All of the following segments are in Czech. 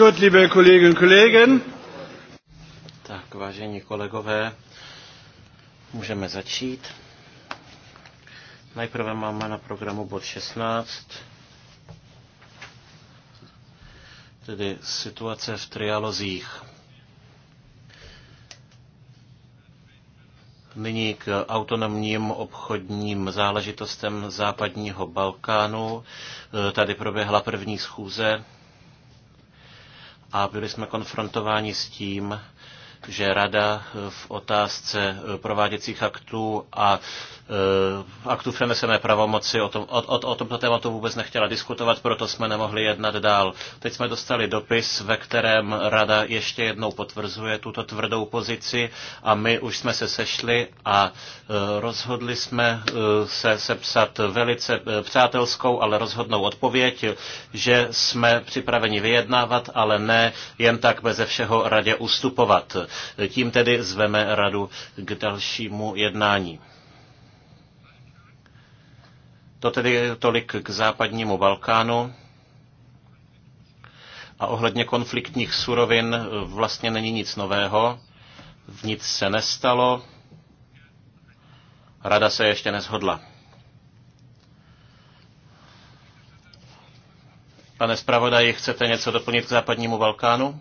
Gut, liebe Kolleginnen und Kollegen. Tak, vážení kolegové, můžeme začít. Nejprve máme na programu bod 16, tedy situace v trialozích. Nyní k autonomním obchodním záležitostem západního Balkánu. E, tady proběhla první schůze a byli jsme konfrontováni s tím, že Rada eh, v otázce eh, prováděcích aktů a eh, aktů přenesené pravomoci o, tom, o, o, o tomto tématu vůbec nechtěla diskutovat, proto jsme nemohli jednat dál. Teď jsme dostali dopis, ve kterém Rada ještě jednou potvrzuje tuto tvrdou pozici a my už jsme se sešli a rozhodli jsme se sepsat velice přátelskou, ale rozhodnou odpověď, že jsme připraveni vyjednávat, ale ne jen tak beze všeho Radě ustupovat. Tím tedy zveme radu k dalšímu jednání. To tedy tolik k západnímu Balkánu. A ohledně konfliktních surovin vlastně není nic nového. V nic se nestalo. Rada se ještě nezhodla. Pane zpravodaji, chcete něco doplnit k západnímu Balkánu?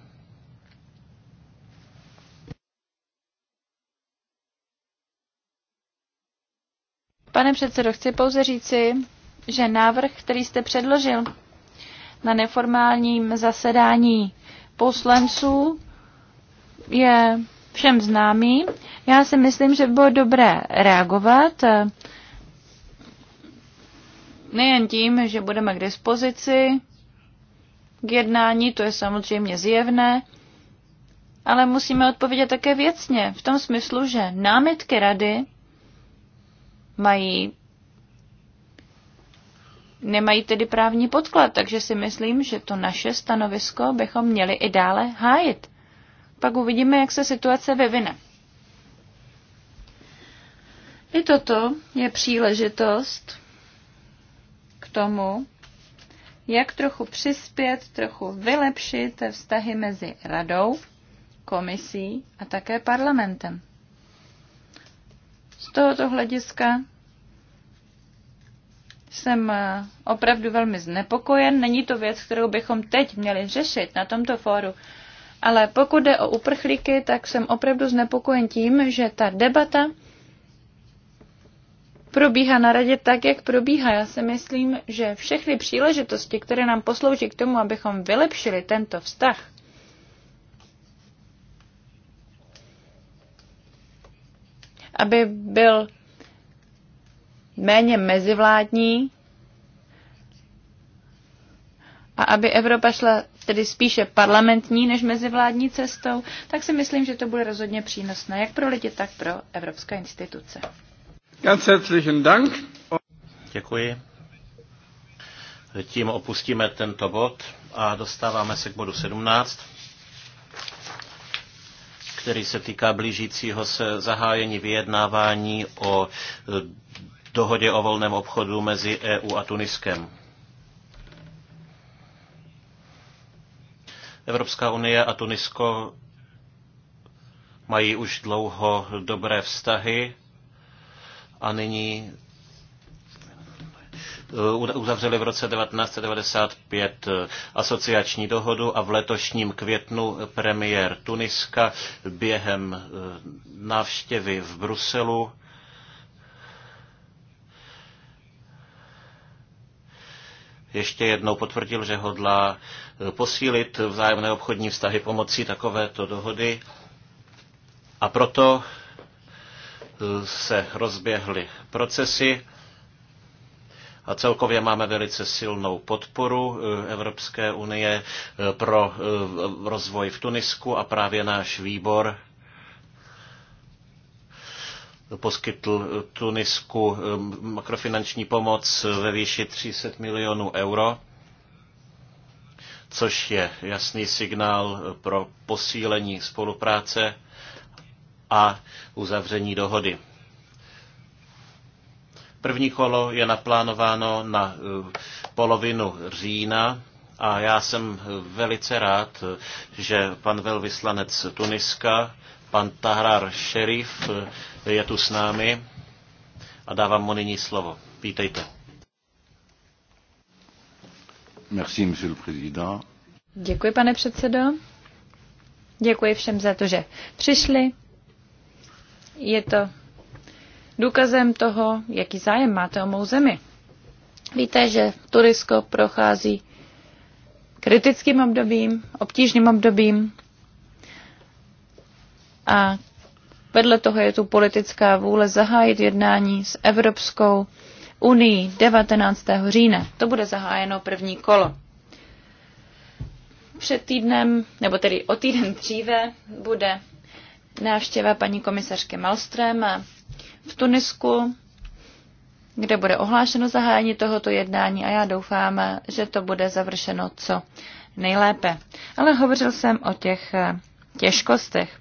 Pane předsedo, chci pouze říci, že návrh, který jste předložil na neformálním zasedání poslanců, je všem známý. Já si myslím, že by bylo dobré reagovat eh, nejen tím, že budeme k dispozici k jednání, to je samozřejmě zjevné, ale musíme odpovědět také věcně, v tom smyslu, že námitky rady mají nemají tedy právní podklad, takže si myslím, že to naše stanovisko bychom měli i dále hájit. Pak uvidíme, jak se situace vyvine. I toto je příležitost k tomu, jak trochu přispět, trochu vylepšit vztahy mezi radou, komisí a také parlamentem. Z tohoto hlediska jsem eh, opravdu velmi znepokojen. Není to věc, kterou bychom teď měli řešit na tomto fóru. Ale pokud jde o uprchlíky, tak jsem opravdu znepokojen tím, že ta debata probíhá na radě tak, jak probíhá. Já si myslím, že všechny příležitosti, které nám poslouží k tomu, abychom vylepšili tento vztah, aby byl méně mezivládní a aby Evropa šla tedy spíše parlamentní než mezivládní cestou, tak si myslím, že to bude rozhodně přínosné jak pro lidi, tak pro evropské instituce. Ganz herzlichen Dank. Děkuji. Tím opustíme tento bod a dostáváme se k bodu 17, který se týká blížícího se zahájení vyjednávání o dohodě o volném obchodu mezi EU a Tuniskem. Evropská unie a Tunisko mají už dlouho dobré vztahy a nyní eh, uzavřeli v roce 1995 eh, asociační dohodu a v letošním květnu premiér Tuniska během eh, návštěvy v Bruselu ještě jednou potvrdil, že hodlá eh, posílit vzájemné obchodní vztahy pomocí takovéto dohody a proto eh, se rozběhly procesy a celkově máme velice silnou podporu eh, Evropské unie pro rozvoj v Tunisku a právě náš výbor poskytl Tunisku um, makrofinanční pomoc ve výši 300 milionů euro, což je jasný signál pro posílení spolupráce a uzavření dohody. První kolo je naplánováno na uh, polovinu října a já jsem uh, velice rád, že pan velvyslanec Tuniska Pan Tahrar Šerif eh, je tu s námi a dávám mu nyní slovo. Vítejte. Merci, monsieur le président. Děkuji, pane předsedo. Děkuji všem za to, že přišli. Je to důkazem toho, jaký zájem máte o mou zemi. Víte, že Turisko prochází kritickým obdobím, obtížným obdobím a vedle toho je tu politická vůle zahájit jednání s Evropskou unii 19. října. To bude zahájeno první kolo. Před týdnem, nebo tedy o týden dříve, bude návštěva paní komisařky Malström v Tunisku, kde bude ohlášeno zahájení tohoto jednání a já doufám, že to bude završeno co nejlépe. Ale hovořil jsem o těch těžkostech.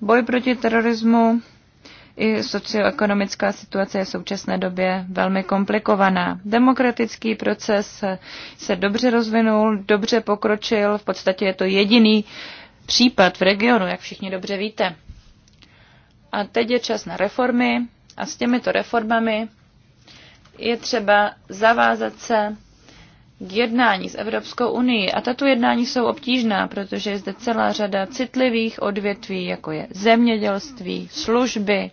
Boj proti terorismu i socioekonomická situace je v současné době velmi komplikovaná. Demokratický proces se dobře rozvinul, dobře pokročil, v podstatě je to jediný případ v regionu, jak všichni dobře víte. A teď je čas na reformy a s těmito reformami je třeba zavázat se jednání s Evropskou unii. A tato jednání jsou obtížná, protože je zde celá řada citlivých odvětví, jako je zemědělství, služby.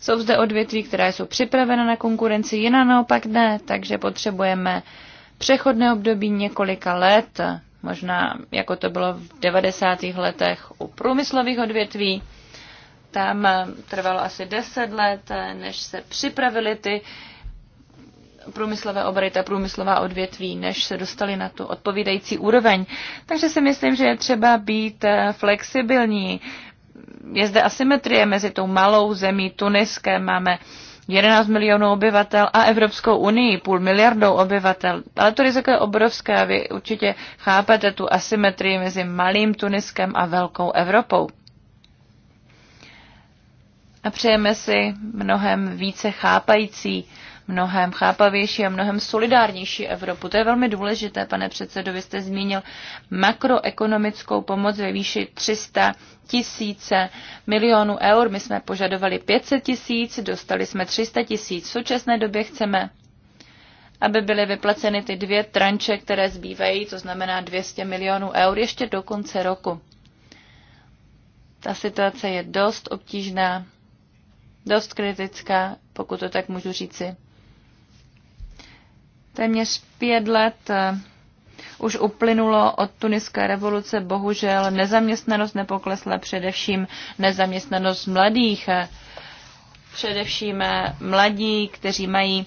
Jsou zde odvětví, která jsou připravena na konkurenci, jiná naopak ne, takže potřebujeme přechodné období několika let, možná jako to bylo v 90. letech u průmyslových odvětví. Tam trvalo asi 10 let, než se připravili ty průmyslové obory a průmyslová odvětví, než se dostali na tu odpovídající úroveň. Takže si myslím, že je třeba být eh, flexibilní. Je zde asymetrie mezi tou malou zemí Tuniskem, máme 11 milionů obyvatel a Evropskou unii půl miliardou obyvatel. Ale to riziko je obrovské a vy určitě chápete tu asymetrii mezi malým Tuniskem a velkou Evropou. A přejeme si mnohem více chápající mnohem chápavější a mnohem solidárnější Evropu. To je velmi důležité, pane předsedo. Vy jste zmínil makroekonomickou pomoc ve výši 300 tisíce milionů eur. My jsme požadovali 500 tisíc, dostali jsme 300 tisíc. V současné době chceme aby byly vyplaceny ty dvě tranče, které zbývají, to znamená 200 milionů eur ještě do konce roku. Ta situace je dost obtížná, dost kritická, pokud to tak můžu říci. Téměř pět let eh, už uplynulo od tuniské revoluce, bohužel nezaměstnanost nepoklesla, především nezaměstnanost mladých, eh, především eh, mladí, kteří mají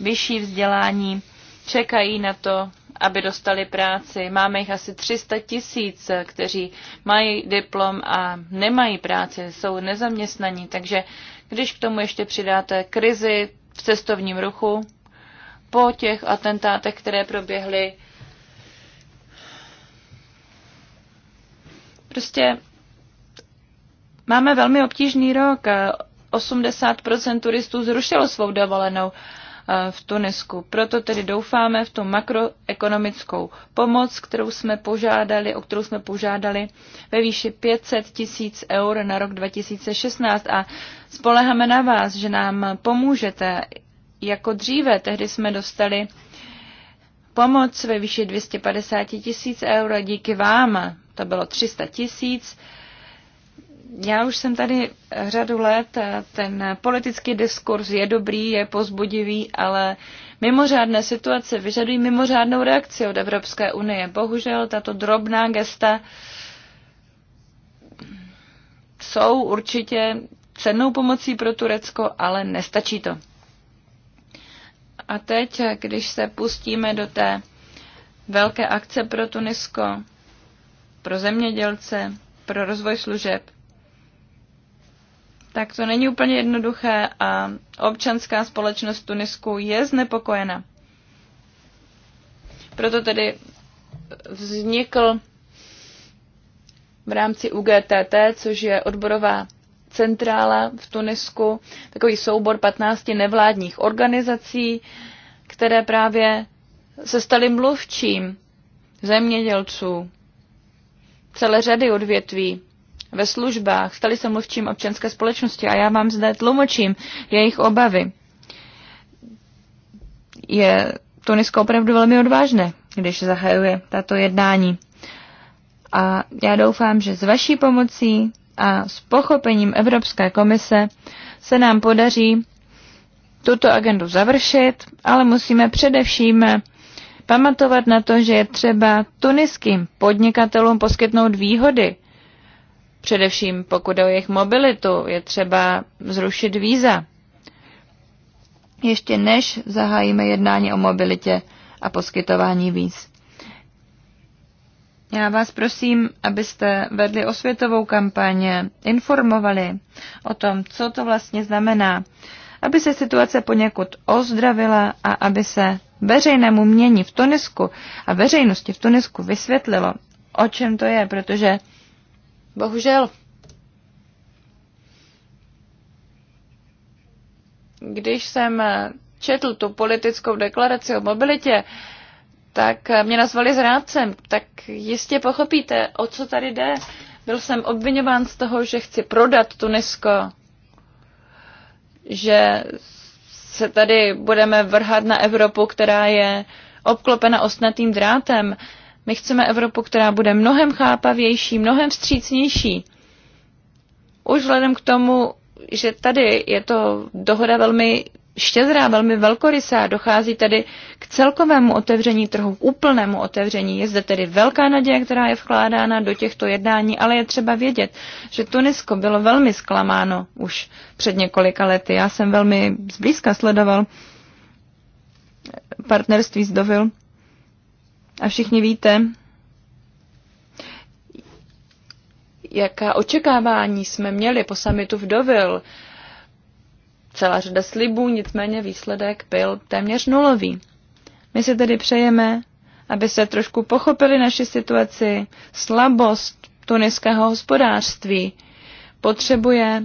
vyšší vzdělání, čekají na to, aby dostali práci. Máme jich asi 300 tisíc, kteří mají diplom a nemají práci, jsou nezaměstnaní. Takže když k tomu ještě přidáte krizi v cestovním ruchu, po těch atentátech, které proběhly. Prostě máme velmi obtížný rok. 80% turistů zrušilo svou dovolenou eh, v Tunisku. Proto tedy doufáme v tu makroekonomickou pomoc, kterou jsme požádali, o kterou jsme požádali ve výši 500 tisíc eur na rok 2016 a spoleháme na vás, že nám pomůžete jako dříve. Tehdy jsme dostali pomoc ve výši 250 tisíc euro díky vám. To bylo 300 tisíc. Já už jsem tady řadu let, ten politický diskurs je dobrý, je pozbudivý, ale mimořádné situace vyžadují mimořádnou reakci od Evropské unie. Bohužel tato drobná gesta jsou určitě cennou pomocí pro Turecko, ale nestačí to. A teď, když se pustíme do té velké akce pro Tunisko, pro zemědělce, pro rozvoj služeb, tak to není úplně jednoduché a občanská společnost Tunisku je znepokojena. Proto tedy vznikl v rámci UGTT, což je odborová centrála v Tunisku, takový soubor 15 nevládních organizací, které právě se staly mluvčím zemědělců, celé řady odvětví ve službách, staly se mluvčím občanské společnosti a já vám zde tlumočím jejich obavy. Je Tunisko opravdu velmi odvážné, když zahajuje tato jednání. A já doufám, že s vaší pomocí a s pochopením Evropské komise se nám podaří tuto agendu završit, ale musíme především pamatovat na to, že je třeba tuniským podnikatelům poskytnout výhody. Především pokud o jejich mobilitu, je třeba zrušit víza. Ještě než zahájíme jednání o mobilitě a poskytování víz. Já vás prosím, abyste vedli osvětovou kampaně, informovali o tom, co to vlastně znamená, aby se situace poněkud ozdravila a aby se veřejnému mění v Tunisku a veřejnosti v Tunisku vysvětlilo, o čem to je, protože bohužel když jsem četl tu politickou deklaraci o mobilitě, tak eh, mě nazvali zrádcem. Tak jistě pochopíte, o co tady jde. Byl jsem obvinován z toho, že chci prodat Tunisko, že se tady budeme vrhat na Evropu, která je obklopena ostnatým drátem. My chceme Evropu, která bude mnohem chápavější, mnohem vstřícnější. Už vzhledem k tomu, že tady je to dohoda velmi štědrá, velmi velkorysá, dochází tedy k celkovému otevření trhu, k úplnému otevření. Je zde tedy velká naděje, která je vkládána do těchto jednání, ale je třeba vědět, že Tunisko bylo velmi zklamáno už před několika lety. Já jsem velmi zblízka sledoval partnerství s Dovil a všichni víte, jaká očekávání jsme měli po samitu v Dovil celá řada slibů, nicméně výsledek byl téměř nulový. My si tedy přejeme, aby se trošku pochopili naši situaci, slabost tuniského hospodářství potřebuje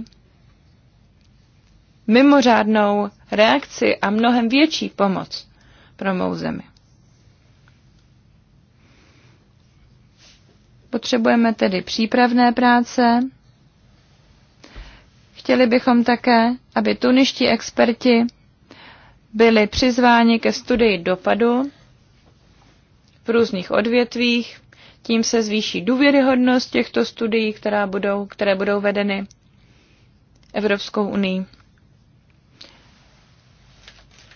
mimořádnou reakci a mnohem větší pomoc pro mou zemi. Potřebujeme tedy přípravné práce, Chtěli bychom také, aby tuniští experti byli přizváni ke studii dopadu v různých odvětvích. Tím se zvýší důvěryhodnost těchto studií, která budou, které budou vedeny Evropskou unii.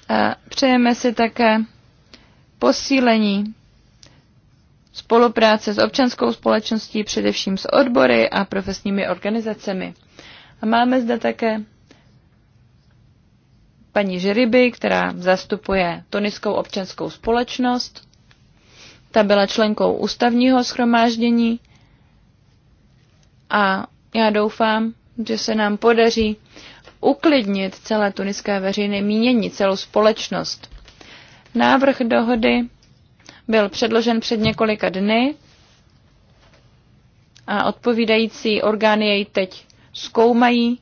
A přejeme si také posílení spolupráce s občanskou společností, především s odbory a profesními organizacemi. A máme zde také paní Žeriby, která zastupuje Toniskou občanskou společnost. Ta byla členkou ústavního schromáždění a já doufám, že se nám podaří uklidnit celé tuniské veřejné mínění, celou společnost. Návrh dohody byl předložen před několika dny a odpovídající orgány jej teď zkoumají,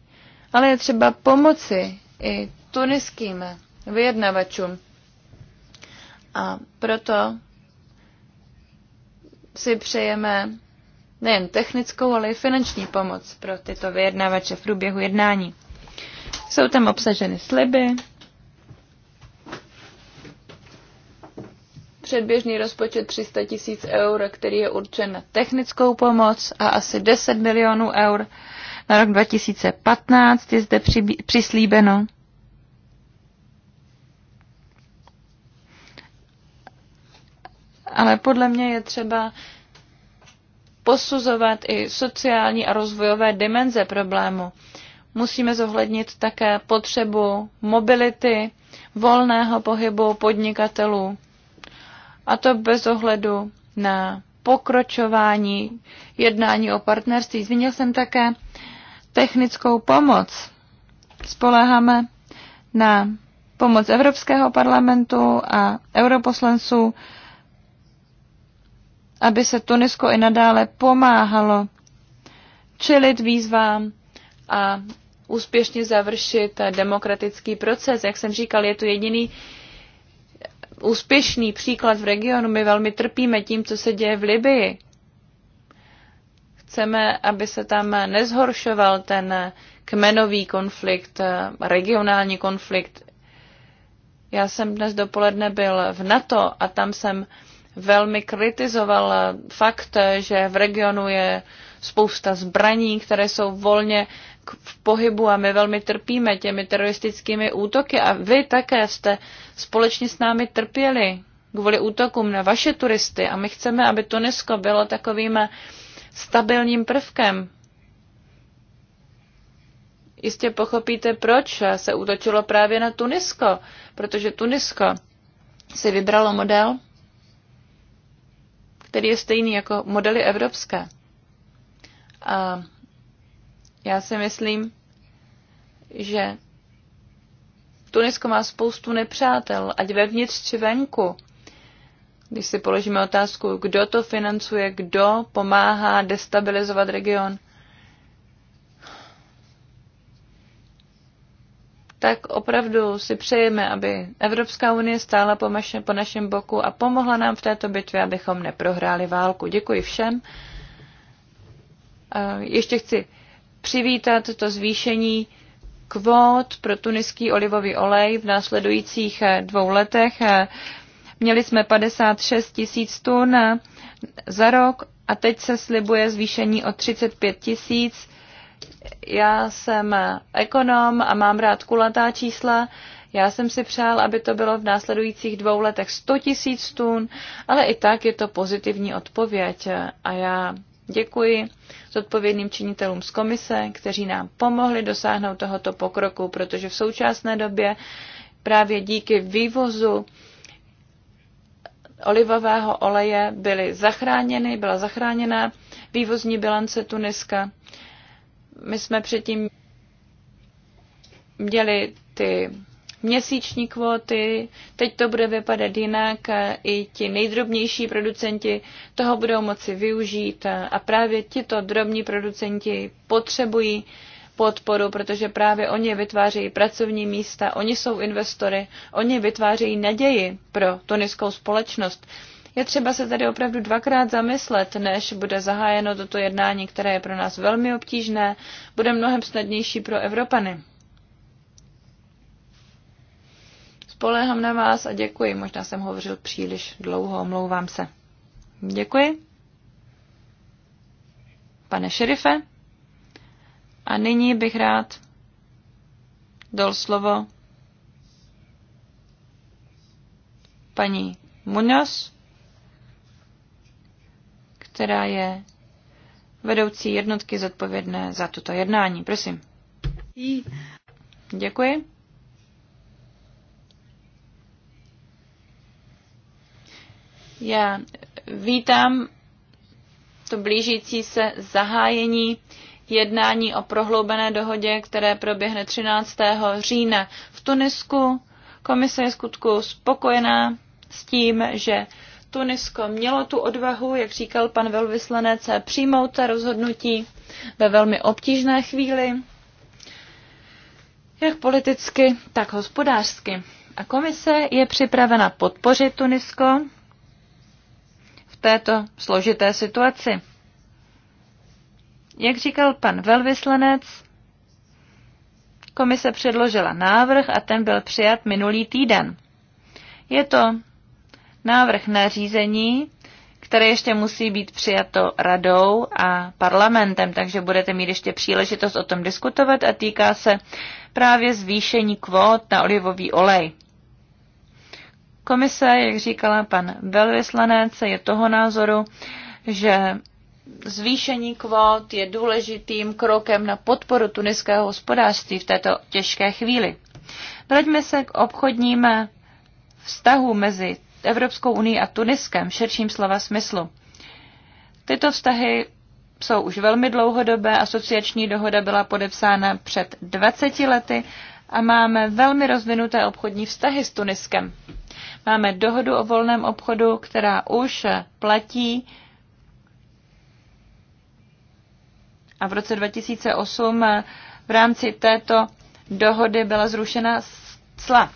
ale je třeba pomoci i tuniským vyjednavačům. A proto si přejeme nejen technickou, ale i finanční pomoc pro tyto vyjednavače v průběhu jednání. Jsou tam obsaženy sliby, předběžný rozpočet 300 tisíc eur, který je určen na technickou pomoc a asi 10 milionů eur na rok 2015 je zde přislíbeno. Ale podle mě je třeba posuzovat i sociální a rozvojové dimenze problému. Musíme zohlednit také potřebu mobility, volného pohybu podnikatelů, a to bez ohledu na pokročování jednání o partnerství. Zmínil jsem také technickou pomoc. Spoléháme na pomoc Evropského parlamentu a europoslanců, aby se Tunisko i nadále pomáhalo čelit výzvám a úspěšně završit demokratický proces. Jak jsem říkal, je to jediný úspěšný příklad v regionu. My velmi trpíme tím, co se děje v Libii. Chceme, aby se tam nezhoršoval ten kmenový konflikt, regionální konflikt. Já jsem dnes dopoledne byl v NATO a tam jsem velmi kritizoval fakt, že v regionu je spousta zbraní, které jsou volně v pohybu a my velmi trpíme těmi teroristickými útoky a vy také jste společně s námi trpěli kvůli útokům na vaše turisty a my chceme, aby Tunisko bylo takovým stabilním prvkem. Jistě pochopíte, proč se útočilo právě na Tunisko, protože Tunisko si vybralo model, který je stejný jako modely evropské. A já si myslím, že Tunisko má spoustu nepřátel, ať vevnitř či venku když si položíme otázku, kdo to financuje, kdo pomáhá destabilizovat region, tak opravdu si přejeme, aby Evropská unie stála po, maše, po našem boku a pomohla nám v této bitvě, abychom neprohráli válku. Děkuji všem. Ještě chci přivítat to zvýšení kvót pro tuniský olivový olej v následujících eh, dvou letech. Eh, Měli jsme 56 tisíc tun eh, za rok a teď se slibuje zvýšení o 35 tisíc. Já jsem eh, ekonom a mám rád kulatá čísla. Já jsem si přál, aby to bylo v následujících dvou letech 100 tisíc tun, ale i tak je to pozitivní odpověď a já děkuji zodpovědným činitelům z komise, kteří nám pomohli dosáhnout tohoto pokroku, protože v současné době právě díky vývozu olivového oleje byly zachráněny, byla zachráněna vývozní bilance Tuniska. My jsme předtím měli ty měsíční kvóty, teď to bude vypadat jinak, i ti nejdrobnější producenti toho budou moci využít a právě tito drobní producenti potřebují podporu, protože právě oni vytvářejí pracovní místa, oni jsou investory, oni vytvářejí naději pro tuniskou společnost. Je třeba se tady opravdu dvakrát zamyslet, než bude zahájeno toto jednání, které je pro nás velmi obtížné, bude mnohem snadnější pro Evropany. Spoléhám na vás a děkuji. Možná jsem hovořil příliš dlouho, omlouvám se. Děkuji. Pane šerife. A nyní bych rád dal slovo paní Munoz, která je vedoucí jednotky zodpovědné za toto jednání. Prosím. Děkuji. Já vítám to blížící se zahájení jednání o prohloubené dohodě, které proběhne 13. října v Tunisku. Komise je skutku spokojená s tím, že Tunisko mělo tu odvahu, jak říkal pan velvyslanec, přijmout ta rozhodnutí ve velmi obtížné chvíli, jak politicky, tak hospodářsky. A komise je připravena podpořit Tunisko v této složité situaci. Jak říkal pan velvyslanec, komise předložila návrh a ten byl přijat minulý týden. Je to návrh nařízení, které ještě musí být přijato radou a parlamentem, takže budete mít ještě příležitost o tom diskutovat a týká se právě zvýšení kvót na olivový olej. Komise, jak říkala pan velvyslanec, je toho názoru, že zvýšení kvót je důležitým krokem na podporu tuniského hospodářství v této těžké chvíli. Vraťme se k obchodním vztahům mezi Evropskou unii a Tuniskem v širším slova smyslu. Tyto vztahy jsou už velmi dlouhodobé, asociační dohoda byla podepsána před 20 lety a máme velmi rozvinuté obchodní vztahy s Tuniskem. Máme dohodu o volném obchodu, která už platí A v roce 2008 eh, v rámci této dohody byla zrušena cla.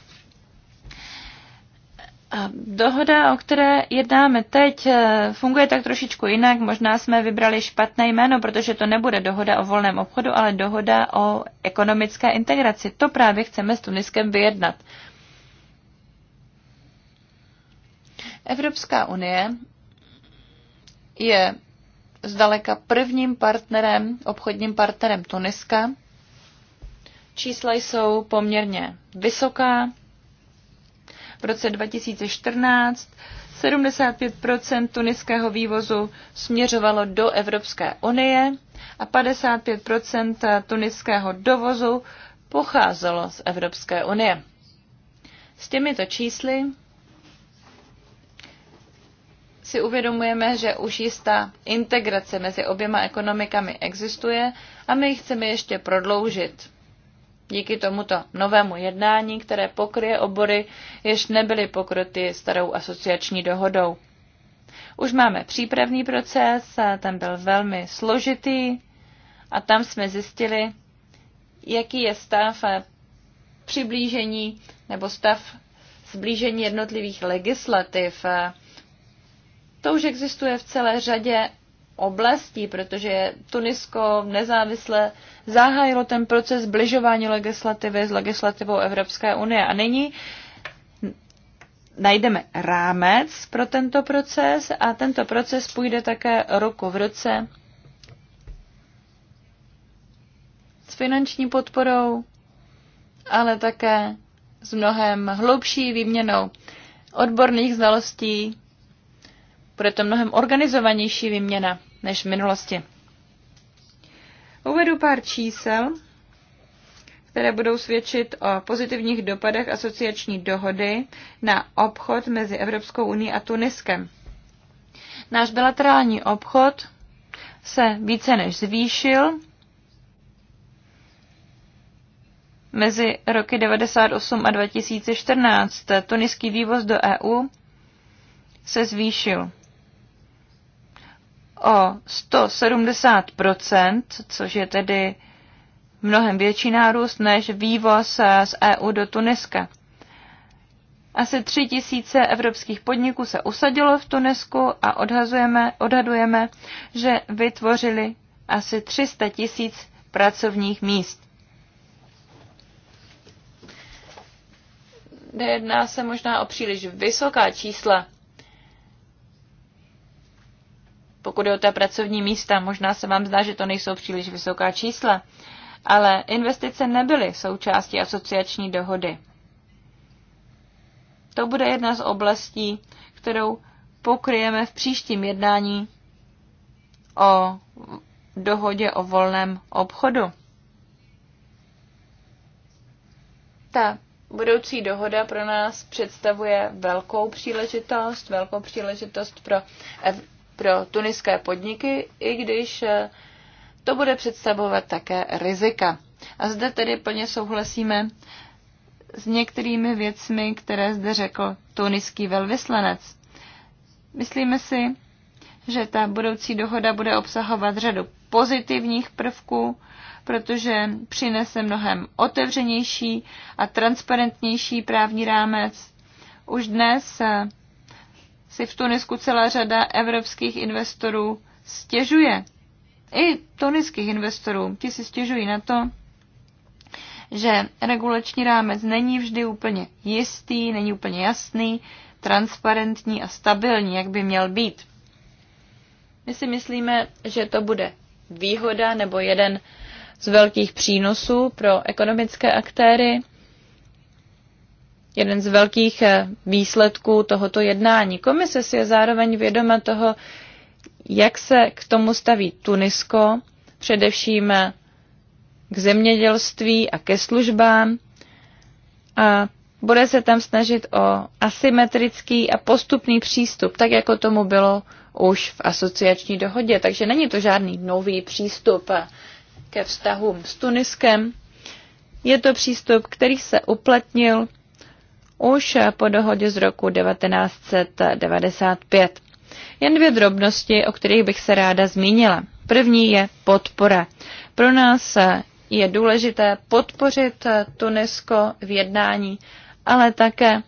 Dohoda, o které jednáme teď, eh, funguje tak trošičku jinak. Možná jsme vybrali špatné jméno, protože to nebude dohoda o volném obchodu, ale dohoda o ekonomické integraci. To právě chceme s Tuniskem vyjednat. Evropská unie je zdaleka prvním partnerem, obchodním partnerem Tuniska. Čísla jsou poměrně vysoká. V roce 2014 75 tuniského vývozu směřovalo do Evropské unie a 55 tuniského dovozu pocházelo z Evropské unie. S těmito čísly si uvědomujeme, že už jistá integrace mezi oběma ekonomikami existuje a my ji chceme ještě prodloužit. Díky tomuto novému jednání, které pokryje obory, jež nebyly pokryty starou asociační dohodou. Už máme přípravný proces, a ten byl velmi složitý a tam jsme zjistili, jaký je stav přiblížení nebo stav zblížení jednotlivých legislativ to už existuje v celé řadě oblastí, protože Tunisko nezávisle zahájilo ten proces zbližování legislativy s legislativou Evropské unie. A nyní najdeme rámec pro tento proces a tento proces půjde také roku v roce s finanční podporou, ale také s mnohem hlubší výměnou odborných znalostí bude to mnohem organizovanější výměna než v minulosti. Uvedu pár čísel, které budou svědčit o pozitivních dopadech asociační dohody na obchod mezi Evropskou unii a Tuniskem. Náš bilaterální obchod se více než zvýšil mezi roky 1998 a 2014. Tuniský vývoz do EU se zvýšil o 170 což je tedy mnohem větší nárůst než vývoz z EU do Tuniska. Asi tři tisíce evropských podniků se usadilo v Tunisku a odhazujeme, odhadujeme, že vytvořili asi 300 tisíc pracovních míst. Nejedná se možná o příliš vysoká čísla, pokud je o ta pracovní místa, možná se vám zdá, že to nejsou příliš vysoká čísla, ale investice nebyly součástí asociační dohody. To bude jedna z oblastí, kterou pokryjeme v příštím jednání o dohodě o volném obchodu. Ta budoucí dohoda pro nás představuje velkou příležitost, velkou příležitost pro pro tuniské podniky, i když eh, to bude představovat také rizika. A zde tedy plně souhlasíme s některými věcmi, které zde řekl tuniský velvyslanec. Myslíme si, že ta budoucí dohoda bude obsahovat řadu pozitivních prvků, protože přinese mnohem otevřenější a transparentnější právní rámec. Už dnes eh, si v Tunisku celá řada evropských investorů stěžuje. I tuniských investorů. Ti si stěžují na to, že regulační rámec není vždy úplně jistý, není úplně jasný, transparentní a stabilní, jak by měl být. My si myslíme, že to bude výhoda nebo jeden z velkých přínosů pro ekonomické aktéry, jeden z velkých eh, výsledků tohoto jednání. Komise si je zároveň vědoma toho, jak se k tomu staví Tunisko, především eh, k zemědělství a ke službám a bude se tam snažit o asymetrický a postupný přístup, tak jako tomu bylo už v asociační dohodě. Takže není to žádný nový přístup eh, ke vztahům s Tuniskem. Je to přístup, který se uplatnil už po dohodě z roku 1995. Jen dvě drobnosti, o kterých bych se ráda zmínila. První je podpora. Pro nás je důležité podpořit Tunisko v jednání, ale také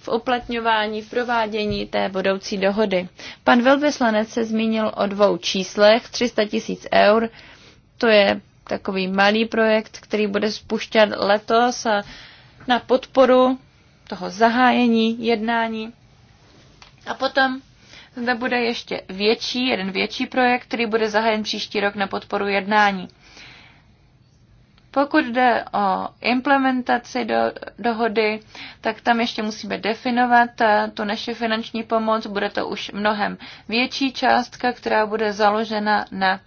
v uplatňování, v provádění té budoucí dohody. Pan velvyslanec se zmínil o dvou číslech, 300 tisíc eur, to je takový malý projekt, který bude spuštěn letos na podporu toho zahájení, jednání. A potom zde bude ještě větší, jeden větší projekt, který bude zahájen příští rok na podporu jednání. Pokud jde o implementaci do, dohody, tak tam ještě musíme definovat eh, tu naši finanční pomoc. Bude to už mnohem větší částka, která bude založena na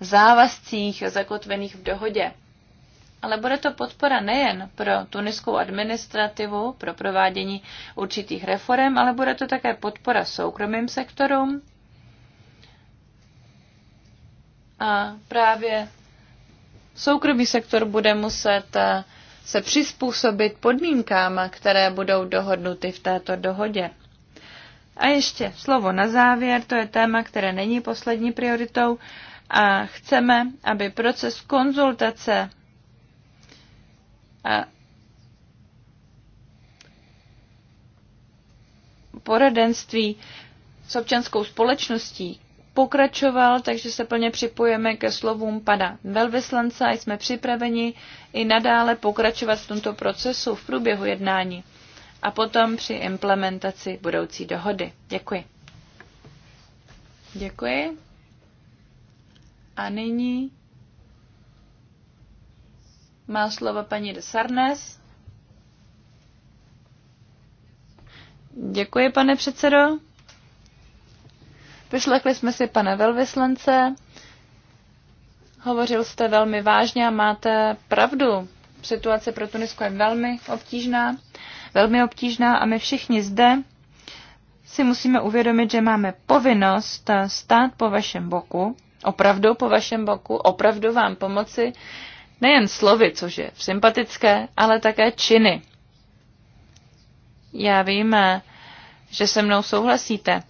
závazcích zakotvených v dohodě ale bude to podpora nejen pro tuniskou administrativu, pro provádění určitých reform, ale bude to také podpora soukromým sektorům. A právě soukromý sektor bude muset eh, se přizpůsobit podmínkám, které budou dohodnuty v této dohodě. A ještě slovo na závěr, to je téma, které není poslední prioritou a chceme, aby proces konzultace poradenství s občanskou společností pokračoval, takže se plně připojeme ke slovům pana velvyslance a jsme připraveni i nadále pokračovat v tomto procesu v průběhu jednání a potom při implementaci budoucí dohody. Děkuji. Děkuji. A nyní má slovo paní de Sarnes. Děkuji, pane předsedo. Vyslechli jsme si pana velvyslance. Hovořil jste velmi vážně a máte pravdu. Situace pro Tunisko je velmi obtížná, velmi obtížná a my všichni zde si musíme uvědomit, že máme povinnost stát po vašem boku, opravdu po vašem boku, opravdu vám pomoci Nejen slovy, což je sympatické, ale také činy. Já vím, eh, že se mnou souhlasíte,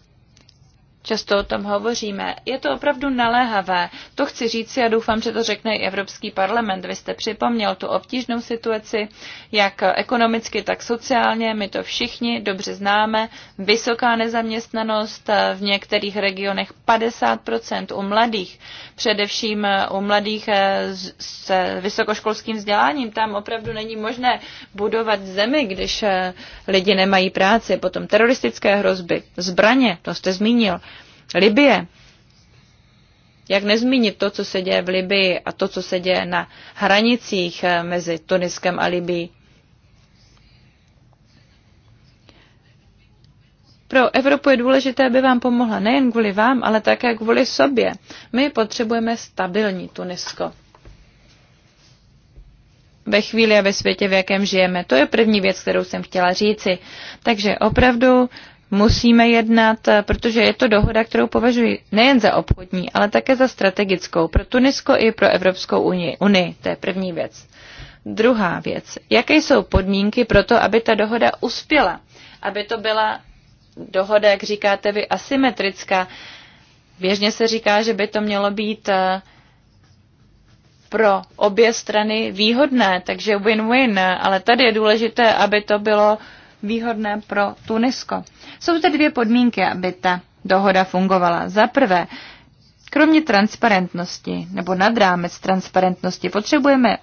Často o tom hovoříme. Je to opravdu naléhavé. To chci říci a doufám, že to řekne i Evropský parlament. Vy jste připomněl tu obtížnou situaci, jak ekonomicky, tak sociálně. My to všichni dobře známe. Vysoká nezaměstnanost v některých regionech 50% u mladých, především u mladých eh, s vysokoškolským vzděláním. Tam opravdu není možné budovat zemi, když eh, lidi nemají práci. Potom teroristické hrozby, zbraně, to jste zmínil. Libie. Jak nezmínit to, co se děje v Libii a to, co se děje na hranicích eh, mezi Tuniskem a Libií? Pro Evropu je důležité, aby vám pomohla nejen kvůli vám, ale také kvůli sobě. My potřebujeme stabilní Tunisko. Ve chvíli a ve světě, v jakém žijeme. To je první věc, kterou jsem chtěla říci. Takže opravdu musíme jednat, eh, protože je to dohoda, kterou považuji nejen za obchodní, ale také za strategickou pro Tunisko i pro Evropskou unii. To je první věc. Druhá věc. Jaké jsou podmínky pro to, aby ta dohoda uspěla? Aby to byla dohoda, jak říkáte vy, asymetrická. Běžně se říká, že by to mělo být eh, pro obě strany výhodné, takže win-win, eh, ale tady je důležité, aby to bylo výhodné pro Tunisko. Jsou zde dvě podmínky, aby ta dohoda fungovala. Za prvé, kromě transparentnosti nebo nad rámec transparentnosti potřebujeme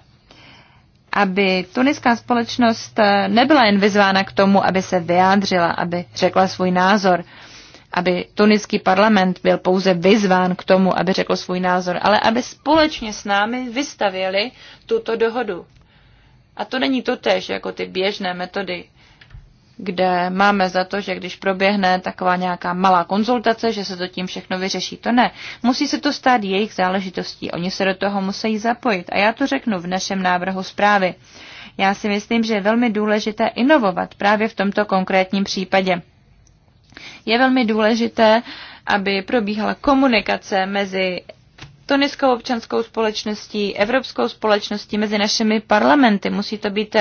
aby tuniská společnost eh, nebyla jen vyzvána k tomu, aby se vyjádřila, aby řekla svůj názor, aby tuniský parlament byl pouze vyzván k tomu, aby řekl svůj názor, ale aby společně s námi vystavěli tuto dohodu. A to není totéž jako ty běžné metody kde máme za to, že když proběhne taková nějaká malá konzultace, že se to tím všechno vyřeší. To ne. Musí se to stát jejich záležitostí. Oni se do toho musí zapojit. A já to řeknu v našem návrhu zprávy. Já si myslím, že je velmi důležité inovovat právě v tomto konkrétním případě. Je velmi důležité, aby probíhala komunikace mezi tuniskou občanskou společností, evropskou společností, mezi našimi parlamenty. Musí to být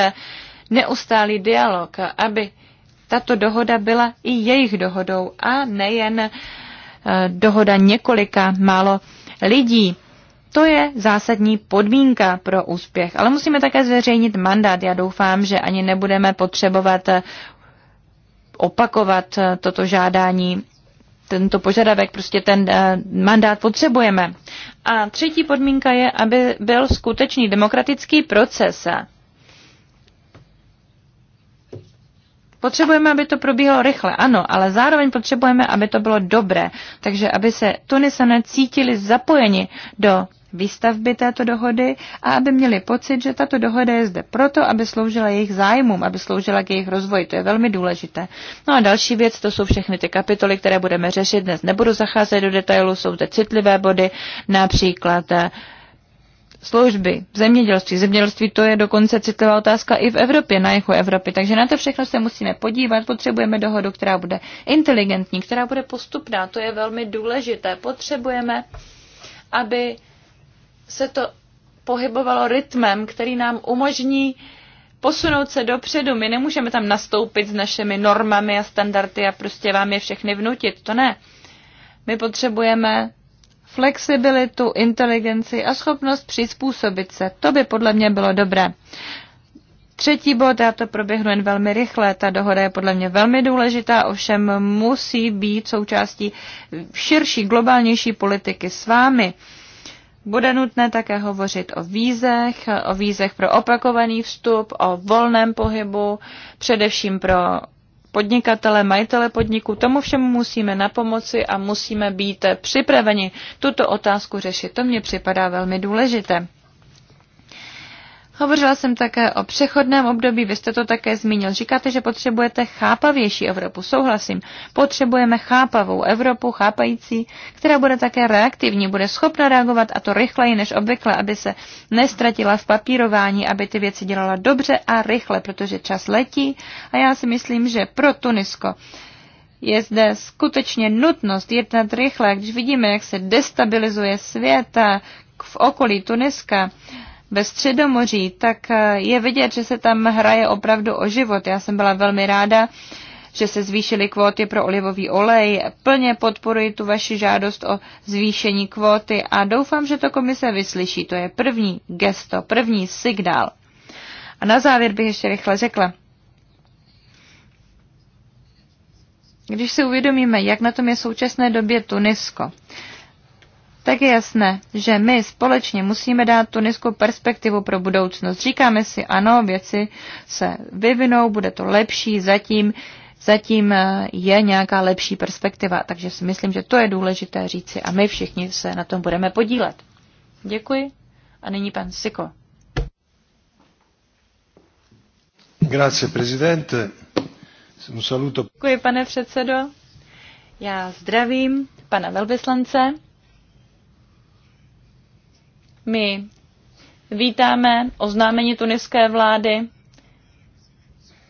neustálý dialog, aby tato dohoda byla i jejich dohodou a nejen eh, dohoda několika málo lidí. To je zásadní podmínka pro úspěch, ale musíme také zveřejnit mandát. Já doufám, že ani nebudeme potřebovat eh, opakovat eh, toto žádání, tento požadavek, prostě ten mandát potřebujeme. A třetí podmínka je, aby byl skutečný demokratický proces. Potřebujeme, aby to probíhalo rychle, ano, ale zároveň potřebujeme, aby to bylo dobré. Takže aby se Tunisané cítili zapojeni do výstavby této dohody a aby měli pocit, že tato dohoda je zde proto, aby sloužila jejich zájmům, aby sloužila k jejich rozvoji. To je velmi důležité. No a další věc, to jsou všechny ty kapitoly, které budeme řešit. Dnes nebudu zacházet do detailu, jsou zde citlivé body, například eh, služby, zemědělství. Zemědělství to je dokonce citlivá otázka i v Evropě, na jeho Evropy. Takže na to všechno se musíme podívat. Potřebujeme dohodu, která bude inteligentní, která bude postupná. To je velmi důležité. Potřebujeme, aby se to pohybovalo rytmem, který nám umožní posunout se dopředu. My nemůžeme tam nastoupit s našimi normami a standardy a prostě vám je všechny vnutit. To ne. My potřebujeme flexibilitu, inteligenci a schopnost přizpůsobit se. To by podle mě bylo dobré. Třetí bod, já to proběhnu jen velmi rychle, ta dohoda je podle mě velmi důležitá, ovšem musí být součástí širší, globálnější politiky s vámi. Bude nutné také hovořit o vízech, o vízech pro opakovaný vstup, o volném pohybu, především pro podnikatele, majitele podniku. Tomu všemu musíme na pomoci a musíme být připraveni tuto otázku řešit. To mně připadá velmi důležité. Hovořila jsem také o přechodném období, vy jste to také zmínil. Říkáte, že potřebujete chápavější Evropu. Souhlasím. Potřebujeme chápavou Evropu, chápající, která bude také reaktivní, bude schopna reagovat a to rychleji než obvykle, aby se nestratila v papírování, aby ty věci dělala dobře a rychle, protože čas letí a já si myslím, že pro Tunisko je zde skutečně nutnost jednat rychle, když vidíme, jak se destabilizuje svět v okolí Tuniska, ve Středomoří, tak eh, je vidět, že se tam hraje opravdu o život. Já jsem byla velmi ráda, že se zvýšily kvóty pro olivový olej. Plně podporuji tu vaši žádost o zvýšení kvóty a doufám, že to komise vyslyší. To je první gesto, první signál. A na závěr bych ještě rychle řekla. Když si uvědomíme, jak na tom je v současné době Tunisko, tak je jasné, že my společně musíme dát Tunisku perspektivu pro budoucnost. Říkáme si, ano, věci se vyvinou, bude to lepší, zatím, zatím eh, je nějaká lepší perspektiva, takže si myslím, že to je důležité říci a my všichni se na tom budeme podílet. Děkuji a nyní pan Siko. Grazie, presidente. Un saluto. Děkuji, pane předsedo. Já zdravím pana velvyslance. My vítáme oznámení tuniské vlády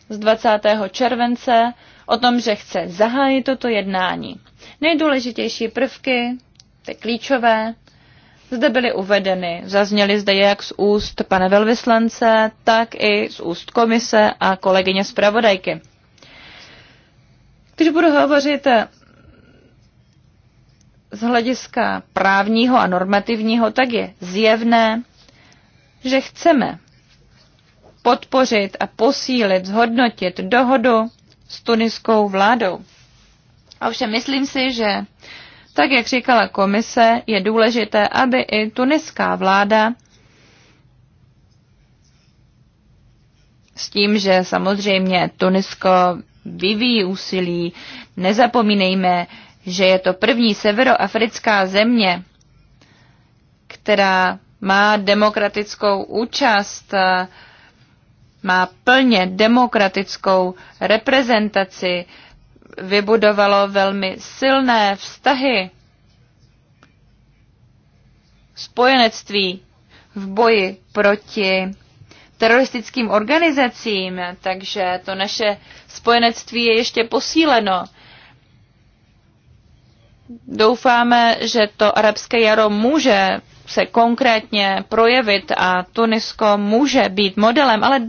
z 20. července o tom, že chce zahájit toto jednání. Nejdůležitější prvky, ty klíčové, zde byly uvedeny. Zazněly zde jak z úst pana velvyslance, tak i z úst komise a kolegyně zpravodajky. Když budu hovořit z hlediska právního a normativního, tak je zjevné, že chceme podpořit a posílit, zhodnotit dohodu s tuniskou vládou. A Ovšem myslím si, že tak, jak říkala komise, je důležité, aby i tuniská vláda s tím, že samozřejmě Tunisko vyvíjí úsilí, nezapomínejme, že je to první severoafrická země, která má demokratickou účast, eh, má plně demokratickou reprezentaci, vybudovalo velmi silné vztahy, spojenectví v boji proti teroristickým organizacím, takže to naše spojenectví je ještě posíleno doufáme, že to arabské jaro může se konkrétně projevit a Tunisko může být modelem, ale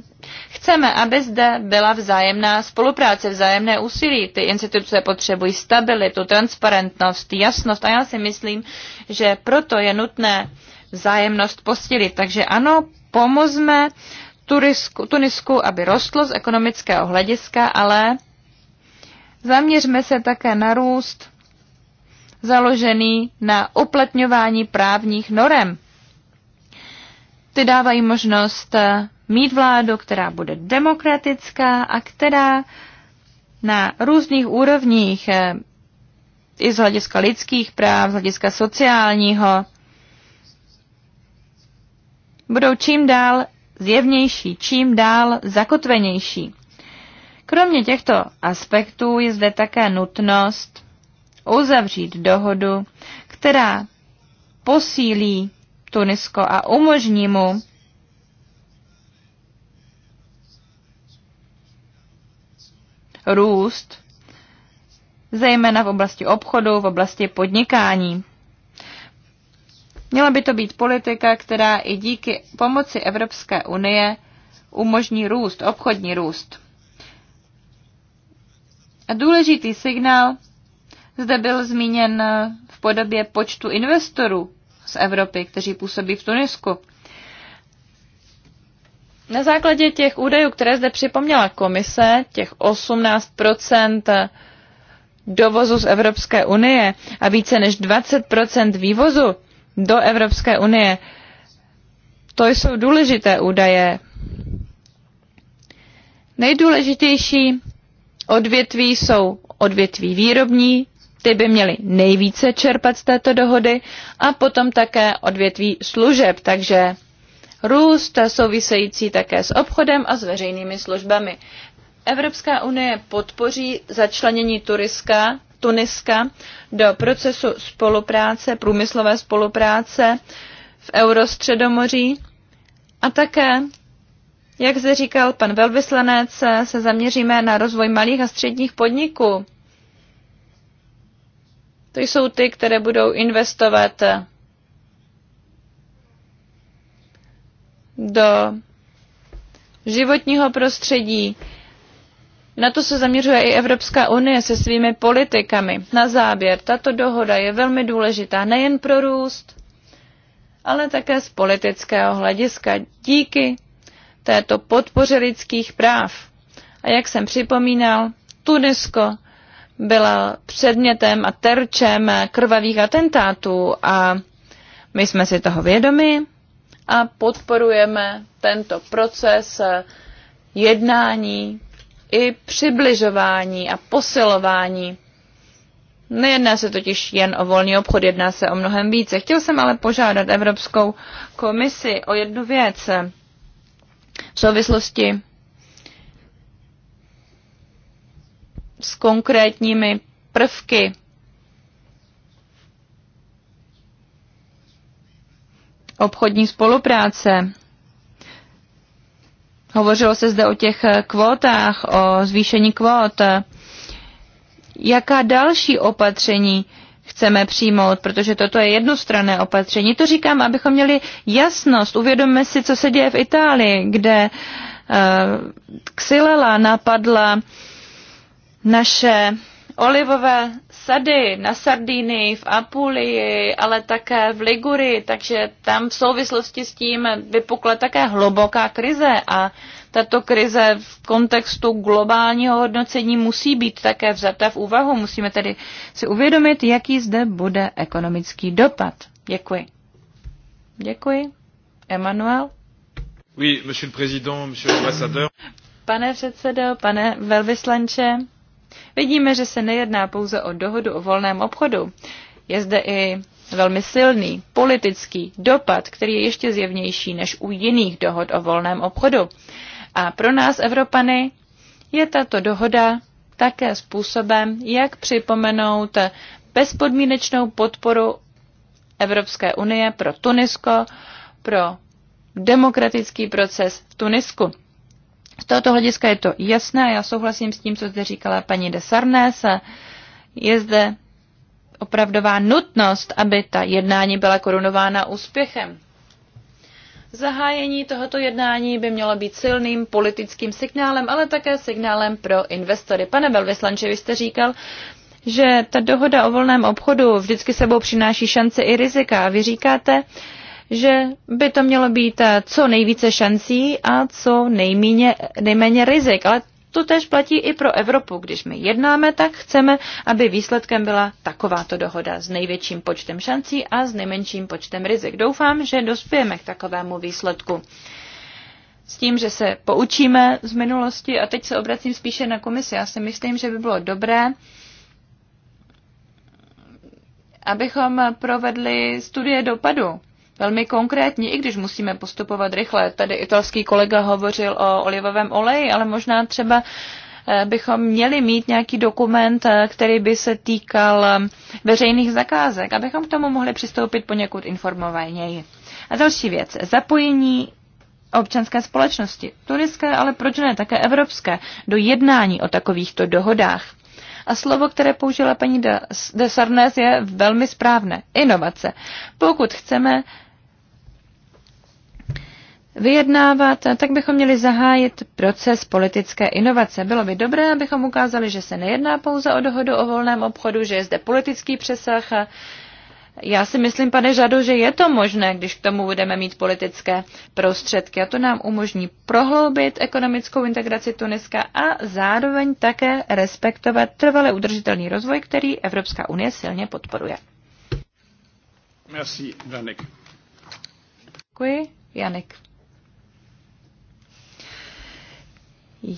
chceme, aby zde byla vzájemná spolupráce, vzájemné úsilí. Ty instituce potřebují stabilitu, transparentnost, jasnost a já si myslím, že proto je nutné vzájemnost postilit. Takže ano, pomozme Turisku, Tunisku, aby rostlo z ekonomického hlediska, ale zaměřme se také na růst založený na uplatňování právních norem. Ty dávají možnost eh, mít vládu, která bude demokratická a která na různých úrovních, eh, i z hlediska lidských práv, z hlediska sociálního, budou čím dál zjevnější, čím dál zakotvenější. Kromě těchto aspektů je zde také nutnost uzavřít dohodu, která posílí Tunisko a umožní mu růst, zejména v oblasti obchodu, v oblasti podnikání. Měla by to být politika, která i díky pomoci Evropské unie umožní růst, obchodní růst. A důležitý signál zde byl zmíněn eh, v podobě počtu investorů z Evropy, kteří působí v Tunisku. Na základě těch údajů, které zde připomněla komise, těch 18 dovozu z Evropské unie a více než 20 vývozu do Evropské unie, to jsou důležité údaje. Nejdůležitější odvětví jsou odvětví výrobní, ty by měly nejvíce čerpat z této dohody a potom také odvětví služeb, takže růst související také s obchodem a s veřejnými službami. Evropská unie podpoří začlenění Turiska, Tuniska do procesu spolupráce, průmyslové spolupráce v Eurostředomoří a také, jak zde říkal pan velvyslanec, se zaměříme na rozvoj malých a středních podniků to jsou ty, které budou investovat do životního prostředí. Na to se zaměřuje i Evropská unie se svými politikami. Na závěr, tato dohoda je velmi důležitá nejen pro růst, ale také z politického hlediska díky této podpoře lidských práv. A jak jsem připomínal, Tunisko byla předmětem a terčem krvavých atentátů a my jsme si toho vědomi a podporujeme tento proces jednání i přibližování a posilování. Nejedná se totiž jen o volný obchod, jedná se o mnohem více. Chtěl jsem ale požádat Evropskou komisi o jednu věc v souvislosti s konkrétními prvky. Obchodní spolupráce. Hovořilo se zde o těch kvótách, o zvýšení kvót. Jaká další opatření chceme přijmout, protože toto je jednostranné opatření. To říkám, abychom měli jasnost. Uvědomme si, co se děje v Itálii, kde uh, eh, Xylela napadla uh, naše olivové sady na Sardínii, v Apulii, ale také v Ligurii, takže tam v souvislosti s tím vypukla také hluboká krize a tato krize v kontextu globálního hodnocení musí být také vzata v úvahu. Musíme tedy si uvědomit, jaký zde bude ekonomický dopad. Děkuji. Děkuji. Emanuel? Oui, monsieur le président, monsieur Pane předsedo, pane velvyslanče, Vidíme, že se nejedná pouze o dohodu o volném obchodu. Je zde i velmi silný politický dopad, který je ještě zjevnější než u jiných dohod o volném obchodu. A pro nás, Evropany, je tato dohoda také způsobem, jak připomenout bezpodmínečnou podporu Evropské unie pro Tunisko, pro demokratický proces v Tunisku. Z tohoto hlediska je to jasné, já souhlasím s tím, co zde říkala paní de Je zde opravdová nutnost, aby ta jednání byla korunována úspěchem. Zahájení tohoto jednání by mělo být silným politickým signálem, ale také signálem pro investory. Pane Belvislanče, vy jste říkal, že ta dohoda o volném obchodu vždycky sebou přináší šance i rizika. A vy říkáte, že by to mělo být eh, co nejvíce šancí a co nejméně, nejméně rizik. Ale to tež platí i pro Evropu. Když my jednáme, tak chceme, aby výsledkem byla takováto dohoda s největším počtem šancí a s nejmenším počtem rizik. Doufám, že dospějeme k takovému výsledku. S tím, že se poučíme z minulosti a teď se obracím spíše na komisi. Já si myslím, že by bylo dobré, abychom provedli studie dopadu velmi konkrétní, i když musíme postupovat rychle. Tady italský kolega hovořil o olivovém oleji, ale možná třeba eh, bychom měli mít nějaký dokument, eh, který by se týkal eh, veřejných zakázek, abychom k tomu mohli přistoupit poněkud informovaněji. A další věc, zapojení občanské společnosti, turistické, ale proč ne, také evropské, do jednání o takovýchto dohodách. A slovo, které použila paní de Sarnes, je velmi správné. Inovace. Pokud chceme vyjednávat, tak bychom měli zahájit proces politické inovace. Bylo by dobré, abychom ukázali, že se nejedná pouze o dohodu o volném obchodu, že je zde politický přesah. A já si myslím, pane Žado, že je to možné, když k tomu budeme mít politické prostředky. A to nám umožní prohloubit ekonomickou integraci Tuniska a zároveň také respektovat trvale udržitelný rozvoj, který Evropská unie silně podporuje. Merci, Janik. Děkuji, Janik.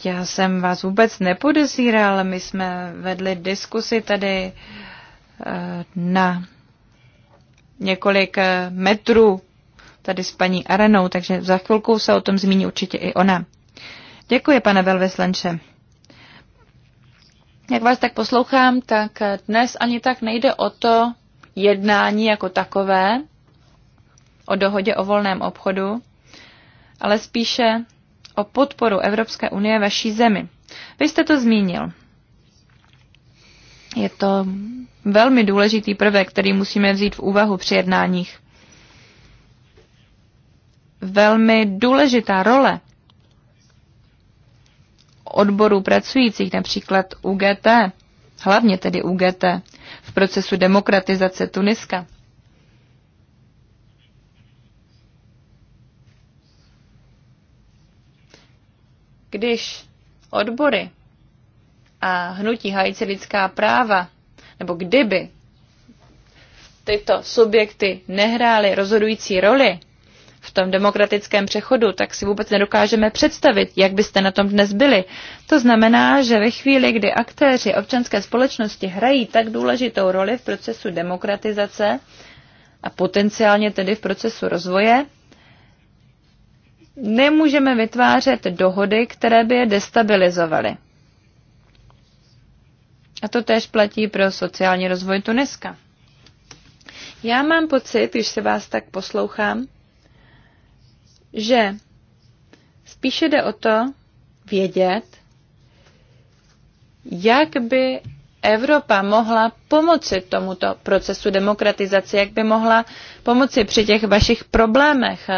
Já jsem vás vůbec nepodezíral, my jsme vedli diskusi tady eh, na několik eh, metrů tady s paní Arenou, takže za chvilku se o tom zmíní určitě i ona. Děkuji, pane velvyslanče. Jak vás tak poslouchám, tak dnes ani tak nejde o to jednání jako takové, o dohodě o volném obchodu, ale spíše o podporu Evropské unie vaší zemi. Vy jste to zmínil. Je to velmi důležitý prvek, který musíme vzít v úvahu při jednáních. Velmi důležitá role odborů pracujících, například UGT, hlavně tedy UGT, v procesu demokratizace Tuniska. když odbory a hnutí hající lidská práva, nebo kdyby tyto subjekty nehrály rozhodující roli v tom demokratickém přechodu, tak si vůbec nedokážeme představit, jak byste na tom dnes byli. To znamená, že ve chvíli, kdy aktéři občanské společnosti hrají tak důležitou roli v procesu demokratizace a potenciálně tedy v procesu rozvoje, nemůžeme vytvářet dohody, které by je destabilizovaly. A to též platí pro sociální rozvoj Tuniska. Já mám pocit, když se vás tak poslouchám, že spíše jde o to vědět, jak by Evropa mohla pomoci tomuto procesu demokratizace, jak by mohla pomoci při těch vašich problémech,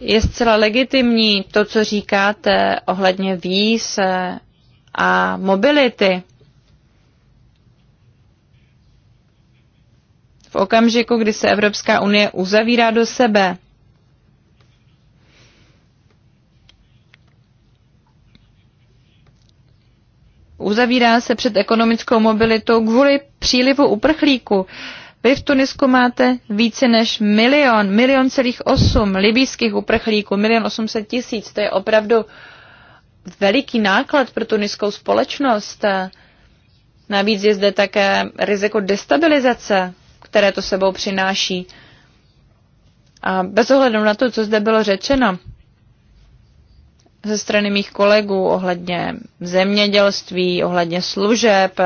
je zcela legitimní to, co říkáte ohledně víz eh, a mobility. V okamžiku, kdy se Evropská unie uzavírá do sebe, uzavírá se před ekonomickou mobilitou kvůli přílivu uprchlíků. Vy v Tunisku máte více než milion, milion celých osm libýských uprchlíků, milion osmset tisíc, to je opravdu veliký náklad pro tuniskou společnost. Navíc je zde také riziko destabilizace, které to sebou přináší. A bez ohledu na to, co zde bylo řečeno ze strany mých kolegů ohledně zemědělství, ohledně služeb,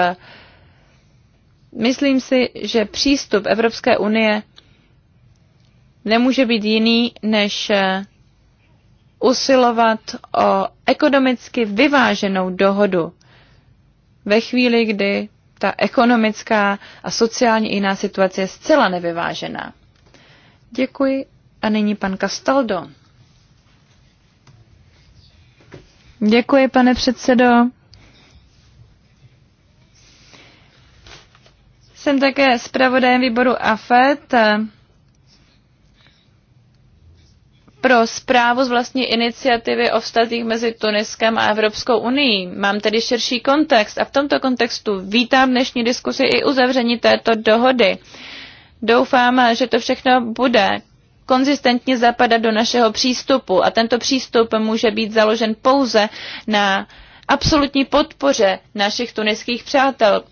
Myslím si, že přístup Evropské unie nemůže být jiný, než eh, usilovat o ekonomicky vyváženou dohodu ve chvíli, kdy ta ekonomická a sociálně jiná situace je zcela nevyvážená. Děkuji a nyní pan Castaldo. Děkuji, pane předsedo. Jsem také zpravodajem výboru AFET eh, pro zprávu z vlastní iniciativy o vztazích mezi Tuniskem a Evropskou unii. Mám tedy širší kontext a v tomto kontextu vítám dnešní diskusi i uzavření této dohody. Doufám, že to všechno bude konzistentně zapadat do našeho přístupu a tento přístup může být založen pouze na absolutní podpoře našich tuniských přátel,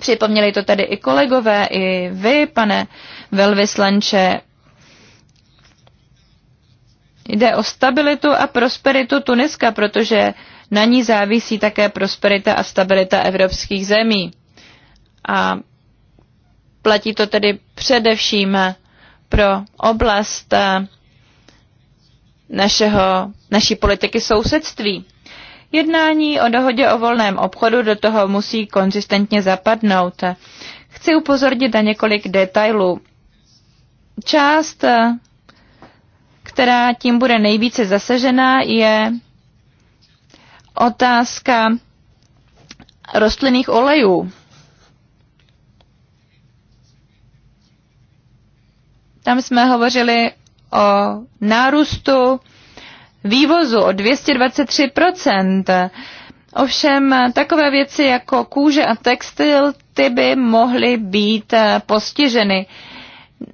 Připomněli to tedy i kolegové, i vy, pane velvyslanče. Jde o stabilitu a prosperitu Tuniska, protože na ní závisí také prosperita a stabilita evropských zemí. A platí to tedy především pro oblast eh, našeho, naší politiky sousedství. Jednání o dohodě o volném obchodu do toho musí konzistentně zapadnout. Chci upozornit na několik detailů. Část, eh, která tím bude nejvíce zasažená, je otázka rostlinných olejů. Tam jsme hovořili o nárůstu vývozu o 223%. Ovšem takové věci jako kůže a textil, ty by mohly být eh, postiženy.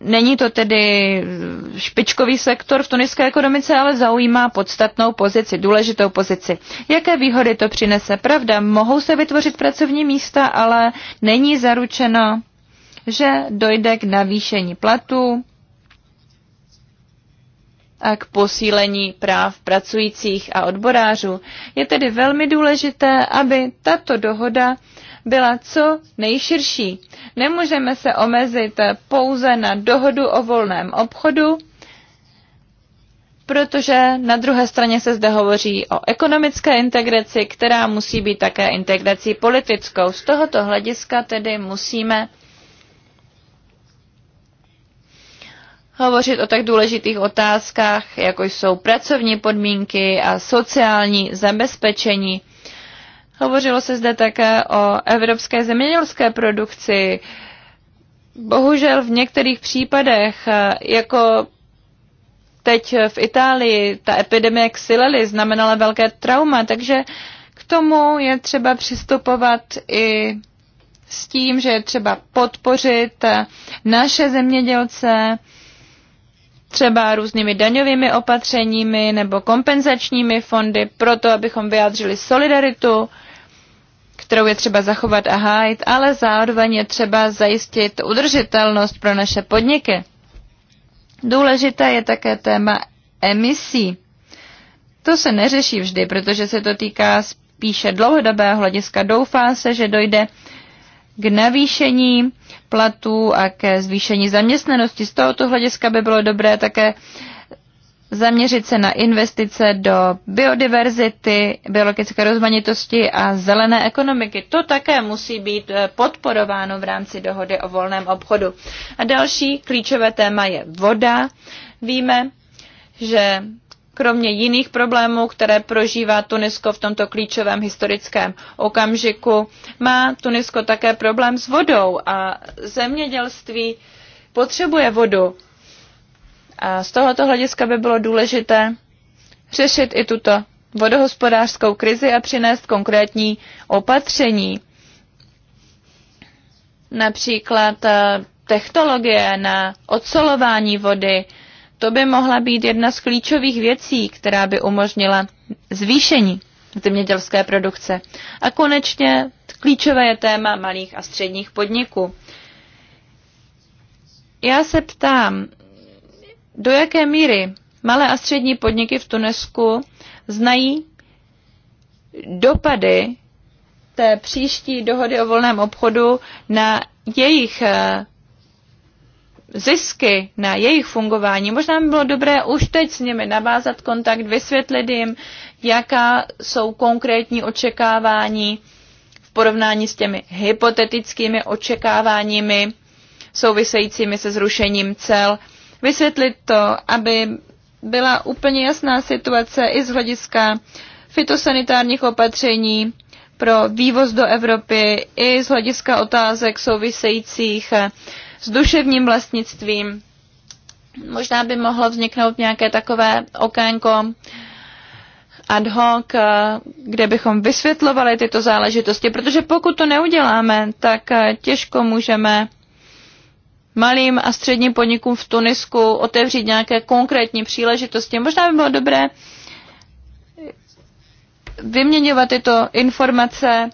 Není to tedy špičkový sektor v tuniské ekonomice, ale zaujímá podstatnou pozici, důležitou pozici. Jaké výhody to přinese? Pravda, mohou se vytvořit pracovní místa, ale není zaručeno, že dojde k navýšení platů a k posílení práv pracujících a odborářů. Je tedy velmi důležité, aby tato dohoda byla co nejširší. Nemůžeme se omezit pouze na dohodu o volném obchodu, protože na druhé straně se zde hovoří o ekonomické integraci, která musí být také integrací politickou. Z tohoto hlediska tedy musíme hovořit o tak důležitých otázkách, jako jsou pracovní podmínky a sociální zabezpečení. Hovořilo se zde také o evropské zemědělské produkci. Bohužel v některých případech, jako teď v Itálii, ta epidemie xylely znamenala velké trauma, takže k tomu je třeba přistupovat i s tím, že je třeba podpořit naše zemědělce, třeba různými daňovými opatřeními nebo kompenzačními fondy, proto abychom vyjádřili solidaritu, kterou je třeba zachovat a hájit, ale zároveň je třeba zajistit udržitelnost pro naše podniky. Důležité je také téma emisí. To se neřeší vždy, protože se to týká spíše dlouhodobého hlediska. Doufá se, že dojde k navýšení platů a ke zvýšení zaměstnanosti. Z tohoto hlediska by bylo dobré také zaměřit se na investice do biodiverzity, biologické rozmanitosti a zelené ekonomiky. To také musí být eh, podporováno v rámci dohody o volném obchodu. A další klíčové téma je voda. Víme, že kromě jiných problémů, které prožívá Tunisko v tomto klíčovém historickém okamžiku, má Tunisko také problém s vodou a zemědělství potřebuje vodu. A z tohoto hlediska by bylo důležité řešit i tuto vodohospodářskou krizi a přinést konkrétní opatření. Například eh, technologie na odsolování vody, to by mohla být jedna z klíčových věcí, která by umožnila zvýšení zemědělské produkce. A konečně klíčové je téma malých a středních podniků. Já se ptám, do jaké míry malé a střední podniky v Tunesku znají dopady té příští dohody o volném obchodu na jejich eh, zisky na jejich fungování. Možná by bylo dobré už teď s nimi navázat kontakt, vysvětlit jim, jaká jsou konkrétní očekávání v porovnání s těmi hypotetickými očekáváními souvisejícími se zrušením cel. Vysvětlit to, aby byla úplně jasná situace i z hlediska fitosanitárních opatření pro vývoz do Evropy, i z hlediska otázek souvisejících s duševním vlastnictvím. Možná by mohlo vzniknout nějaké takové okénko ad hoc, eh, kde bychom vysvětlovali tyto záležitosti, protože pokud to neuděláme, tak eh, těžko můžeme malým a středním podnikům v Tunisku otevřít nějaké konkrétní příležitosti. Možná by bylo dobré vyměňovat tyto informace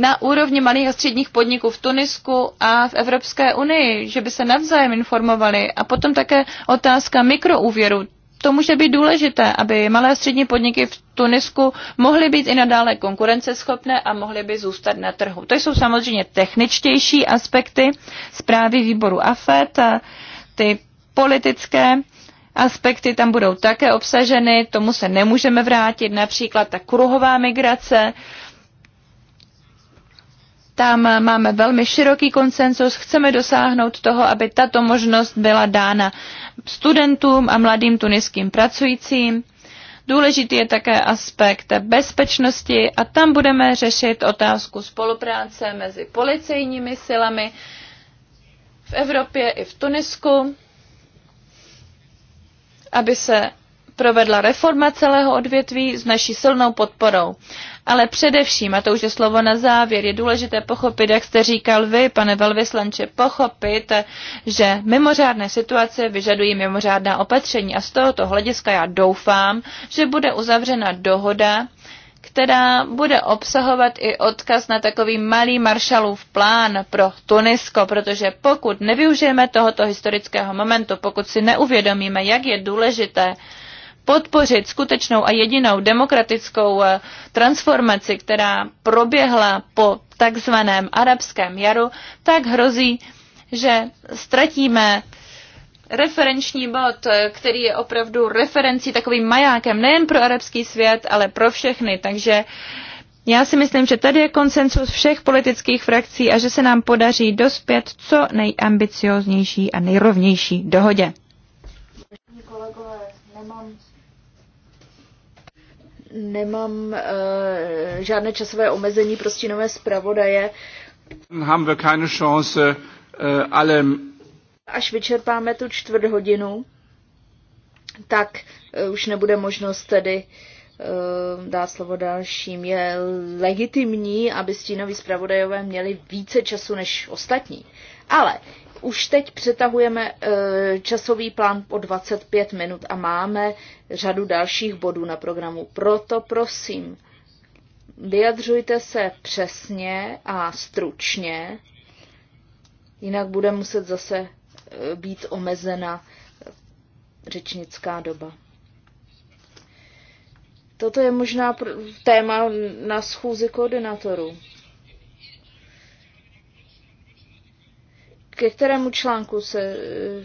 na úrovni malých a středních podniků v Tunisku a v Evropské unii, že by se navzájem informovali. A potom také otázka mikroúvěru. To může být důležité, aby malé a střední podniky v Tunisku mohly být i nadále konkurenceschopné a mohly by zůstat na trhu. To jsou samozřejmě techničtější aspekty zprávy výboru AFET, a ty politické aspekty tam budou také obsaženy, tomu se nemůžeme vrátit, například ta kruhová migrace, tam máme velmi široký konsensus. Chceme dosáhnout toho, aby tato možnost byla dána studentům a mladým tuniským pracujícím. Důležitý je také aspekt bezpečnosti a tam budeme řešit otázku spolupráce mezi policejními silami v Evropě i v Tunisku, aby se provedla reforma celého odvětví s naší silnou podporou. Ale především, a to už je slovo na závěr, je důležité pochopit, jak jste říkal vy, pane velvyslanče, pochopit, že mimořádné situace vyžadují mimořádná opatření. A z tohoto hlediska já doufám, že bude uzavřena dohoda, která bude obsahovat i odkaz na takový malý maršalův plán pro Tunisko, protože pokud nevyužijeme tohoto historického momentu, pokud si neuvědomíme, jak je důležité podpořit skutečnou a jedinou demokratickou eh, transformaci, která proběhla po takzvaném arabském jaru, tak hrozí, že ztratíme referenční bod, eh, který je opravdu referencí takovým majákem nejen pro arabský svět, ale pro všechny. Takže já si myslím, že tady je konsensus všech politických frakcí a že se nám podaří dospět co nejambicioznější a nejrovnější dohodě. Kolegové, nemám nemám uh, žádné časové omezení pro stínové zpravodaje. Haben wir keine Chance, uh, eh, ale... Až vyčerpáme tu čtvrt hodinu, tak uh, už nebude možnost tedy uh, dát slovo dalším. Je legitimní, aby stínoví zpravodajové měli více času než ostatní. Ale už teď přetahujeme eh, časový plán po 25 minut a máme řadu dalších bodů na programu. Proto prosím, vyjadřujte se přesně a stručně, jinak bude muset zase eh, být omezena eh, řečnická doba. Toto je možná téma na schůzi koordinátorů. ke kterému článku se eh,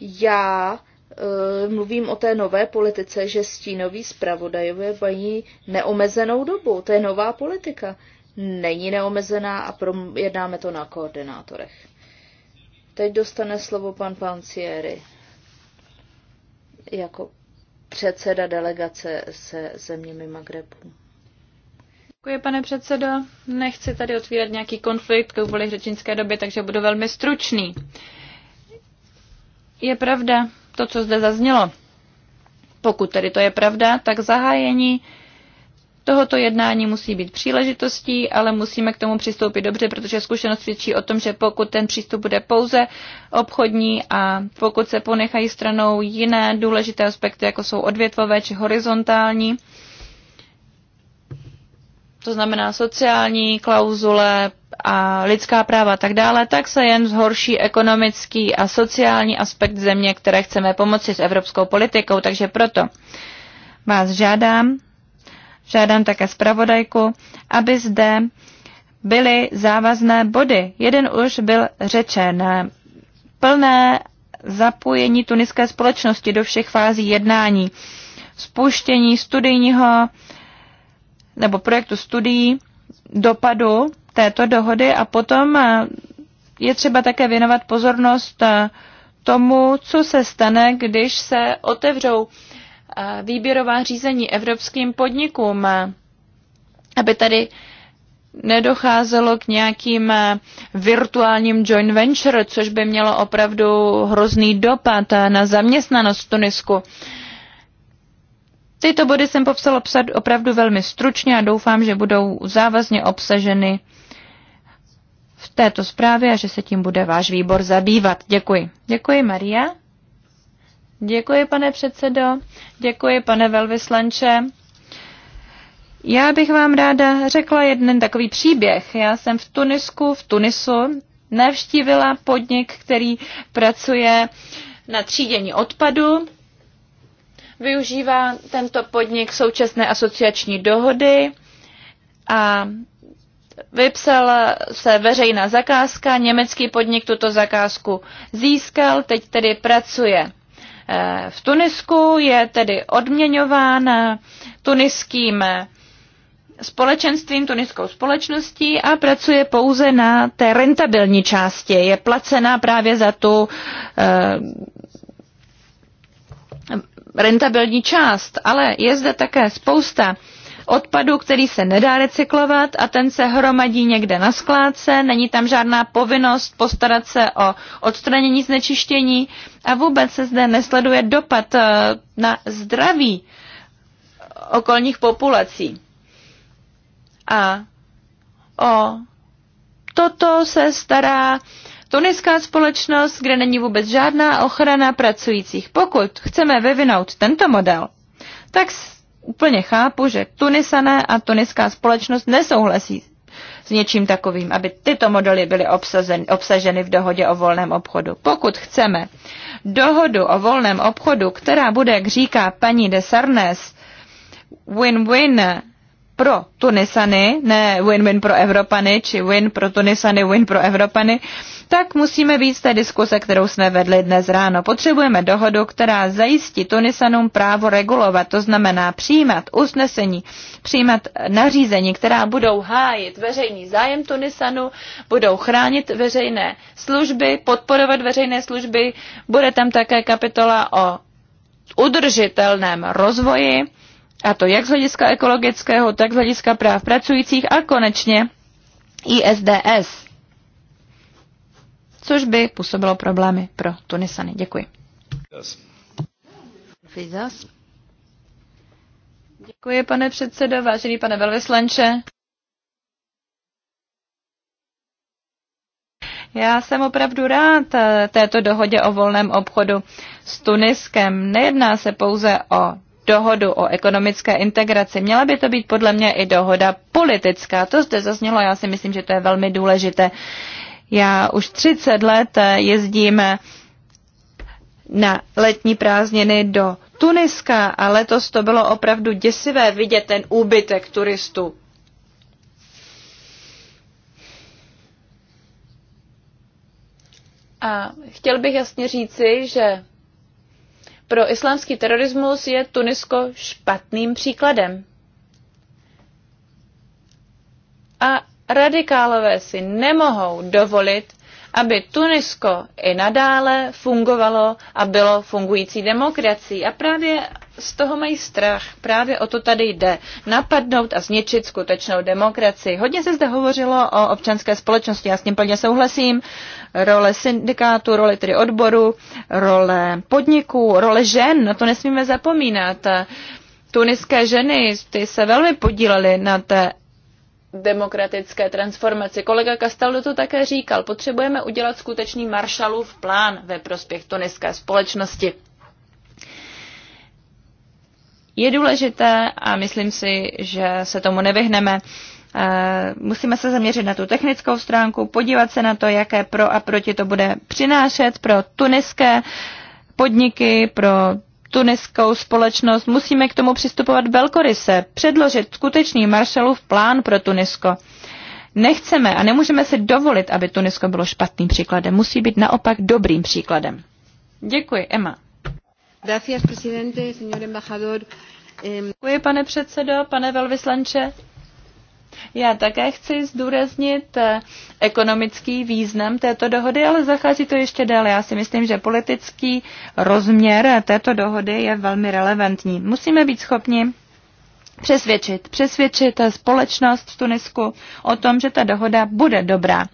já eh, mluvím o té nové politice, že stínoví zpravodajové mají neomezenou dobu. To je nová politika. Není neomezená a jednáme to na koordinátorech. Teď dostane slovo pan Pancieri jako předseda delegace se zeměmi Magrebu. Děkuji, pane předsedo. Nechci tady otvírat nějaký konflikt kvůli řečnické době, takže budu velmi stručný. Je pravda to, co zde zaznělo. Pokud tedy to je pravda, tak zahájení tohoto jednání musí být příležitostí, ale musíme k tomu přistoupit dobře, protože zkušenost svědčí o tom, že pokud ten přístup bude pouze obchodní a pokud se ponechají stranou jiné důležité aspekty, jako jsou odvětvové či horizontální, to znamená sociální klauzule a lidská práva a tak dále, tak se jen zhorší ekonomický a sociální aspekt země, které chceme pomoci s evropskou politikou. Takže proto vás žádám, žádám také zpravodajku, aby zde byly závazné body. Jeden už byl řečen. Plné zapojení tuniské společnosti do všech fází jednání, spuštění studijního nebo projektu studií dopadu této dohody a potom eh, je třeba také věnovat pozornost eh, tomu, co se stane, když se otevřou eh, výběrová řízení evropským podnikům, aby tady nedocházelo k nějakým virtuálním joint venture, což by mělo opravdu hrozný dopad na zaměstnanost v Tunisku. Tyto body jsem popsala opravdu velmi stručně a doufám, že budou závazně obsaženy v této zprávě a že se tím bude váš výbor zabývat. Děkuji. Děkuji, Maria. Děkuji, pane předsedo. Děkuji, pane velvyslanče. Já bych vám ráda řekla jeden takový příběh. Já jsem v Tunisku, v Tunisu, navštívila podnik, který pracuje na třídění odpadu Využívá tento podnik současné asociační dohody a vypsal se veřejná zakázka, německý podnik tuto zakázku získal, teď tedy pracuje eh, v Tunisku, je tedy odměňován eh, tuniským eh, společenstvím, tuniskou společností a pracuje pouze na té rentabilní části. Je placená právě za tu rentabilní část, ale je zde také spousta odpadu, který se nedá recyklovat a ten se hromadí někde na skládce, není tam žádná povinnost postarat se o odstranění znečištění a vůbec se zde nesleduje dopad eh, na zdraví okolních populací. A o toto se stará tuniská společnost, kde není vůbec žádná ochrana pracujících. Pokud chceme vyvinout tento model, tak úplně chápu, že tunisané a tuniská společnost nesouhlasí s něčím takovým, aby tyto modely byly obsazen, obsaženy v dohodě o volném obchodu. Pokud chceme dohodu o volném obchodu, která bude, jak říká paní de Sarnes, win-win pro Tunisany, ne win-win pro Evropany, či win pro Tunisany, win pro Evropany, tak musíme víc té diskuse, kterou jsme vedli dnes ráno. Potřebujeme dohodu, která zajistí Tunisanům právo regulovat, to znamená přijímat usnesení, přijímat nařízení, která budou hájit veřejný zájem Tunisanu, budou chránit veřejné služby, podporovat veřejné služby. Bude tam také kapitola o udržitelném rozvoji, a to jak z hlediska ekologického, tak z hlediska práv pracujících a konečně ISDS což by působilo problémy pro Tunisany. Děkuji. Fizas. Děkuji, pane předsedo, vážený pane velvyslanče. Já jsem opravdu rád eh, této dohodě o volném obchodu s Tuniskem. Nejedná se pouze o dohodu o ekonomické integraci. Měla by to být podle mě i dohoda politická. To zde zaznělo, já si myslím, že to je velmi důležité. Já už 30 let eh, jezdím eh, na letní prázdniny do Tuniska a letos to bylo opravdu děsivé vidět ten úbytek turistů. A chtěl bych jasně říci, že pro islámský terorismus je Tunisko špatným příkladem. A radikálové si nemohou dovolit, aby Tunisko i nadále fungovalo a bylo fungující demokracií. A právě z toho mají strach. Právě o to tady jde. Napadnout a zničit skutečnou demokracii. Hodně se zde hovořilo o občanské společnosti, já s tím plně souhlasím. Role syndikátu, role tedy odboru, role podniků, role žen, Na to nesmíme zapomínat. Tuniské ženy, ty se velmi podílely na té demokratické transformaci. Kolega Castaldo to také říkal. Potřebujeme udělat skutečný Marshallův plán ve prospěch tuniské společnosti. Je důležité, a myslím si, že se tomu nevyhneme, eh, musíme se zaměřit na tu technickou stránku, podívat se na to, jaké pro a proti to bude přinášet pro tuniské podniky, pro tuniskou společnost, musíme k tomu přistupovat velkoryse, předložit skutečný Marshallův plán pro Tunisko. Nechceme a nemůžeme si dovolit, aby Tunisko bylo špatným příkladem. Musí být naopak dobrým příkladem. Děkuji, Emma. Gracias, presidente, señor embajador. Děkuji, pane předsedo, pane velvyslanče. Já také chci zdůraznit eh, ekonomický význam této dohody, ale zachází to ještě déle. Já si myslím, že politický rozměr této dohody je velmi relevantní. Musíme být schopni přesvědčit, přesvědčit společnost v Tunisku o tom, že ta dohoda bude dobrá.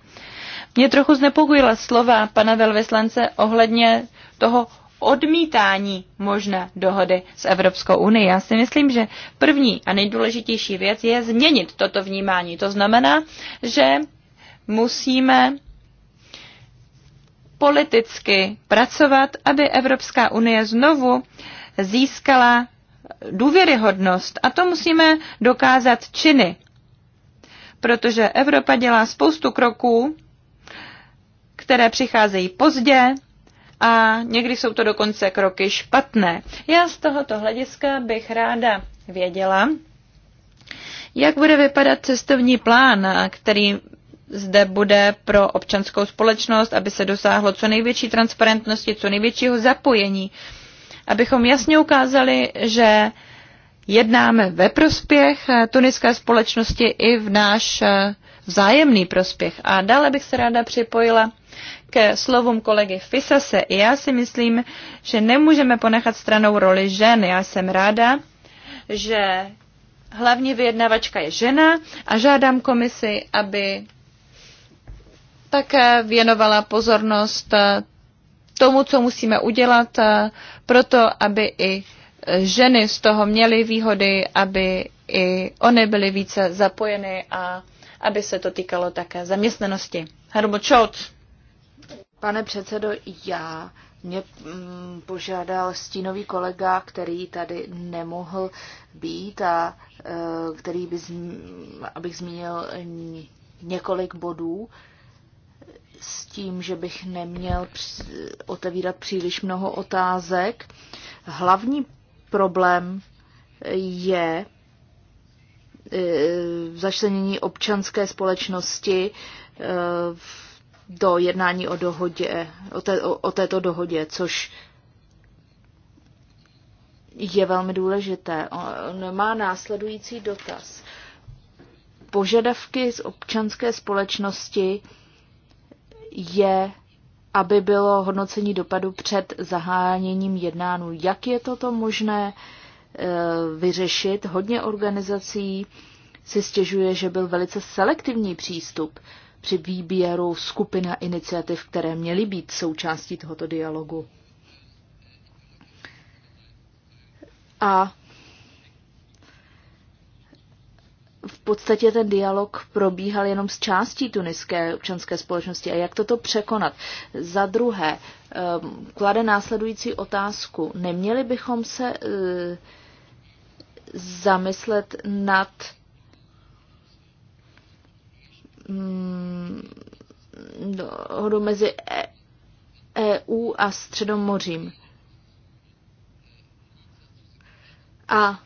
Mě trochu znepokojila slova pana velvyslance ohledně toho odmítání možné dohody s Evropskou unii. Já si myslím, že první a nejdůležitější věc je změnit toto vnímání. To znamená, že musíme politicky pracovat, aby Evropská unie znovu získala důvěryhodnost. A to musíme dokázat činy. Protože Evropa dělá spoustu kroků, které přicházejí pozdě, a někdy jsou to dokonce kroky špatné. Já z tohoto hlediska bych ráda věděla, jak bude vypadat cestovní plán, který zde bude pro občanskou společnost, aby se dosáhlo co největší transparentnosti, co největšího zapojení, abychom jasně ukázali, že jednáme ve prospěch tuniské společnosti i v náš eh, vzájemný prospěch. A dále bych se ráda připojila ke slovům kolegy Fisase, já si myslím, že nemůžeme ponechat stranou roli žen. Já jsem ráda, že hlavní vyjednavačka je žena a žádám komisi, aby také věnovala pozornost eh, tomu, co musíme udělat eh, proto, aby i eh, ženy z toho měly výhody, aby i one byly více zapojeny a aby se to týkalo také zaměstnanosti. Herbo Scholz. Pane předsedo, já mě mm, požádal stínový kolega, který tady nemohl být a e, který by, abych zmínil několik bodů s tím, že bych neměl otevírat příliš mnoho otázek. Hlavní problém je e, začlenění občanské společnosti e, v do jednání o dohodě, o, té, o, o této dohodě, což je velmi důležité. On má následující dotaz. Požadavky z občanské společnosti je, aby bylo hodnocení dopadu před zahájením jednání. Jak je toto možné eh, vyřešit? Hodně organizací si stěžuje, že byl velice selektivní přístup při výběru skupina iniciativ, které měly být součástí tohoto dialogu. A v podstatě ten dialog probíhal jenom z částí tuniské občanské společnosti. A jak toto překonat? Za druhé, ehm, klade následující otázku. Neměli bychom se eh, zamyslet nad Mm, dohodu mezi EU e a Středomořím. A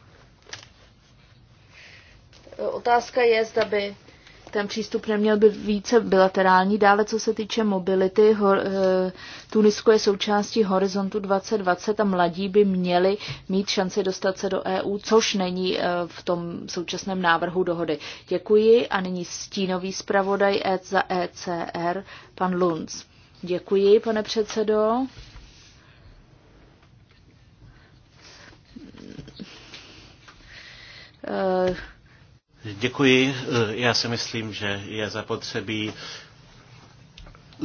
otázka je, zda by ten přístup neměl být více bilaterální. Dále, co se týče mobility, hor, e, Tunisko je součástí Horizontu 2020 a mladí by měli mít šanci dostat se do EU, což není e, v tom současném návrhu dohody. Děkuji a nyní stínový zpravodaj EC za ECR, pan Lunc. Děkuji, pane předsedo. E, Děkuji. Já si myslím, že je zapotřebí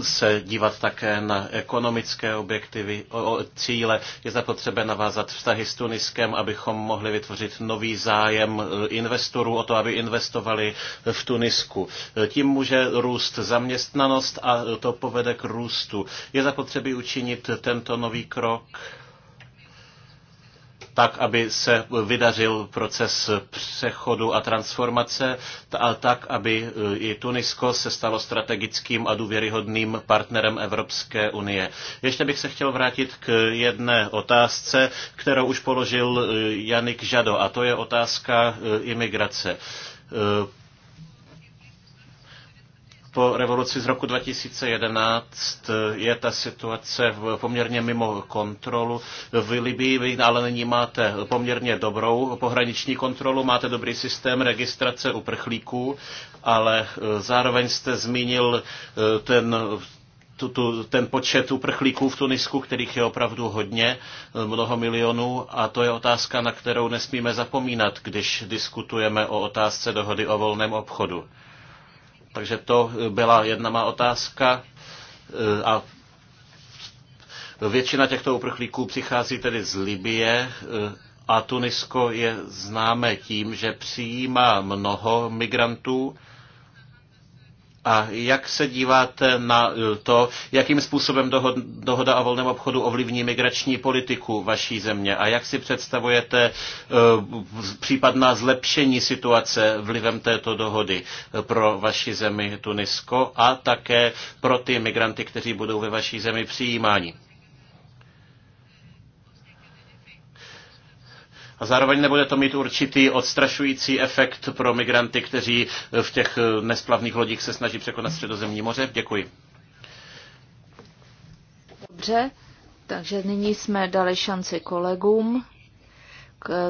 se dívat také na ekonomické objektivy, o, cíle. Je zapotřebé navázat vztahy s Tuniskem, abychom mohli vytvořit nový zájem investorů o to, aby investovali v Tunisku. Tím může růst zaměstnanost a to povede k růstu. Je zapotřebí učinit tento nový krok tak, aby se vydařil proces přechodu a transformace a tak, aby e, i Tunisko se stalo strategickým a důvěryhodným partnerem Evropské unie. Ještě bych se chtěl vrátit k jedné otázce, kterou už položil e, Janik Žado, a to je otázka e, imigrace po revoluci z roku 2011 eh, je ta situace poměrně mimo kontrolu. V Libii vy ale nyní máte poměrně dobrou pohraniční kontrolu, máte dobrý systém registrace uprchlíků, ale eh, zároveň jste zmínil eh, ten tu, tu, ten počet uprchlíků v Tunisku, kterých je opravdu hodně, mnoho milionů, a to je otázka, na kterou nesmíme zapomínat, když diskutujeme o otázce dohody o volném obchodu. Takže to byla jedna má otázka. Eh, a většina těchto uprchlíků přichází tedy z Libie eh, a Tunisko je známé tím, že přijímá mnoho migrantů a jak se díváte na eh, to, jakým způsobem dohoda o volném obchodu ovlivní migrační politiku vaší země a jak si představujete eh, případná zlepšení situace vlivem této dohody eh, pro vaši zemi Tunisko a také pro ty migranty, kteří budou ve vaší zemi přijímáni? A zároveň nebude to mít určitý odstrašující efekt pro migranty, kteří v těch eh, nesplavných lodích se snaží překonat středozemní moře? Děkuji. Dobře, takže nyní jsme dali šanci kolegům,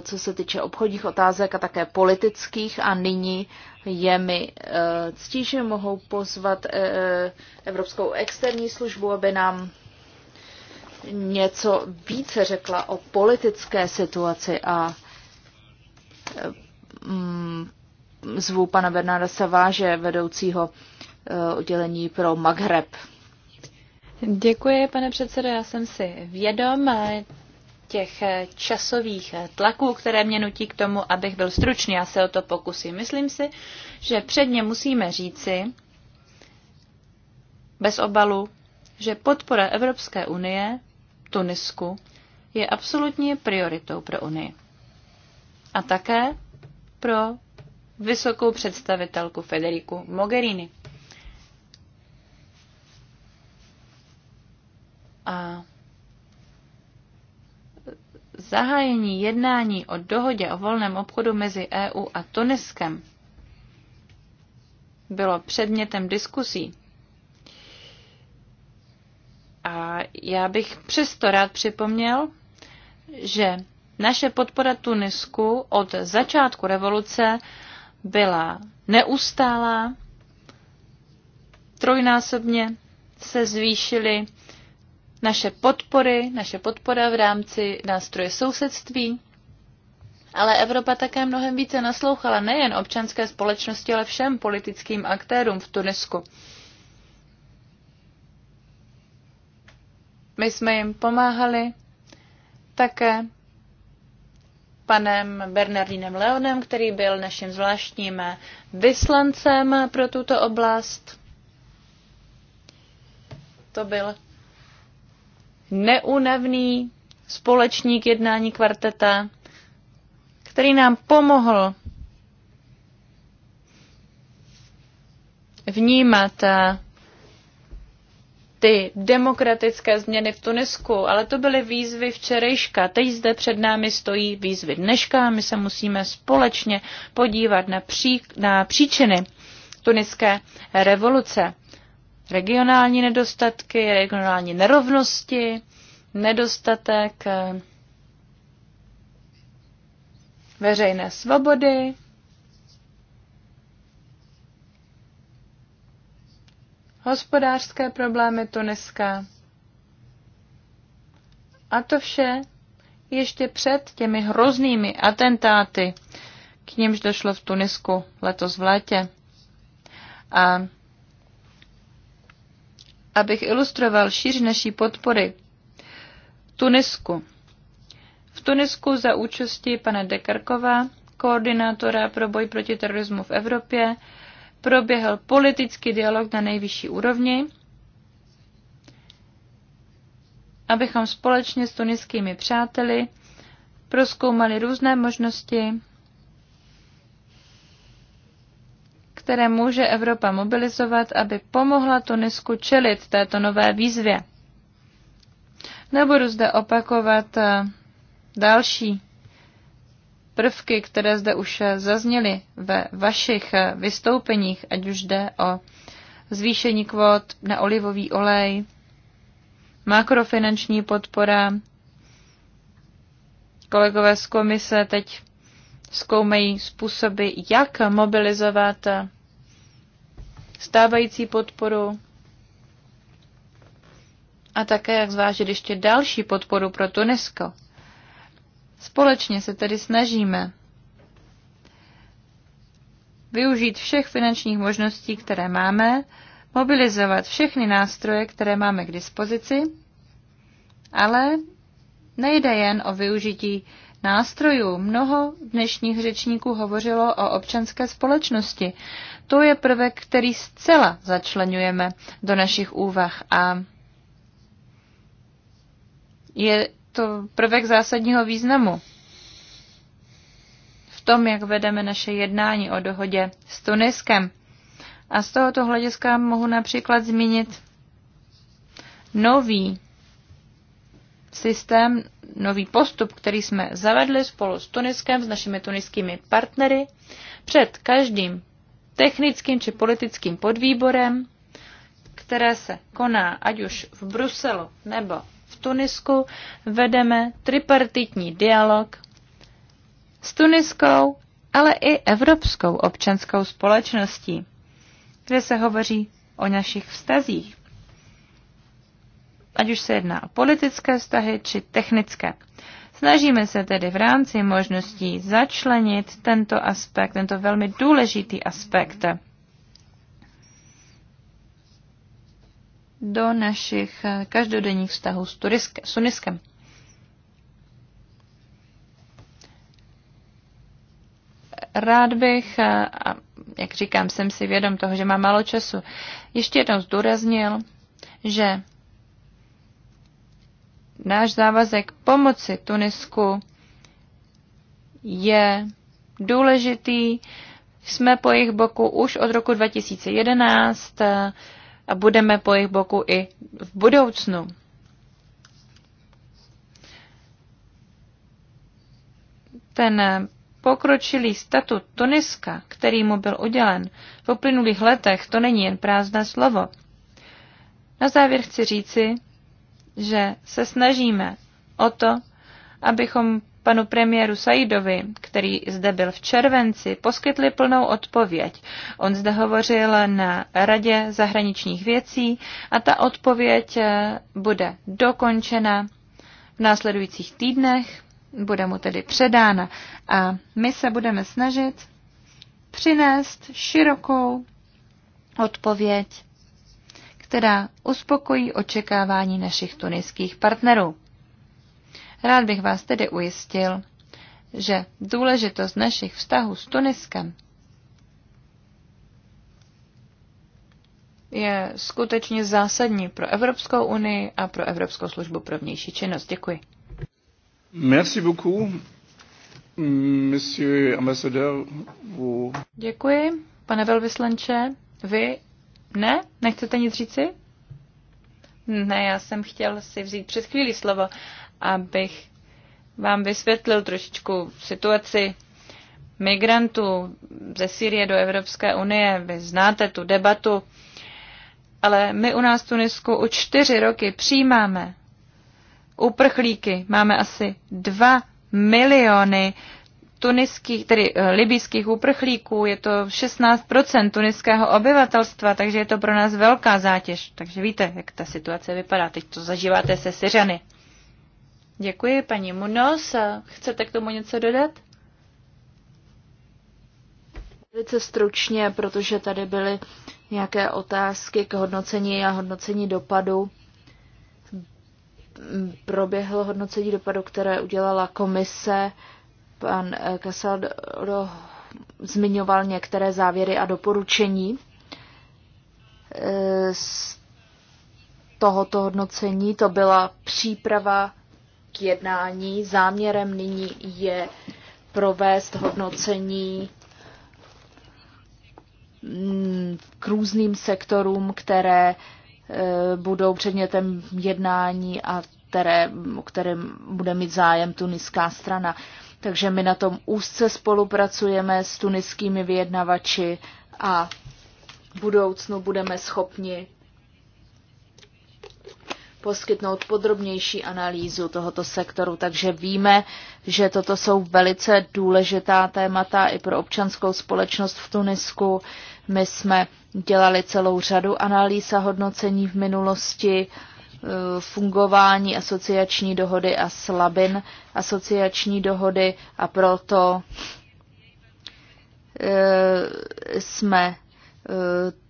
co se týče obchodních otázek a také politických. A nyní je mi eh, ctí, že mohou pozvat eh, Evropskou externí službu, aby nám něco více řekla o politické situaci a mm, zvu pana Bernarda Saváže, vedoucího e, oddělení pro Maghreb. Děkuji, pane předsedo, já jsem si vědom e, těch e, časových tlaků, které mě nutí k tomu, abych byl stručný. Já se o to pokusím. Myslím si, že předně musíme říci, bez obalu, že podpora Evropské unie Tunisku je absolutní prioritou pro Unii. A také pro vysokou představitelku Federiku Mogherini. A zahájení jednání o dohodě o volném obchodu mezi EU a Tuniskem bylo předmětem diskusí a já bych přesto rád připomněl, že naše podpora Tunisku od začátku revoluce byla neustálá, trojnásobně se zvýšily naše podpory, naše podpora v rámci nástroje sousedství, ale Evropa také mnohem více naslouchala nejen občanské společnosti, ale všem politickým aktérům v Tunisku. My jsme jim pomáhali také panem Bernardinem Leonem, který byl naším zvláštním vyslancem pro tuto oblast. To byl neunavný společník jednání kvarteta, který nám pomohl vnímat ty demokratické změny v Tunisku, ale to byly výzvy včerejška. Teď zde před námi stojí výzvy dneška a my se musíme společně podívat na, pří, na příčiny tuniské revoluce. Regionální nedostatky, regionální nerovnosti, nedostatek eh, veřejné svobody, hospodářské problémy Tuniska. A to vše ještě před těmi hroznými atentáty, k nímž došlo v Tunisku letos v létě. A abych ilustroval šíř naší podpory Tunisku. V Tunisku za účastí pana Dekarkova, koordinátora pro boj proti terorismu v Evropě, proběhl politický dialog na nejvyšší úrovni, abychom společně s tuniskými přáteli proskoumali různé možnosti, které může Evropa mobilizovat, aby pomohla Tunisku čelit této nové výzvě. Nebudu zde opakovat eh, další prvky, které zde už zazněly ve vašich vystoupeních, ať už jde o zvýšení kvot na olivový olej, makrofinanční podpora. Kolegové z komise teď zkoumají způsoby, jak mobilizovat stávající podporu a také jak zvážit ještě další podporu pro Tunisko. Společně se tedy snažíme využít všech finančních možností, které máme, mobilizovat všechny nástroje, které máme k dispozici, ale nejde jen o využití nástrojů. Mnoho dnešních řečníků hovořilo o občanské společnosti. To je prvek, který zcela začlenujeme do našich úvah a je to prvek zásadního významu v tom, jak vedeme naše jednání o dohodě s Tuniskem. A z tohoto hlediska mohu například zmínit nový systém, nový postup, který jsme zavedli spolu s Tuniskem, s našimi tuniskými partnery, před každým technickým či politickým podvýborem, které se koná ať už v Bruselu nebo v Tunisku vedeme tripartitní dialog s tuniskou, ale i evropskou občanskou společností, kde se hovoří o našich vztazích. Ať už se jedná o politické vztahy či technické. Snažíme se tedy v rámci možností začlenit tento aspekt, tento velmi důležitý aspekt do našich eh, každodenních vztahů s, Turisk, s Tuniskem. Rád bych, eh, a jak říkám, jsem si vědom toho, že mám málo času, ještě jednou zdůraznil, že náš závazek pomoci Tunisku je důležitý. Jsme po jejich boku už od roku 2011 eh, a budeme po jejich boku i v budoucnu. Ten pokročilý statut Tuniska, který mu byl udělen v uplynulých letech, to není jen prázdné slovo. Na závěr chci říci, že se snažíme o to, abychom panu premiéru Saidovi, který zde byl v červenci, poskytli plnou odpověď. On zde hovořil na Radě zahraničních věcí a ta odpověď eh, bude dokončena v následujících týdnech, bude mu tedy předána a my se budeme snažit přinést širokou odpověď, která uspokojí očekávání našich tuniských partnerů. Rád bych vás tedy ujistil, že důležitost našich vztahů s Tuniskem je skutečně zásadní pro Evropskou unii a pro Evropskou službu pro vnější činnost. Děkuji. Merci beaucoup, monsieur ambassadeur. Vous... Děkuji, pane velvyslanče. Vy ne? Nechcete nic říci? Ne, já jsem chtěl si vzít před chvílí slovo, abych vám vysvětlil trošičku situaci migrantů ze Sýrie do Evropské unie. Vy znáte tu debatu, ale my u nás v Tunisku už čtyři roky přijímáme uprchlíky. Máme asi dva miliony tuniských, tedy eh, libijských uprchlíků, je to 16% tuniského obyvatelstva, takže je to pro nás velká zátěž. Takže víte, jak ta situace vypadá. Teď to zažíváte se Syřany. Děkuji, paní Munos. Chcete k tomu něco dodat? Velice stručně, protože tady byly nějaké otázky k hodnocení a hodnocení dopadu. Proběhlo hodnocení dopadu, které udělala komise. Pan eh, Casado zmiňoval některé závěry a doporučení eh, z tohoto hodnocení. To byla příprava k jednání. Záměrem nyní je provést hodnocení mm, k různým sektorům, které e, budou předmětem jednání a které, o kterém bude mít zájem tuniská strana. Takže my na tom úzce spolupracujeme s tuniskými vyjednavači a v budoucnu budeme schopni poskytnout podrobnější analýzu tohoto sektoru, takže víme, že toto jsou velice důležitá témata i pro občanskou společnost v Tunisku. My jsme dělali celou řadu analýz a hodnocení v minulosti eh, fungování asociační dohody a slabin asociační dohody a proto eh, jsme eh,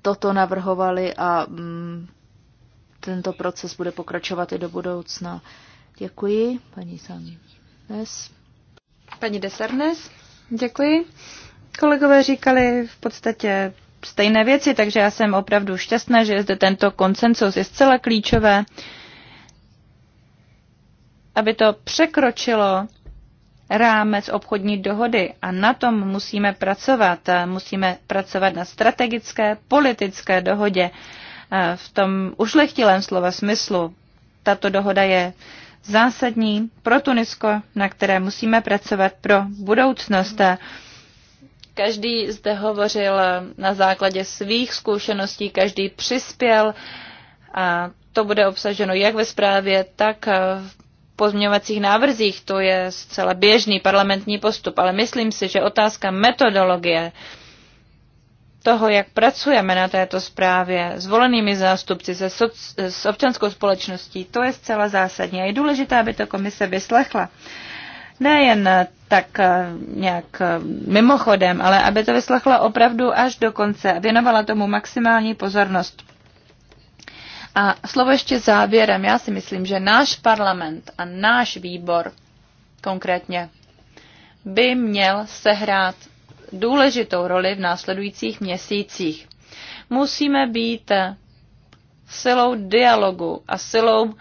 toto navrhovali a mm, tento proces bude pokračovat i do budoucna. Děkuji, paní Sanes. Paní Desernes, děkuji. Kolegové říkali v podstatě stejné věci, takže já jsem opravdu šťastná, že je zde tento konsensus je zcela klíčové, aby to překročilo rámec obchodní dohody a na tom musíme pracovat. Musíme pracovat na strategické politické dohodě Eh, v tom ušlechtilém slova smyslu. Tato dohoda je zásadní pro Tunisko, na které musíme pracovat pro budoucnost. Každý zde hovořil na základě svých zkušeností, každý přispěl a to bude obsaženo jak ve zprávě, tak eh, v pozměňovacích návrzích. To je zcela běžný parlamentní postup, ale myslím si, že otázka metodologie toho, jak pracujeme na této zprávě s volenými zástupci, se soc, s občanskou společností, to je zcela zásadní a je důležité, aby to komise vyslechla. Nejen tak eh, nějak eh, mimochodem, ale aby to vyslechla opravdu až do konce, věnovala tomu maximální pozornost. A slovo ještě závěrem. Já si myslím, že náš parlament a náš výbor konkrétně by měl sehrát důležitou roli v následujících měsících. Musíme být silou dialogu a silou,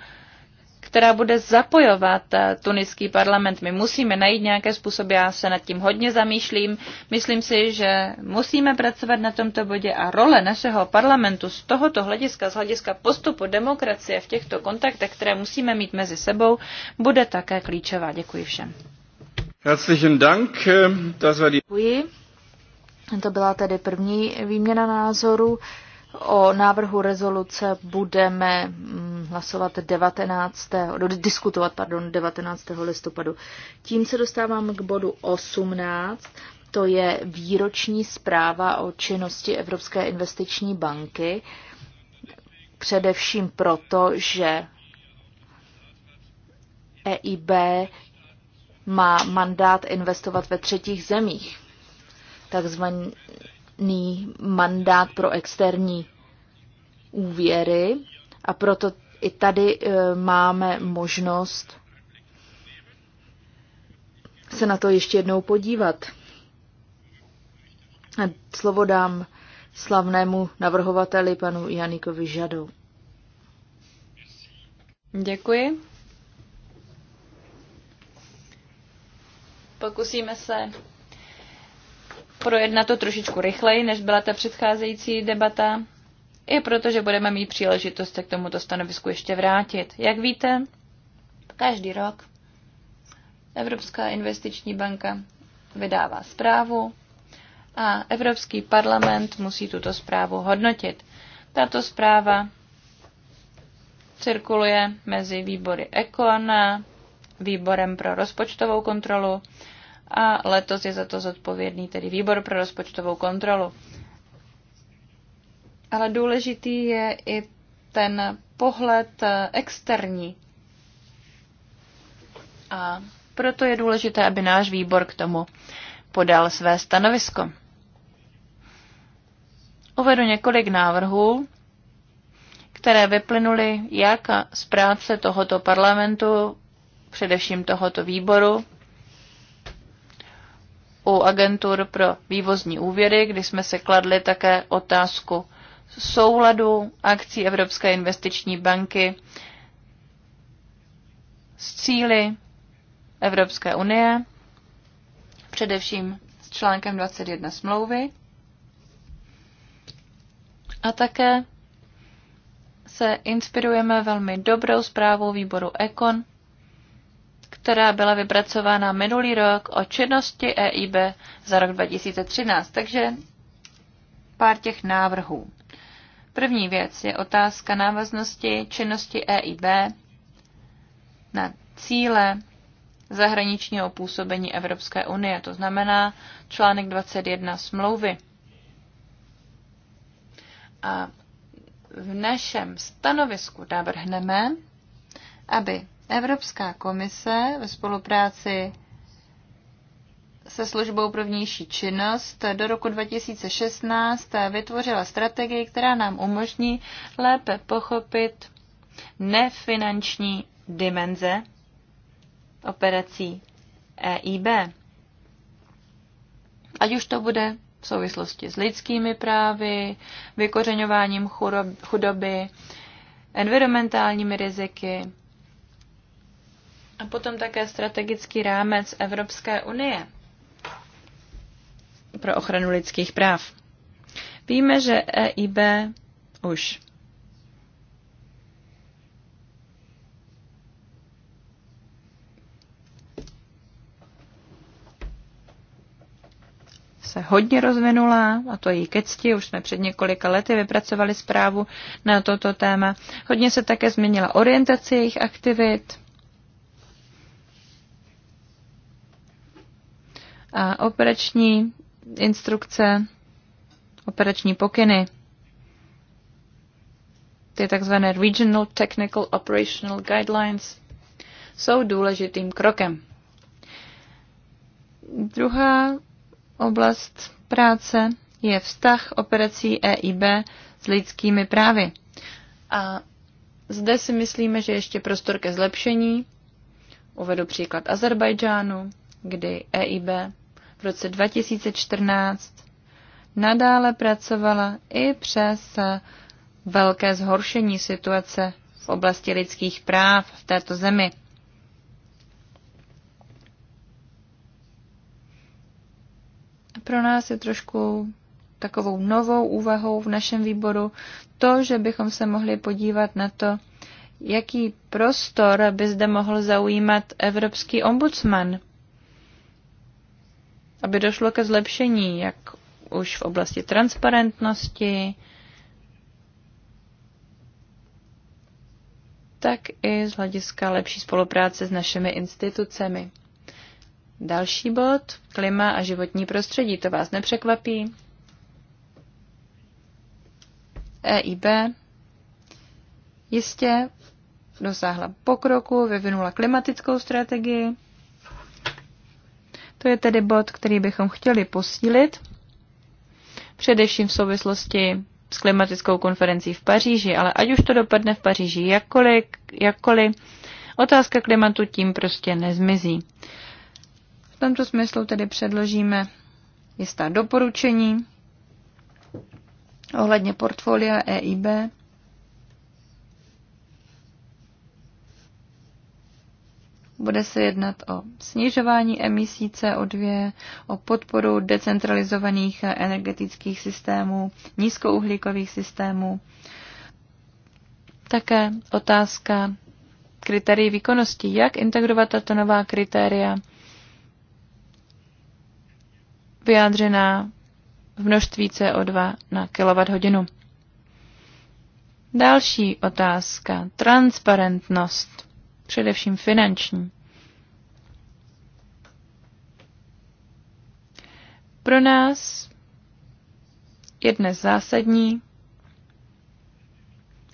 která bude zapojovat tuniský parlament. My musíme najít nějaké způsoby, já se nad tím hodně zamýšlím. Myslím si, že musíme pracovat na tomto bodě a role našeho parlamentu z tohoto hlediska, z hlediska postupu demokracie v těchto kontaktech, které musíme mít mezi sebou, bude také klíčová. Děkuji všem. Herzlichen Dank. Eh, die... Děkuji. To byla tedy první výměna názoru. O návrhu rezoluce budeme mm, hlasovat 19. diskutovat pardon, 19. listopadu. Tím se dostávám k bodu 18. To je výroční zpráva o činnosti Evropské investiční banky. Především proto, že EIB má mandát investovat ve třetích zemích, takzvaný mandát pro externí úvěry a proto i tady e, máme možnost se na to ještě jednou podívat. A slovo dám slavnému navrhovateli panu Janikovi Žadu. Děkuji. Pokusíme se projednat to trošičku rychleji, než byla ta předcházející debata, i protože budeme mít příležitost se k tomuto stanovisku ještě vrátit. Jak víte, každý rok Evropská investiční banka vydává zprávu a Evropský parlament musí tuto zprávu hodnotit. Tato zpráva cirkuluje mezi výbory Econ, výborem pro rozpočtovou kontrolu a letos je za to zodpovědný tedy výbor pro rozpočtovou kontrolu. Ale důležitý je i ten pohled eh, externí. A proto je důležité, aby náš výbor k tomu podal své stanovisko. Uvedu několik návrhů, které vyplynuly jak z práce tohoto parlamentu především tohoto výboru, u agentur pro vývozní úvěry, kdy jsme se kladli také otázku souladu akcí Evropské investiční banky s cíly Evropské unie, především s článkem 21 smlouvy. A také se inspirujeme velmi dobrou zprávou výboru Econ která byla vypracována minulý rok o činnosti EIB za rok 2013. Takže pár těch návrhů. První věc je otázka návaznosti činnosti EIB na cíle zahraničního působení Evropské unie, to znamená článek 21 smlouvy. A v našem stanovisku navrhneme, aby Evropská komise ve spolupráci se službou pro vnější činnost do roku 2016 vytvořila strategii, která nám umožní lépe pochopit nefinanční dimenze operací EIB. Ať už to bude v souvislosti s lidskými právy, vykořeňováním chudoby, environmentálními riziky, a potom také strategický rámec Evropské unie pro ochranu lidských práv. Víme, že EIB už se hodně rozvinula, a to jí ke cti, už jsme před několika lety vypracovali zprávu na toto téma. Hodně se také změnila orientace jejich aktivit, a operační instrukce, operační pokyny, ty takzvané Regional Technical Operational Guidelines, jsou důležitým krokem. Druhá oblast práce je vztah operací EIB s lidskými právy. A zde si myslíme, že ještě prostor ke zlepšení. Uvedu příklad Azerbajdžánu, kdy EIB v roce 2014 nadále pracovala i přes eh, velké zhoršení situace v oblasti lidských práv v této zemi. Pro nás je trošku takovou novou úvahou v našem výboru to, že bychom se mohli podívat na to, jaký prostor by zde mohl zaujímat evropský ombudsman aby došlo ke zlepšení, jak už v oblasti transparentnosti, tak i z hlediska lepší spolupráce s našimi institucemi. Další bod, klima a životní prostředí, to vás nepřekvapí. EIB jistě dosáhla pokroku, vyvinula klimatickou strategii, to je tedy bod, který bychom chtěli posílit, především v souvislosti s klimatickou konferencí v Paříži, ale ať už to dopadne v Paříži jakkoliv, jakkoliv otázka klimatu tím prostě nezmizí. V tomto smyslu tedy předložíme jistá doporučení ohledně portfolia EIB Bude se jednat o snižování emisí CO2, o podporu decentralizovaných energetických systémů, nízkouhlíkových systémů. Také otázka kritérií výkonnosti. Jak integrovat tato nová kritéria vyjádřená v množství CO2 na kWh? Další otázka. Transparentnost především finanční. Pro nás je dnes zásadní,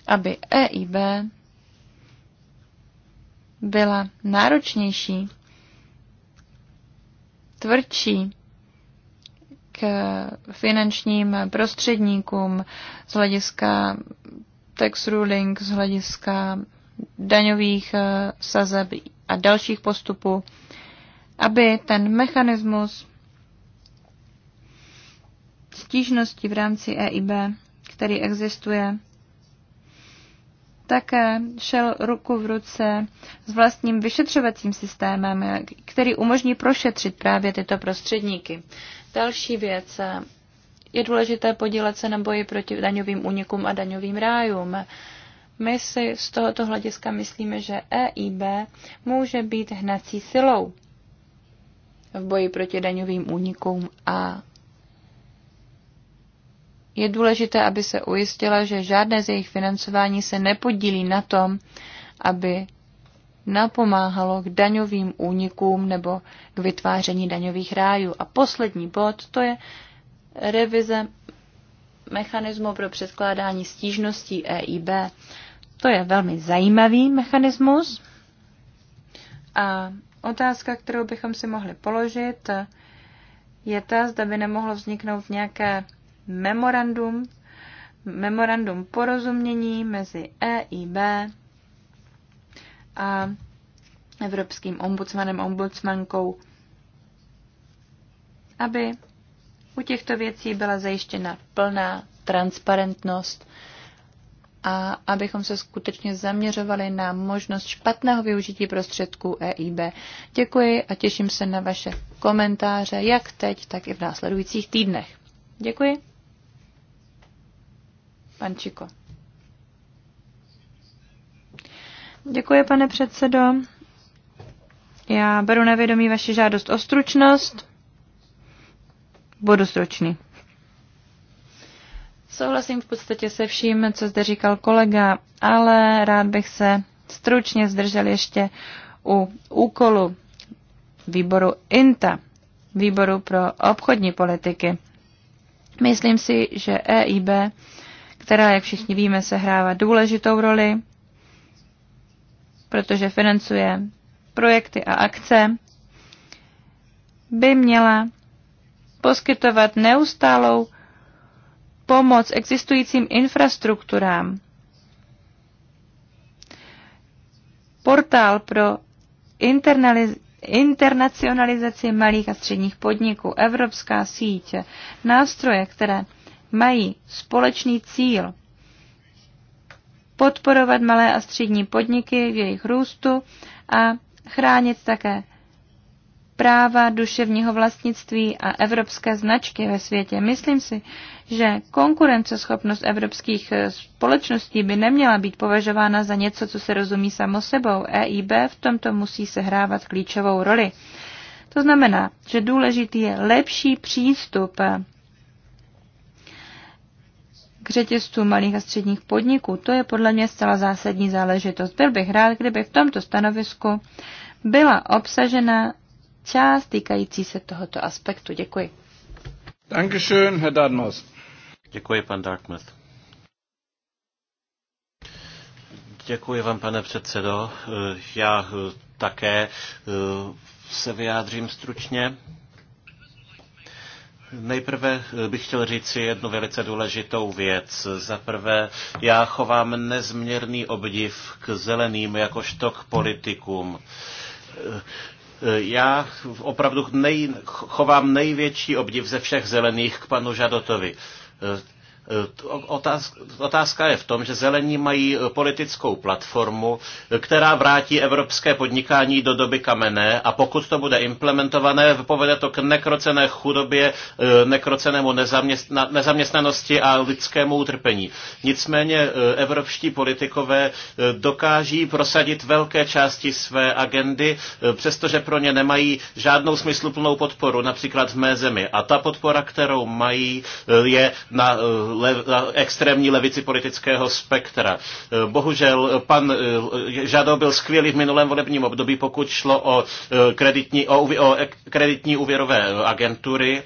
aby EIB byla náročnější, tvrdší k finančním prostředníkům z hlediska tax ruling, z hlediska daňových eh, sazeb a dalších postupů, aby ten mechanismus stížnosti v rámci EIB, který existuje, také šel ruku v ruce s vlastním vyšetřovacím systémem, který umožní prošetřit právě tyto prostředníky. Další věc. Eh, je důležité podílet se na boji proti daňovým únikům a daňovým rájům. My si z tohoto hlediska myslíme, že EIB může být hnací silou v boji proti daňovým únikům a je důležité, aby se ujistila, že žádné z jejich financování se nepodílí na tom, aby napomáhalo k daňovým únikům nebo k vytváření daňových rájů. A poslední bod, to je revize mechanismu pro předkládání stížností EIB. To je velmi zajímavý mechanismus. A otázka, kterou bychom si mohli položit, je ta, zda by nemohlo vzniknout nějaké memorandum, memorandum porozumění mezi EIB a evropským ombudsmanem, ombudsmankou, aby u těchto věcí byla zajištěna plná transparentnost a abychom se skutečně zaměřovali na možnost špatného využití prostředků EIB. Děkuji a těším se na vaše komentáře, jak teď, tak i v následujících týdnech. Děkuji. Pan Čiko. Děkuji, pane předsedo. Já beru na vědomí vaši žádost o stručnost. Budu stručný. Souhlasím v podstatě se vším, co zde říkal kolega, ale rád bych se stručně zdržel ještě u úkolu výboru INTA, výboru pro obchodní politiky. Myslím si, že EIB, která, jak všichni víme, se hrává důležitou roli, protože financuje projekty a akce, by měla poskytovat neustálou pomoc existujícím infrastrukturám. Portál pro internacionalizaci malých a středních podniků, evropská síť, nástroje, které mají společný cíl podporovat malé a střední podniky v jejich růstu a chránit také práva duševního vlastnictví a evropské značky ve světě. Myslím si, že konkurenceschopnost evropských eh, společností by neměla být považována za něco, co se rozumí samo sebou. EIB v tomto musí sehrávat klíčovou roli. To znamená, že důležitý je lepší přístup eh, k řetězců malých a středních podniků. To je podle mě zcela zásadní záležitost. Byl bych rád, kdyby v tomto stanovisku byla obsažena část týkající se tohoto aspektu. Děkuji. Dankeschön, Herr Dartmouth. Děkuji, pan Dartmouth. Děkuji vám, pane předsedo. Já eh, také eh, se vyjádřím stručně. Nejprve eh, bych chtěl říct si jednu velice důležitou věc. Za prvé, já chovám nezměrný obdiv k zeleným jakožto k politikům já opravdu nej, chovám největší obdiv ze všech zelených k panu Žadotovi Otázka je v tom, že zelení mají politickou platformu, která vrátí evropské podnikání do doby kamenné a pokud to bude implementované, povede to k nekrocené chudobě, e, nekrocenému nezaměstnanosti a lidskému utrpení. Nicméně e, evropští politikové e, dokáží prosadit velké části své agendy, přestože pro ně nemají žádnou smysluplnou podporu, například v mé zemi. A ta podpora, kterou mají, je na le, extrémní levici politického spektra. Eh, bohužel eh, pan eh, Žado byl skvělý v minulém volebním období, pokud šlo o kreditní, o, o kreditní úvěrové agentury,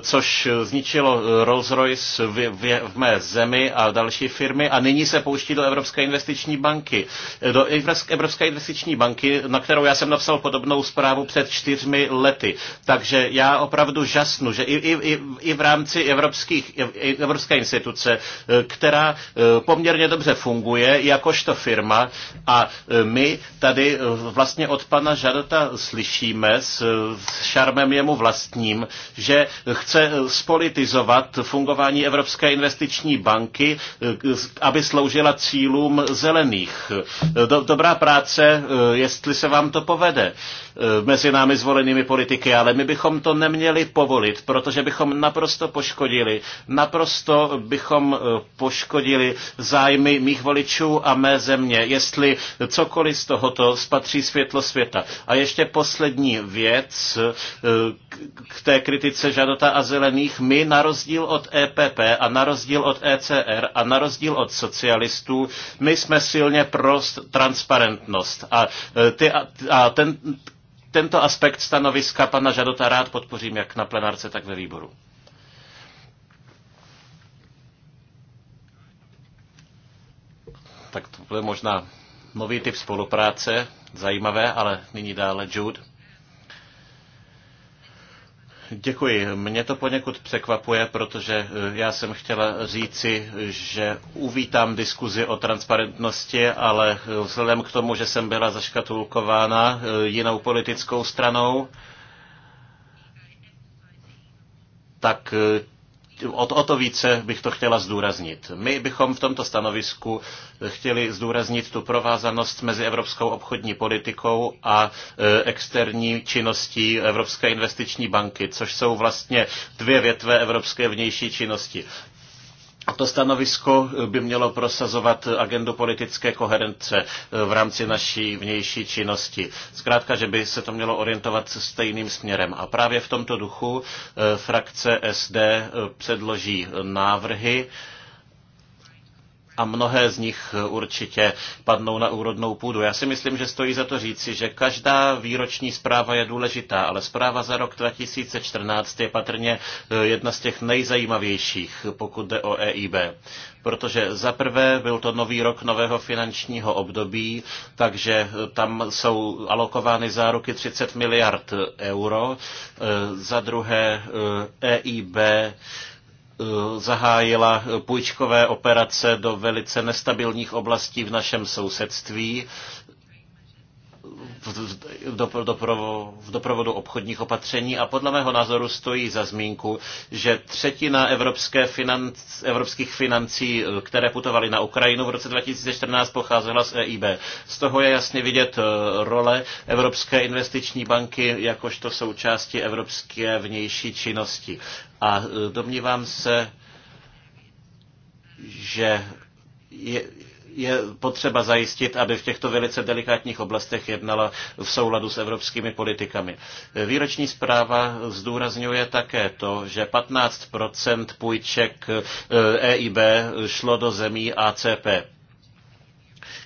což zničilo Rolls-Royce v, v, v mé zemi a další firmy a nyní se pouští do Evropské investiční banky. Do Evropské investiční banky, na kterou já jsem napsal podobnou zprávu před čtyřmi lety. Takže já opravdu žasnu, že i, i, i v rámci evropských, Evropské evropské instituce, eh, která eh, poměrně dobře funguje jakožto firma a eh, my tady vlastně od pana Žadota slyšíme s šarmem jemu vlastním, že chce spolitizovat fungování Evropské investiční banky, aby sloužila cílům zelených. Dobrá práce, jestli se vám to povede mezi námi zvolenými politiky, ale my bychom to neměli povolit, protože bychom naprosto poškodili, naprosto to bychom eh, poškodili zájmy mých voličů a mé země, jestli cokoliv z tohoto spatří světlo světa. A ještě poslední věc eh, k té kritice Žadota a Zelených. My na rozdíl od EPP a na rozdíl od ECR a na rozdíl od socialistů, my jsme silně pro transparentnost. A, eh, ty, a, a ten, tento aspekt stanoviska pana Žadota rád podpořím jak na plenárce, tak ve výboru. Tak to bude možná nový typ spolupráce, zajímavé, ale nyní dále Jude. Děkuji. Mě to poněkud překvapuje, protože eh, já jsem chtěla říci, že uvítám diskuzi o transparentnosti, ale eh, vzhledem k tomu, že jsem byla zaškatulkována eh, jinou politickou stranou, tak o to, o to více bych to chtěla zdůraznit. My bychom v tomto stanovisku chtěli zdůraznit tu provázanost mezi evropskou obchodní politikou a e, externí činností Evropské investiční banky, což jsou vlastně dvě větve evropské vnější činnosti. A to stanovisko by mělo prosazovat agendu politické koherence v rámci naší vnější činnosti. Zkrátka, že by se to mělo orientovat stejným směrem. A právě v tomto duchu eh, frakce SD eh, předloží návrhy, a mnohé z nich určitě padnou na úrodnou půdu. Já si myslím, že stojí za to říci, že každá výroční zpráva je důležitá, ale zpráva za rok 2014 je patrně eh, jedna z těch nejzajímavějších, pokud jde o EIB. Protože za prvé byl to nový rok nového finančního období, takže eh, tam jsou alokovány záruky 30 miliard euro. Eh, za druhé EIB e Eh, zahájila půjčkové operace do velice nestabilních oblastí v našem sousedství, v, v doprovodu obchodních opatření a podle mého názoru stojí za zmínku, že třetina evropské financ, evropských financí, které putovaly na Ukrajinu v roce 2014, pocházela z EIB. Z toho je jasně vidět eh, role Evropské investiční banky jakožto součásti evropské vnější činnosti. A eh, domnívám se, že je, je potřeba zajistit, aby v těchto velice delikátních oblastech jednala v souladu s evropskými politikami. Výroční zpráva zdůrazňuje také to, že 15 půjček EIB eh, e šlo do zemí ACP.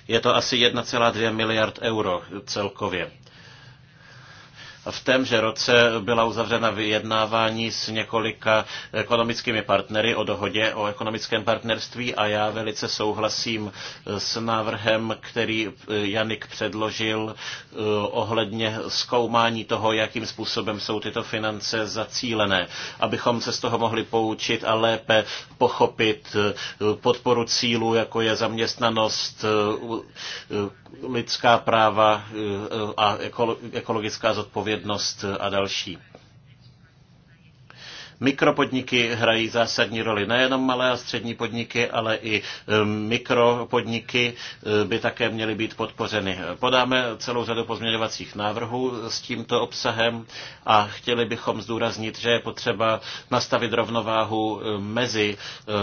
Je to asi 1,2 miliard euro celkově. V témže roce byla uzavřena vyjednávání s několika ekonomickými partnery o dohodě o ekonomickém partnerství a já velice souhlasím s návrhem, který Janik předložil eh, ohledně zkoumání toho, jakým způsobem jsou tyto finance zacílené, abychom se z toho mohli poučit a lépe pochopit eh, podporu cílů, jako je zaměstnanost, eh, lidská práva eh, a ekologická zodpovědnost eh, a další. Mikropodniky hrají zásadní roli. Nejenom malé a střední podniky, ale i eh, mikropodniky by také měly být podpořeny. Podáme celou řadu pozměňovacích návrhů s tímto obsahem a chtěli bychom zdůraznit, že je potřeba nastavit rovnováhu mezi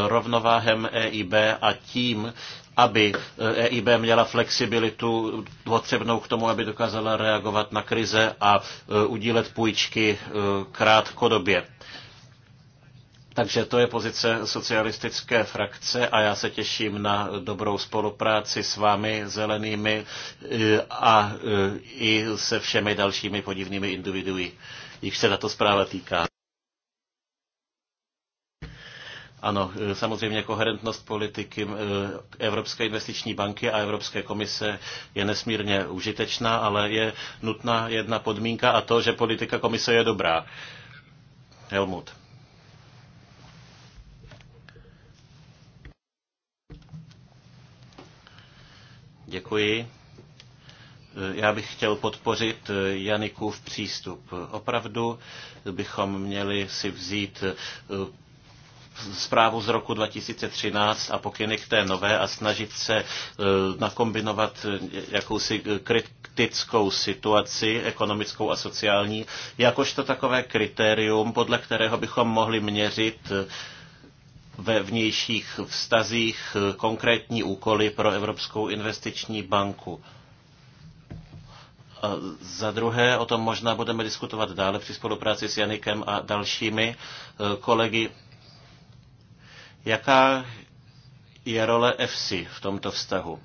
rovnováhem EIB a tím, aby EIB eh, e měla flexibilitu potřebnou k tomu, aby dokázala reagovat na krize a eh, udílet půjčky eh, krátkodobě. Takže to je pozice socialistické frakce a já se těším na dobrou spolupráci s vámi, zelenými a i se všemi dalšími podivnými individuji, jich se tato zpráva týká. Ano, e, samozřejmě koherentnost politiky e, Evropské investiční banky a Evropské komise je nesmírně užitečná, ale je nutná jedna podmínka a to, že politika komise je dobrá. Helmut. Děkuji. E, já bych chtěl podpořit Janikův přístup. Opravdu bychom měli si vzít zprávu z roku 2013 a pokyny k té nové a snažit se e, nakombinovat e, jakousi kritickou situaci ekonomickou a sociální, jakožto takové kritérium, podle kterého bychom mohli měřit e, ve vnějších vztazích konkrétní úkoly pro Evropskou investiční banku. A za druhé, o tom možná budeme diskutovat dále při spolupráci s Janikem a dalšími kolegy Jaká je role EFSI v tomto vztahu?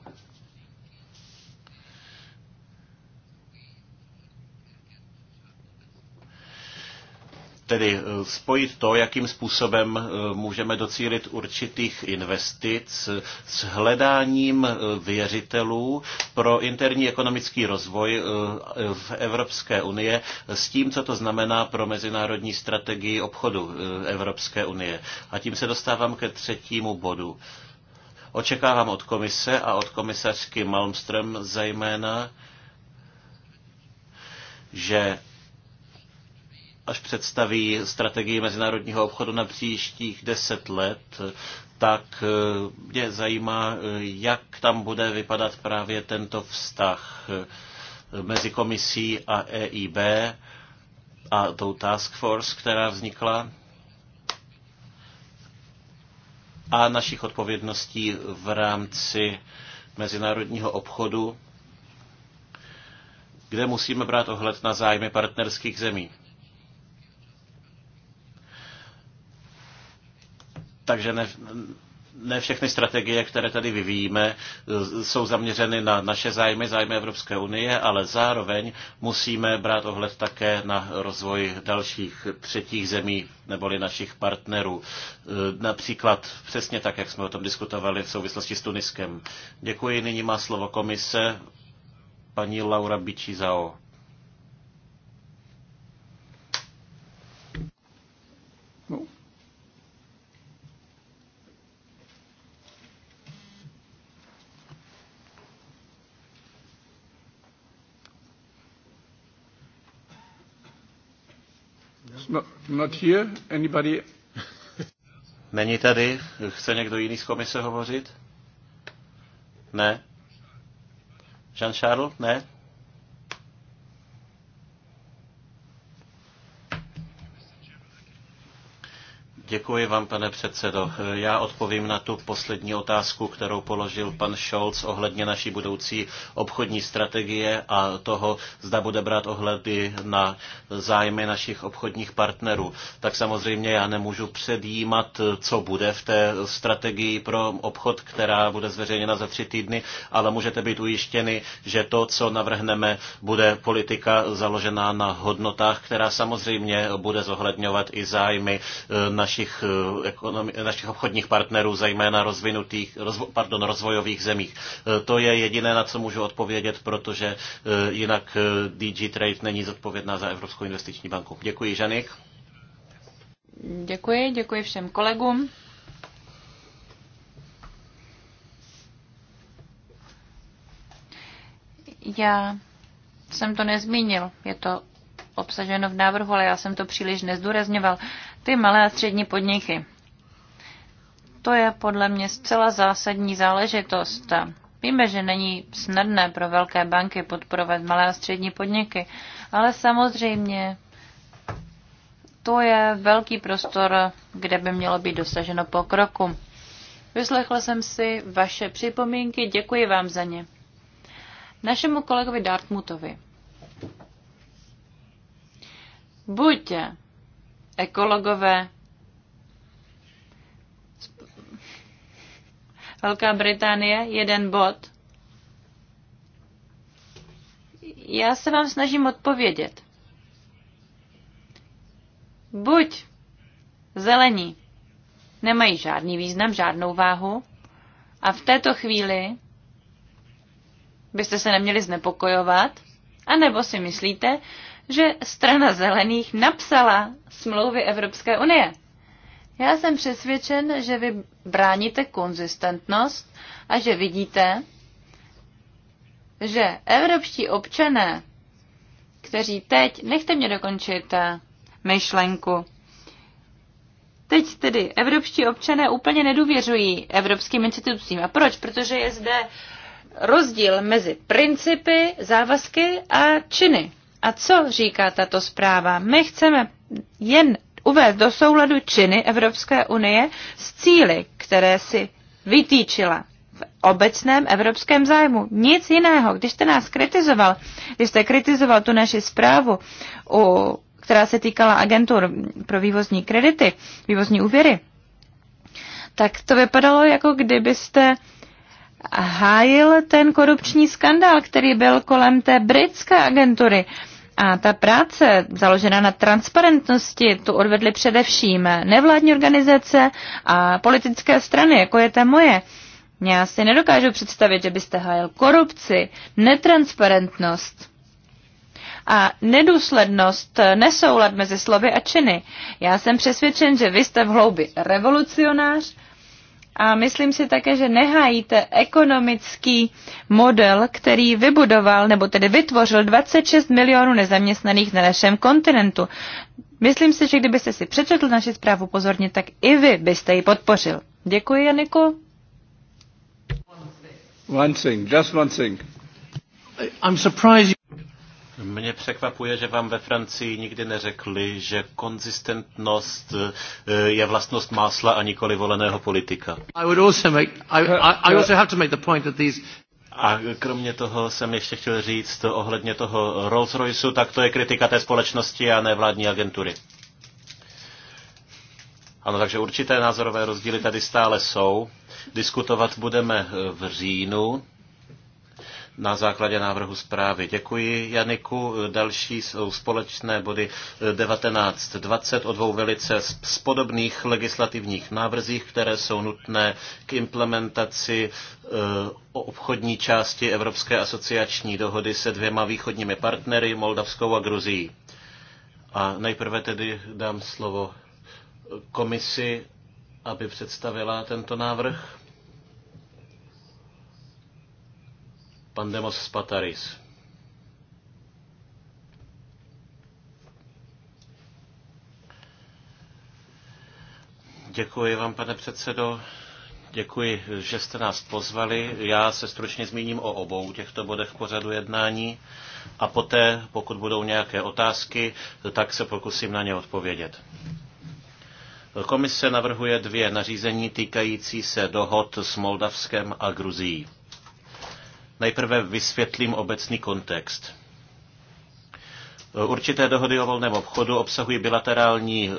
Tedy eh, spojit to, jakým způsobem eh, můžeme docílit určitých investic s hledáním eh, věřitelů pro interní ekonomický rozvoj v Evropské unie s tím, co to znamená pro mezinárodní strategii obchodu Evropské unie. A tím se dostávám ke třetímu bodu. Očekávám od komise a od komisařky Malmström zejména, že až představí strategii mezinárodního obchodu na příštích deset let, tak mě eh, zajímá, eh, jak tam bude vypadat právě tento vztah eh, mezi komisí a EIB a tou task force, která vznikla a našich odpovědností v rámci mezinárodního obchodu, kde musíme brát ohled na zájmy partnerských zemí. Takže ne, ne všechny strategie, které tady vyvíjíme, jsou zaměřeny na naše zájmy, zájmy Evropské unie, ale zároveň musíme brát ohled také na rozvoj dalších třetích zemí neboli našich partnerů. Například přesně tak, jak jsme o tom diskutovali v souvislosti s Tuniskem. Děkuji, nyní má slovo komise paní Laura Bičizao. not here. Anybody? Není tady? Chce někdo jiný z komise hovořit? Ne? Jean-Charles? Ne? Děkuji vám, pane předsedo. Já odpovím na tu poslední otázku, kterou položil pan Scholz ohledně naší budoucí obchodní strategie a toho, zda bude brát ohledy na zájmy našich obchodních partnerů. Tak samozřejmě já nemůžu předjímat, co bude v té strategii pro obchod, která bude zveřejněna za tři týdny, ale můžete být ujištěni, že to, co navrhneme, bude politika založená na hodnotách, která samozřejmě bude zohledňovat i zájmy našich našich, eh, našich obchodních partnerů, zejména rozvinutých, rozvo, pardon, rozvojových zemích. Eh, to je jediné, na co můžu odpovědět, protože eh, jinak DG Trade není zodpovědná za Evropskou investiční banku. Děkuji, Žanik. Děkuji, děkuji všem kolegům. Já jsem to nezmínil, je to obsaženo v návrhu, ale já jsem to příliš nezdůrazňoval ty malé a střední podniky. To je podle mě zcela zásadní záležitost. Víme, že není snadné pro velké banky podporovat malé a střední podniky, ale samozřejmě to je velký prostor, kde by mělo být dosaženo pokroku. Vyslechla jsem si vaše připomínky, děkuji vám za ně. Našemu kolegovi Dartmutovi. Buďte ekologové. Velká Británie, jeden bod. Já se vám snažím odpovědět. Buď zelení nemají žádný význam, žádnou váhu, a v této chvíli byste se neměli znepokojovat, anebo si myslíte, že strana zelených napsala smlouvy Evropské unie. Já jsem přesvědčen, že vy bráníte konzistentnost a že vidíte, že evropští občané, kteří teď, nechte mě dokončit eh, myšlenku, Teď tedy evropští občané úplně nedůvěřují evropským institucím. A proč? Protože je zde rozdíl mezi principy, závazky a činy. A co říká tato zpráva? My chceme jen uvést do souladu činy Evropské unie s cíly, které si vytýčila v obecném evropském zájmu. Nic jiného. Když jste nás kritizoval, když jste kritizoval tu naši zprávu, u, která se týkala agentur pro vývozní kredity, vývozní úvěry, tak to vypadalo, jako kdybyste hájil ten korupční skandál, který byl kolem té britské agentury. A ta práce založená na transparentnosti tu odvedly především nevládní organizace a politické strany, jako je ta moje. Já si nedokážu představit, že byste hájil korupci, netransparentnost a nedůslednost, nesoulad mezi slovy a činy. Já jsem přesvědčen, že vy jste v hloubi revolucionář a myslím si také, že nehájíte ekonomický model, který vybudoval, nebo tedy vytvořil 26 milionů nezaměstnaných na našem kontinentu. Myslím si, že kdybyste si přečetl naši zprávu pozorně, tak i vy byste ji podpořil. Děkuji, Janiku. One thing, just one thing. I'm surprised mě překvapuje, že vám ve Francii nikdy neřekli, že konzistentnost eh, je vlastnost másla a nikoli voleného politika. A kromě toho jsem ještě chtěl říct to ohledně toho Rolls Royce, tak to je kritika té společnosti a ne vládní agentury. Ano, takže určité názorové rozdíly tady stále jsou. Diskutovat budeme v říjnu na základě návrhu zprávy. Děkuji Janiku. Další jsou společné body 19.20 eh, o dvou velice z podobných legislativních návrzích, které jsou nutné k implementaci eh, o obchodní části Evropské asociační dohody se dvěma východními partnery, Moldavskou a Gruzií. A nejprve tedy dám slovo komisi, aby představila tento návrh. Pan Demos Spataris. Děkuji vám, pane předsedo. Děkuji, že jste nás pozvali. Já se stručně zmíním o obou těchto bodech pořadu jednání a poté, pokud budou nějaké otázky, tak se pokusím na ně odpovědět. Komise navrhuje dvě nařízení týkající se dohod s Moldavskem a Gruzií. Nejprve vysvětlím obecný kontext. Určité dohody o volném obchodu obsahují bilaterální eh,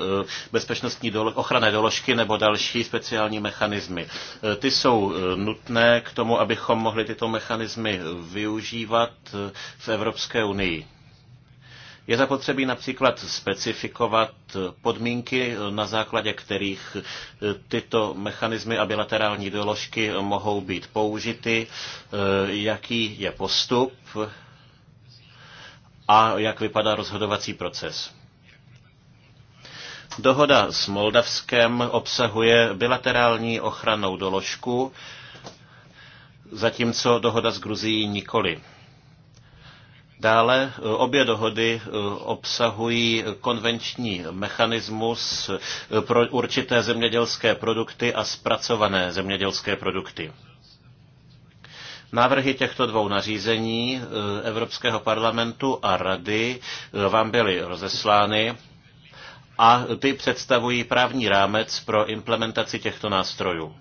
bezpečnostní ochranné doložky nebo další speciální mechanismy. Eh, ty jsou eh, nutné k tomu, abychom mohli tyto mechanismy využívat v Evropské unii. Je zapotřebí například specifikovat podmínky, na základě kterých eh, tyto mechanismy a bilaterální doložky mohou být použity, eh, jaký je postup a jak vypadá rozhodovací proces. Dohoda s Moldavskem obsahuje bilaterální ochranou doložku, zatímco dohoda s Gruzií nikoli. Dále eh, obě dohody eh, obsahují konvenční mechanismus eh, pro určité zemědělské produkty a zpracované zemědělské produkty. Návrhy těchto dvou nařízení Evropského parlamentu a Rady vám byly rozeslány a ty představují právní rámec pro implementaci těchto nástrojů.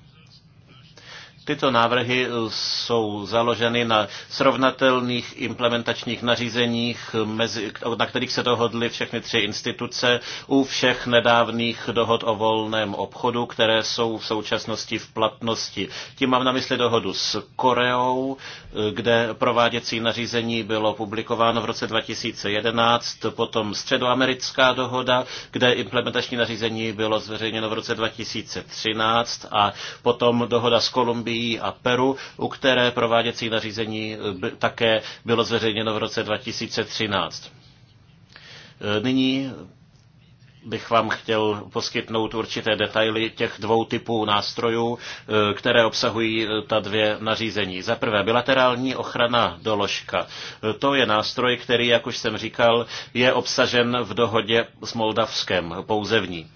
Tyto návrhy eh, jsou založeny na srovnatelných implementačních nařízeních, na kterých se dohodly všechny tři instituce u všech nedávných dohod o volném obchodu, které jsou v současnosti v platnosti. Tím mám na mysli dohodu s Koreou, eh, kde prováděcí nařízení bylo publikováno v roce 2011, potom středoamerická dohoda, kde implementační nařízení bylo zveřejněno v roce 2013 a potom dohoda s Kolumbií Bolívii a Peru, u které prováděcí nařízení eh, také bylo zveřejněno v roce 2013. Eh, nyní bych vám chtěl poskytnout určité detaily těch dvou typů nástrojů, eh, které obsahují ta dvě nařízení. Za prvé, bilaterální ochrana doložka. To je nástroj, který, jak už jsem říkal, je obsažen v dohodě s Moldavskem, pouze v ní.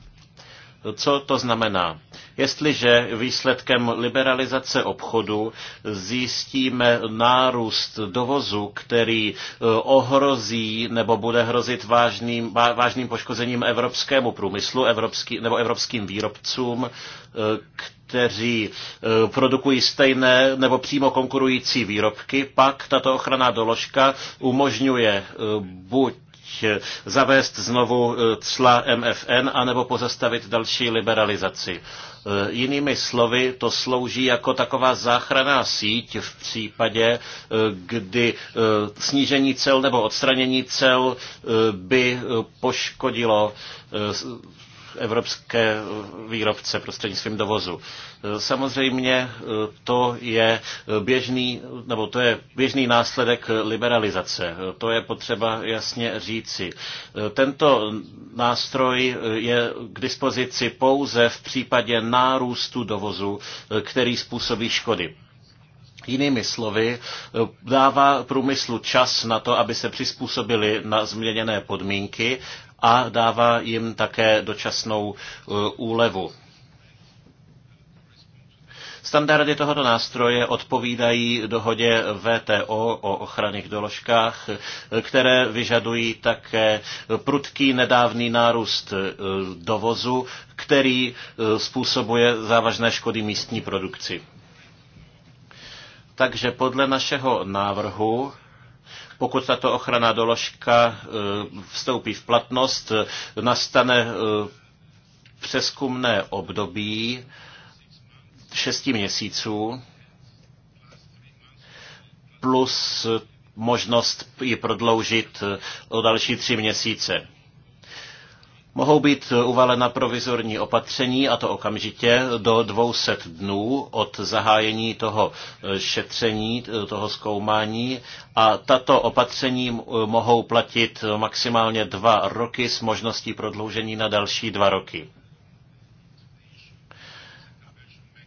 Co to znamená? Jestliže výsledkem liberalizace obchodu zjistíme nárůst dovozu, který e, ohrozí nebo bude hrozit vážným, vážným poškozením evropskému průmyslu evropský, nebo evropským výrobcům, e, kteří e, produkují stejné nebo přímo konkurující výrobky, pak tato ochranná doložka umožňuje buď zavést znovu cla MFN anebo pozastavit další liberalizaci. Eh, jinými slovy, to slouží jako taková záchranná síť v případě, eh, kdy eh, snížení cel nebo odstranění cel by poškodilo evropské výrobce prostřednictvím dovozu. Samozřejmě eh, to je běžný, nebo to je běžný následek liberalizace. To je potřeba jasně říci. Tento nástroj je k dispozici pouze v případě nárůstu dovozu, eh, který způsobí škody. Jinými slovy, eh, dává průmyslu čas na to, aby se přizpůsobili na změněné podmínky a dává jim také dočasnou e, úlevu. Standardy tohoto nástroje odpovídají dohodě VTO o ochranných doložkách, e, které vyžadují také prudký nedávný nárůst e, dovozu, který způsobuje závažné škody místní produkci. Takže podle našeho návrhu pokud tato ochranná doložka e, vstoupí v platnost, nastane e, přeskumné období šesti měsíců plus možnost ji prodloužit o další tři měsíce. Mohou být uvalena provizorní opatření, a to okamžitě, do 200 dnů od zahájení toho eh, šetření, eh, toho zkoumání. A tato opatření eh, mohou platit maximálně dva roky s možností prodloužení na další dva roky.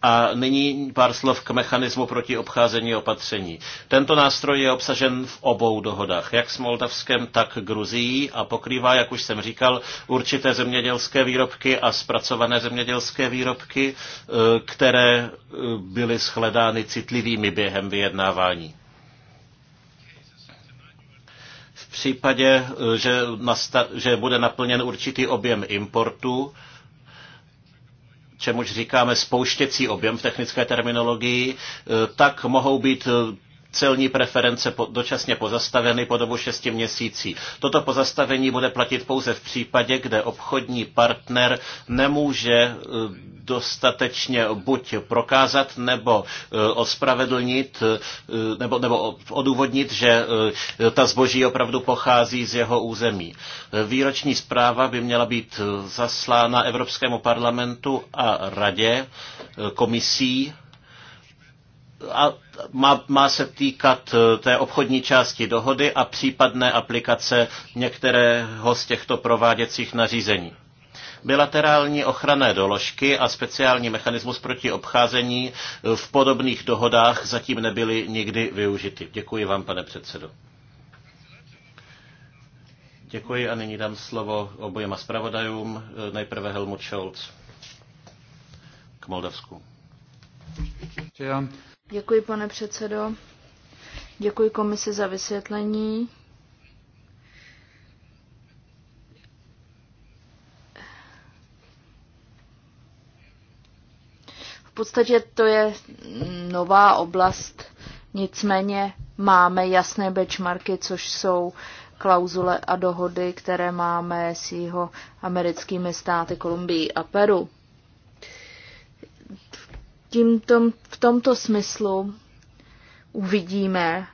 A nyní pár slov k mechanismu proti obcházení opatření. Tento nástroj je obsažen v obou dohodách, jak s Moldavskem, tak Gruzií a pokrývá, jak už jsem říkal, určité zemědělské výrobky a zpracované zemědělské výrobky, e, které e, byly shledány citlivými během vyjednávání. V případě, e, že, nasta- že bude naplněn určitý objem importu, čemuž říkáme spouštěcí objem v technické terminologii, eh, tak mohou být eh, celní preference dočasně pozastaveny po dobu 6 měsící. Toto pozastavení bude platit pouze v případě, kde obchodní partner nemůže e, dostatečně buď prokázat nebo e, ospravedlnit e, nebo, nebo odůvodnit, že ta zboží opravdu pochází z jeho území. Výroční zpráva by měla být zaslána Evropskému parlamentu a radě komisí a má, má se týkat eh, té obchodní části dohody a případné aplikace některého z těchto prováděcích nařízení. Bilaterální ochranné doložky a speciální mechanismus proti obcházení eh, v podobných dohodách zatím nebyly nikdy využity. Děkuji vám, pane předsedo. Děkuji a nyní dám slovo oběma zpravodajům. Eh, nejprve Helmut Scholz k Moldavsku. Děkuji, pane předsedo. Děkuji komisi za vysvětlení. V podstatě to je nová oblast, nicméně máme jasné benchmarky, což jsou klauzule a dohody, které máme s jeho americkými státy Kolumbií a Peru tím tom v tomto smyslu uvidíme,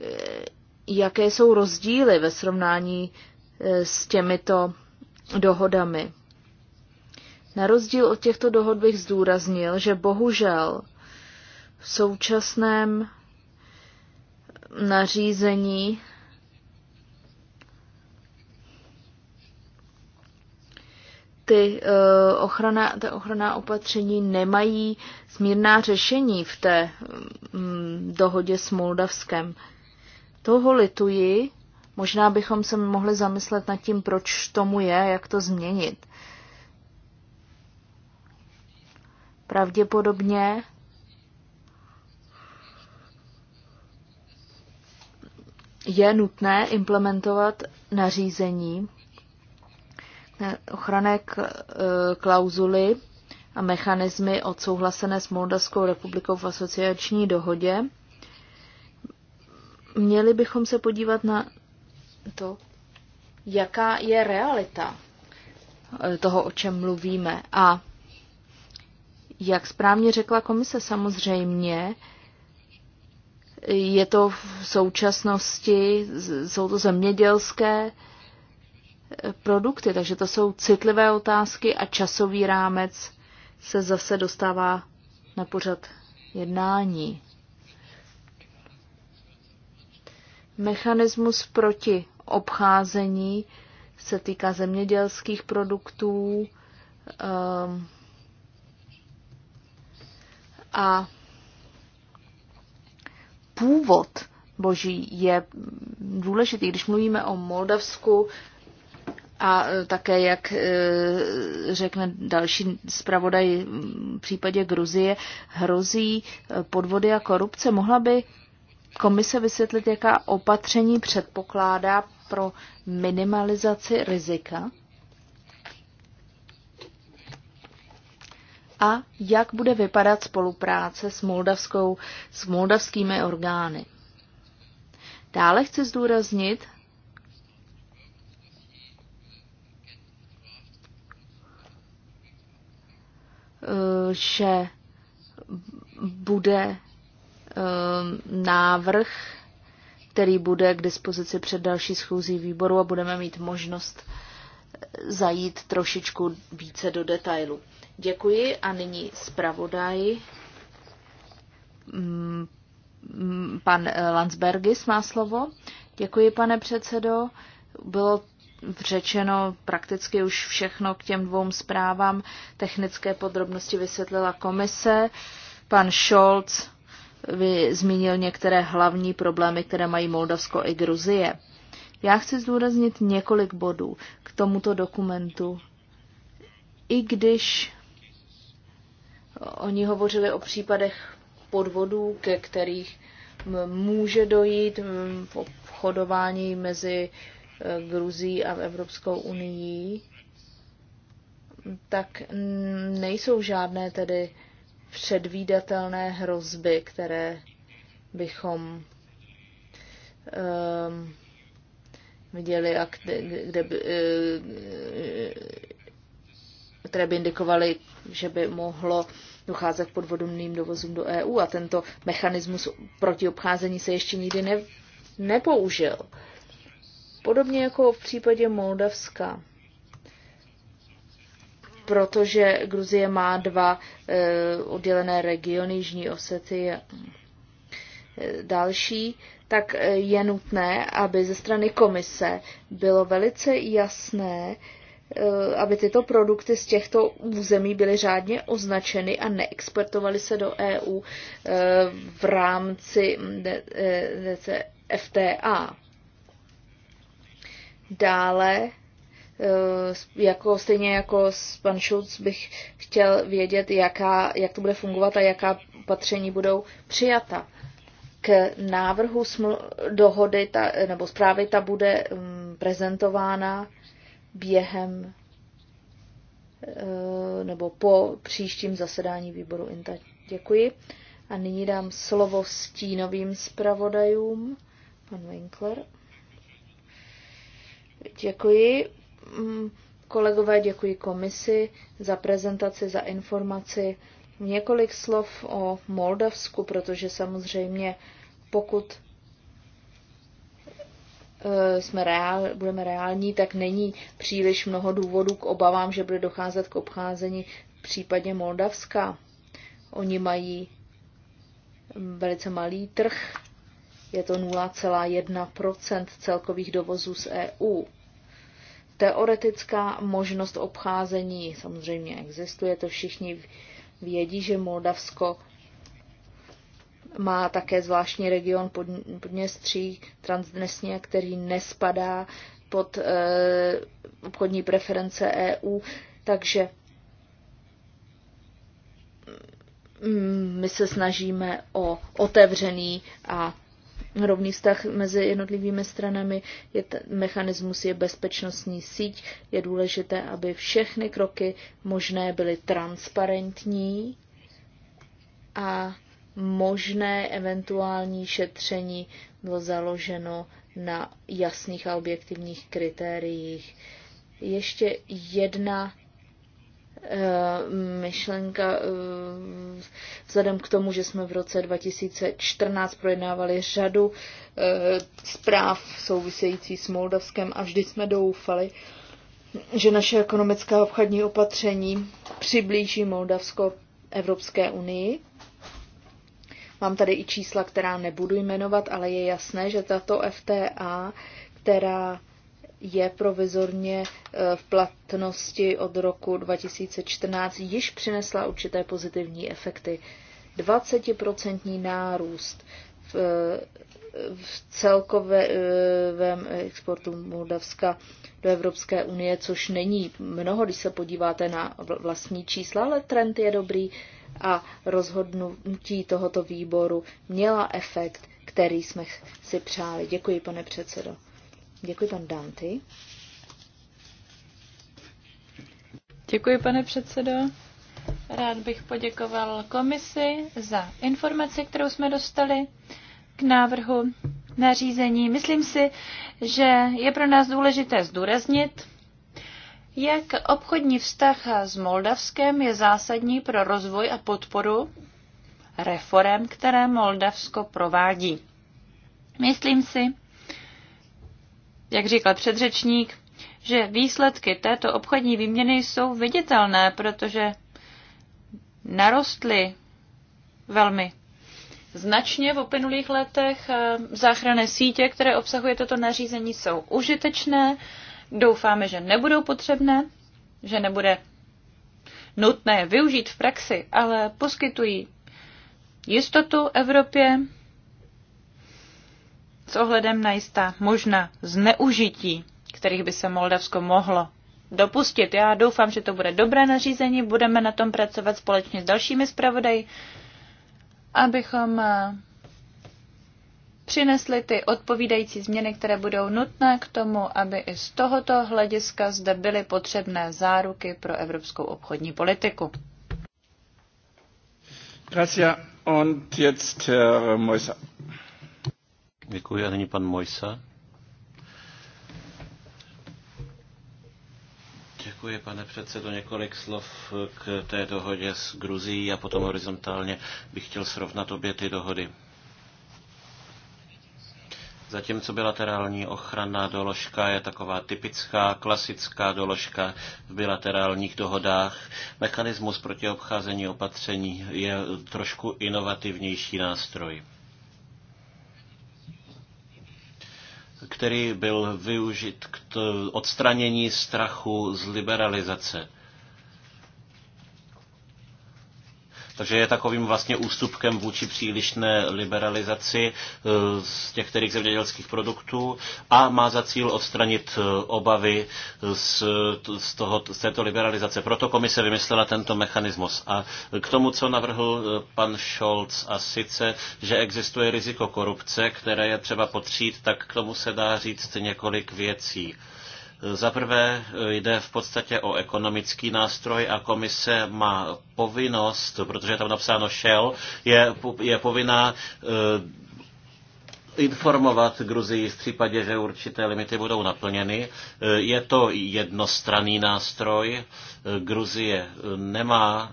eh, jaké jsou rozdíly ve srovnání eh, s těmito dohodami. Na rozdíl od těchto dohod bych zdůraznil, že bohužel v současném nařízení ty eh, ochrana, ta ochrana opatření nemají smírná řešení v té mm, dohodě s Moldavskem. Toho lituji, možná bychom se mohli zamyslet nad tím, proč tomu je, jak to změnit. Pravděpodobně je nutné implementovat nařízení Eh, ochranné eh, klauzuly a mechanismy odsouhlasené s Moldavskou republikou v asociační dohodě. Měli bychom se podívat na to, jaká je realita eh, toho, o čem mluvíme. A jak správně řekla komise, samozřejmě je to v současnosti, jsou to zemědělské produkty, takže to jsou citlivé otázky a časový rámec se zase dostává na pořad jednání. Mechanismus proti obcházení se týká zemědělských produktů um, a původ boží je důležitý. Když mluvíme o Moldavsku, a e, také, jak e, řekne další zpravodaj v případě Gruzie, hrozí e, podvody a korupce. Mohla by komise vysvětlit, jaká opatření předpokládá pro minimalizaci rizika? A jak bude vypadat spolupráce s, moldavskou, s moldavskými orgány? Dále chci zdůraznit, Eh, že bude eh, návrh, který bude k dispozici před další schůzí výboru a budeme mít možnost zajít trošičku více do detailu. Děkuji a nyní zpravodaj. Mm, mm, pan Landsbergis má slovo. Děkuji, pane předsedo. Bylo řečeno prakticky už všechno k těm dvou zprávám. Technické podrobnosti vysvětlila komise. Pan Scholz vy zmínil některé hlavní problémy, které mají Moldavsko i Gruzie. Já chci zdůraznit několik bodů k tomuto dokumentu. I když oni hovořili o případech podvodů, ke kterých může dojít v obchodování mezi Gruzí a v Evropskou unii, tak nejsou žádné tedy předvídatelné hrozby, které bychom um, viděli, a kde, kde by, eh, které by indikovaly, že by mohlo docházet k podvodným dovozům do EU a tento mechanismus proti obcházení se ještě nikdy ne, nepoužil. Uh, Podobně jako v případě Moldavska, protože Gruzie má dva e, oddělené regiony, Jižní Osety a e, další, tak e, je nutné, aby ze strany komise bylo velice jasné, e, aby tyto produkty z těchto území byly řádně označeny a neexportovaly se do EU v rámci FTA. Dále, eh, jako, stejně jako s pan Schulz bych chtěl vědět, jaká, jak to bude fungovat a jaká opatření budou přijata. K návrhu sml- dohody ta, nebo zprávy ta bude um, prezentována během eh, nebo po příštím zasedání výboru INTA. Děkuji. A nyní dám slovo stínovým zpravodajům. Pan Winkler. Děkuji mm, kolegové, děkuji komisi za prezentaci, za informaci. Několik slov o Moldavsku, protože samozřejmě pokud eh, jsme reál, budeme reální, tak není příliš mnoho důvodů k obavám, že bude docházet k obcházení v případě Moldavska. Oni mají mm, velice malý trh, je to 0,1 celkových dovozů z EU. Teoretická možnost obcházení samozřejmě existuje, to všichni vědí, že Moldavsko má také zvláštní region Podněstří, Transdnesně, který nespadá pod e, obchodní preference EU, takže my se snažíme o otevřený a rovný vztah mezi jednotlivými stranami, je t- mechanismus je bezpečnostní síť, je důležité, aby všechny kroky možné byly transparentní a možné eventuální šetření bylo založeno na jasných a objektivních kritériích. Ještě jedna Eh, myšlenka eh, vzhledem k tomu, že jsme v roce 2014 projednávali řadu eh, zpráv související s Moldavskem a vždy jsme doufali, že naše ekonomická obchodní opatření přiblíží Moldavsko Evropské unii. Mám tady i čísla, která nebudu jmenovat, ale je jasné, že tato FTA, která je provizorně eh, v platnosti od roku 2014, již přinesla určité pozitivní efekty. 20% nárůst v, eh, v celkovém eh, exportu Moldavska do Evropské unie, což není mnoho, když se podíváte na vlastní čísla, ale trend je dobrý a rozhodnutí tohoto výboru měla efekt, který jsme si přáli. Děkuji, pane předsedo. Děkuji, pan Danty. Děkuji, pane předsedo. Rád bych poděkoval komisi za informaci, kterou jsme dostali k návrhu nařízení. Myslím si, že je pro nás důležité zdůraznit, jak obchodní vztah s Moldavskem je zásadní pro rozvoj a podporu reform, které Moldavsko provádí. Myslím si, jak říkal předřečník, že výsledky této obchodní výměny jsou viditelné, protože narostly velmi značně v uplynulých letech. Eh, záchranné sítě, které obsahuje toto nařízení, jsou užitečné. Doufáme, že nebudou potřebné, že nebude nutné využít v praxi, ale poskytují jistotu Evropě s ohledem na jistá možná zneužití, kterých by se Moldavsko mohlo dopustit. Já doufám, že to bude dobré nařízení, budeme na tom pracovat společně s dalšími zpravodaji, abychom eh, přinesli ty odpovídající změny, které budou nutné k tomu, aby i z tohoto hlediska zde byly potřebné záruky pro evropskou obchodní politiku. Gracias. Und jetzt Herr Děkuji a nyní pan Mojsa. Děkuji, pane předsedo. Několik slov k té dohodě s Gruzií a potom horizontálně bych chtěl srovnat obě ty dohody. Zatímco bilaterální ochranná doložka je taková typická, klasická doložka v bilaterálních dohodách, mechanismus proti obcházení opatření je trošku inovativnější nástroj. který byl využit k odstranění strachu z liberalizace. Takže je takovým vlastně ústupkem vůči přílišné liberalizaci eh, z některých zemědělských produktů a má za cíl odstranit eh, obavy eh, z, z, toho, z této liberalizace. Proto komise vymyslela tento mechanismus. A k tomu, co navrhl pan Scholz, a sice, že existuje riziko korupce, které je třeba potřít, tak k tomu se dá říct několik věcí. Za prvé eh, jde v podstatě o ekonomický nástroj a komise má povinnost, protože je tam napsáno Shell, je, je povinná eh, informovat Gruzii v případě, že určité limity budou naplněny. Eh, je to jednostranný nástroj. Gruzie nemá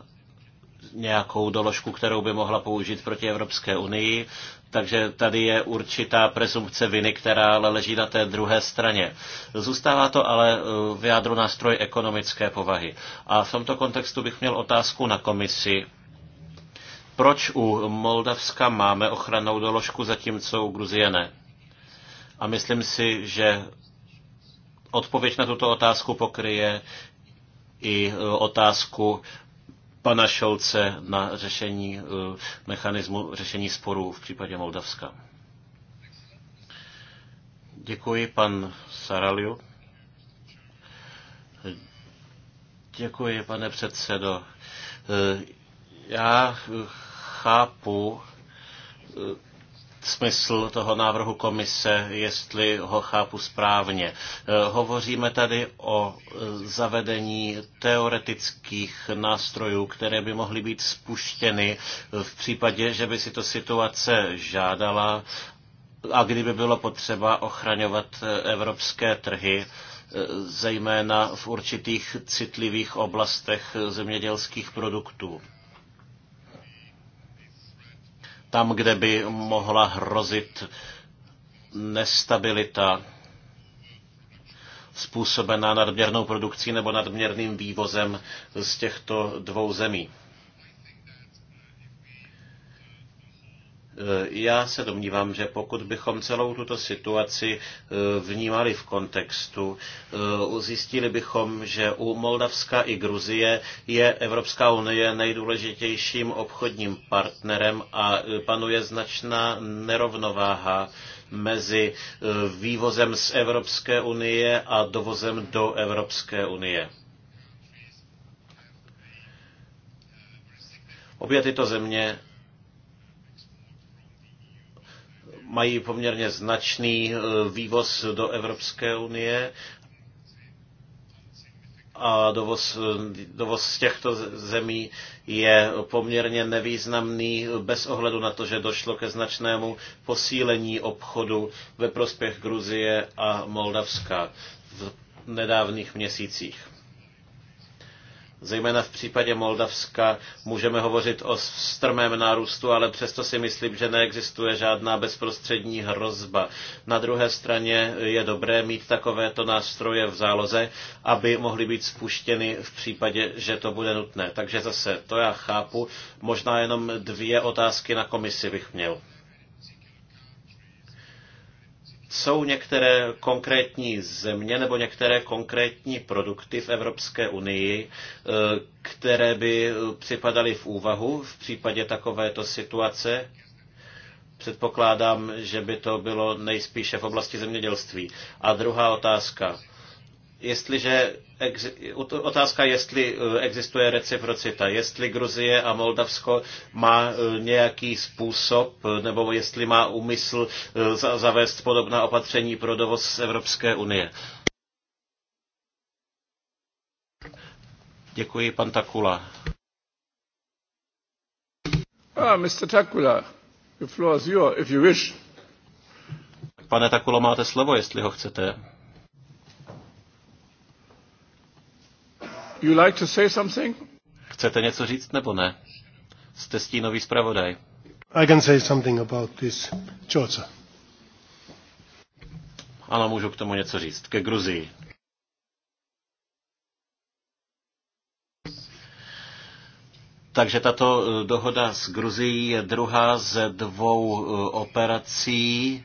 nějakou doložku, kterou by mohla použít proti Evropské unii. Takže tady je určitá prezumpce viny, která ale leží na té druhé straně. Zůstává to ale eh, v jádru nástroj ekonomické povahy. A v tomto kontextu bych měl otázku na komisi, proč u Moldavska máme ochranou doložku, zatímco u Gruzie ne. A myslím si, že odpověď na tuto otázku pokryje i eh, otázku pana Šolce na řešení eh, mechanismu řešení sporů v případě Moldavska. Děkuji, pan Saraliu. Děkuji, pane předsedo. Eh, já chápu eh, smysl toho návrhu komise, jestli ho chápu správně. Eh, hovoříme tady o eh, zavedení teoretických nástrojů, které by mohly být spuštěny eh, v případě, že by si to situace žádala a kdyby bylo potřeba ochraňovat evropské trhy, zejména v určitých citlivých oblastech zemědělských produktů tam, kde by mohla hrozit nestabilita způsobená nadměrnou produkcí nebo nadměrným vývozem z těchto dvou zemí. Eh, já se domnívám, že pokud bychom celou tuto situaci eh, vnímali v kontextu, eh, zjistili bychom, že u Moldavska i Gruzie je Evropská unie nejdůležitějším obchodním partnerem a panuje značná nerovnováha mezi vývozem z Evropské unie a dovozem do Evropské unie. Obě tyto země mají poměrně značný eh, vývoz do Evropské unie a dovoz, eh, dovoz z těchto zemí je poměrně nevýznamný bez ohledu na to, že došlo ke značnému posílení obchodu ve prospěch Gruzie a Moldavska v nedávných měsících. Zejména v případě Moldavska můžeme hovořit o strmém nárůstu, ale přesto si myslím, že neexistuje žádná bezprostřední hrozba. Na druhé straně je dobré mít takovéto nástroje v záloze, aby mohly být spuštěny v případě, že to bude nutné. Takže zase, to já chápu. Možná jenom dvě otázky na komisi bych měl jsou některé konkrétní země nebo některé konkrétní produkty v Evropské unii, eh, které by eh, připadaly v úvahu v případě takovéto situace? Předpokládám, že by to bylo nejspíše v oblasti zemědělství. A druhá otázka jestliže otázka, jestli eh, existuje reciprocita, jestli Gruzie a Moldavsko má eh, nějaký způsob, eh, nebo jestli má úmysl zavést podobná opatření pro dovoz z Evropské unie. Děkuji, pan Takula. Ah, Mr. Takula, the floor is yours, if you wish. Pane Takulo, máte slovo, jestli ho chcete. You like to say something? Chcete něco říct nebo ne? Jste stínový zpravodaj. I can say something about this Georgia. Ano, můžu k tomu něco říct. Ke Gruzii. Takže tato eh, dohoda s Gruzií je druhá ze dvou eh, operací,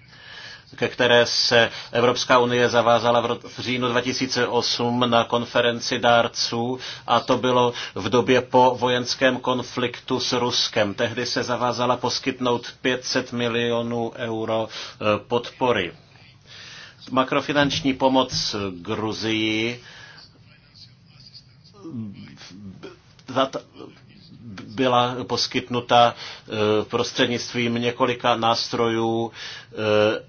ke které se Evropská unie zavázala v, v říjnu 2008 na konferenci dárců a to bylo v době po vojenském konfliktu s Ruskem. Tehdy se zavázala poskytnout 500 milionů euro eh, podpory. Makrofinanční pomoc Gruzii byla poskytnuta eh, prostřednictvím několika nástrojů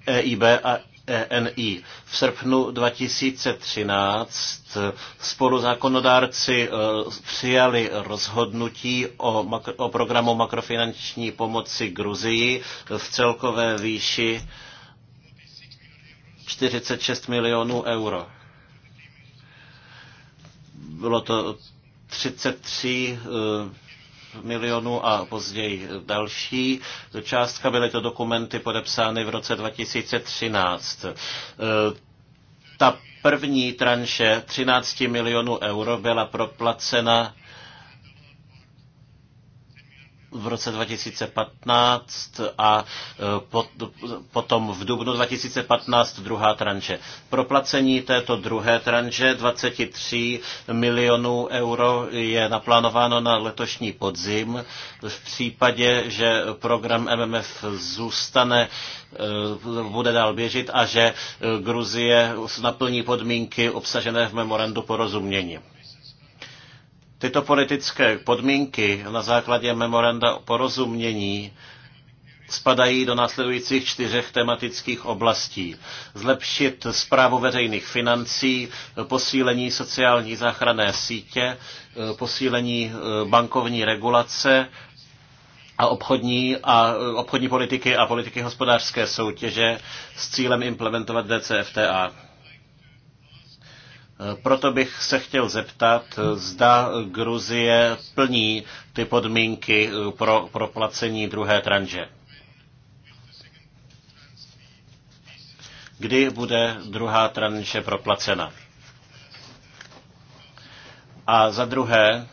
EIB eh, e a ENI. V srpnu 2013 spoluzákonodárci eh, přijali rozhodnutí o, makro, o programu makrofinanční pomoci Gruzii v celkové výši 46 milionů euro. Bylo to 33 milionů a později další částka. Byly to dokumenty podepsány v roce 2013. E, ta první tranše 13 milionů euro byla proplacena v roce 2015 a e, potom v dubnu 2015 druhá tranže. Proplacení této druhé tranže 23 milionů euro je naplánováno na letošní podzim. V případě, že program MMF zůstane e, bude dál běžit a že e, Gruzie naplní podmínky obsažené v memorandu porozumění. Tyto politické podmínky na základě memoranda o porozumění spadají do následujících čtyřech tematických oblastí. Zlepšit zprávu veřejných financí, posílení sociální záchranné sítě, posílení eh, bankovní regulace a obchodní, a eh, obchodní politiky a politiky hospodářské soutěže s cílem implementovat DCFTA. Proto bych se chtěl zeptat, zda Gruzie plní ty podmínky pro proplacení druhé tranže. Kdy bude druhá tranže proplacena? A za druhé,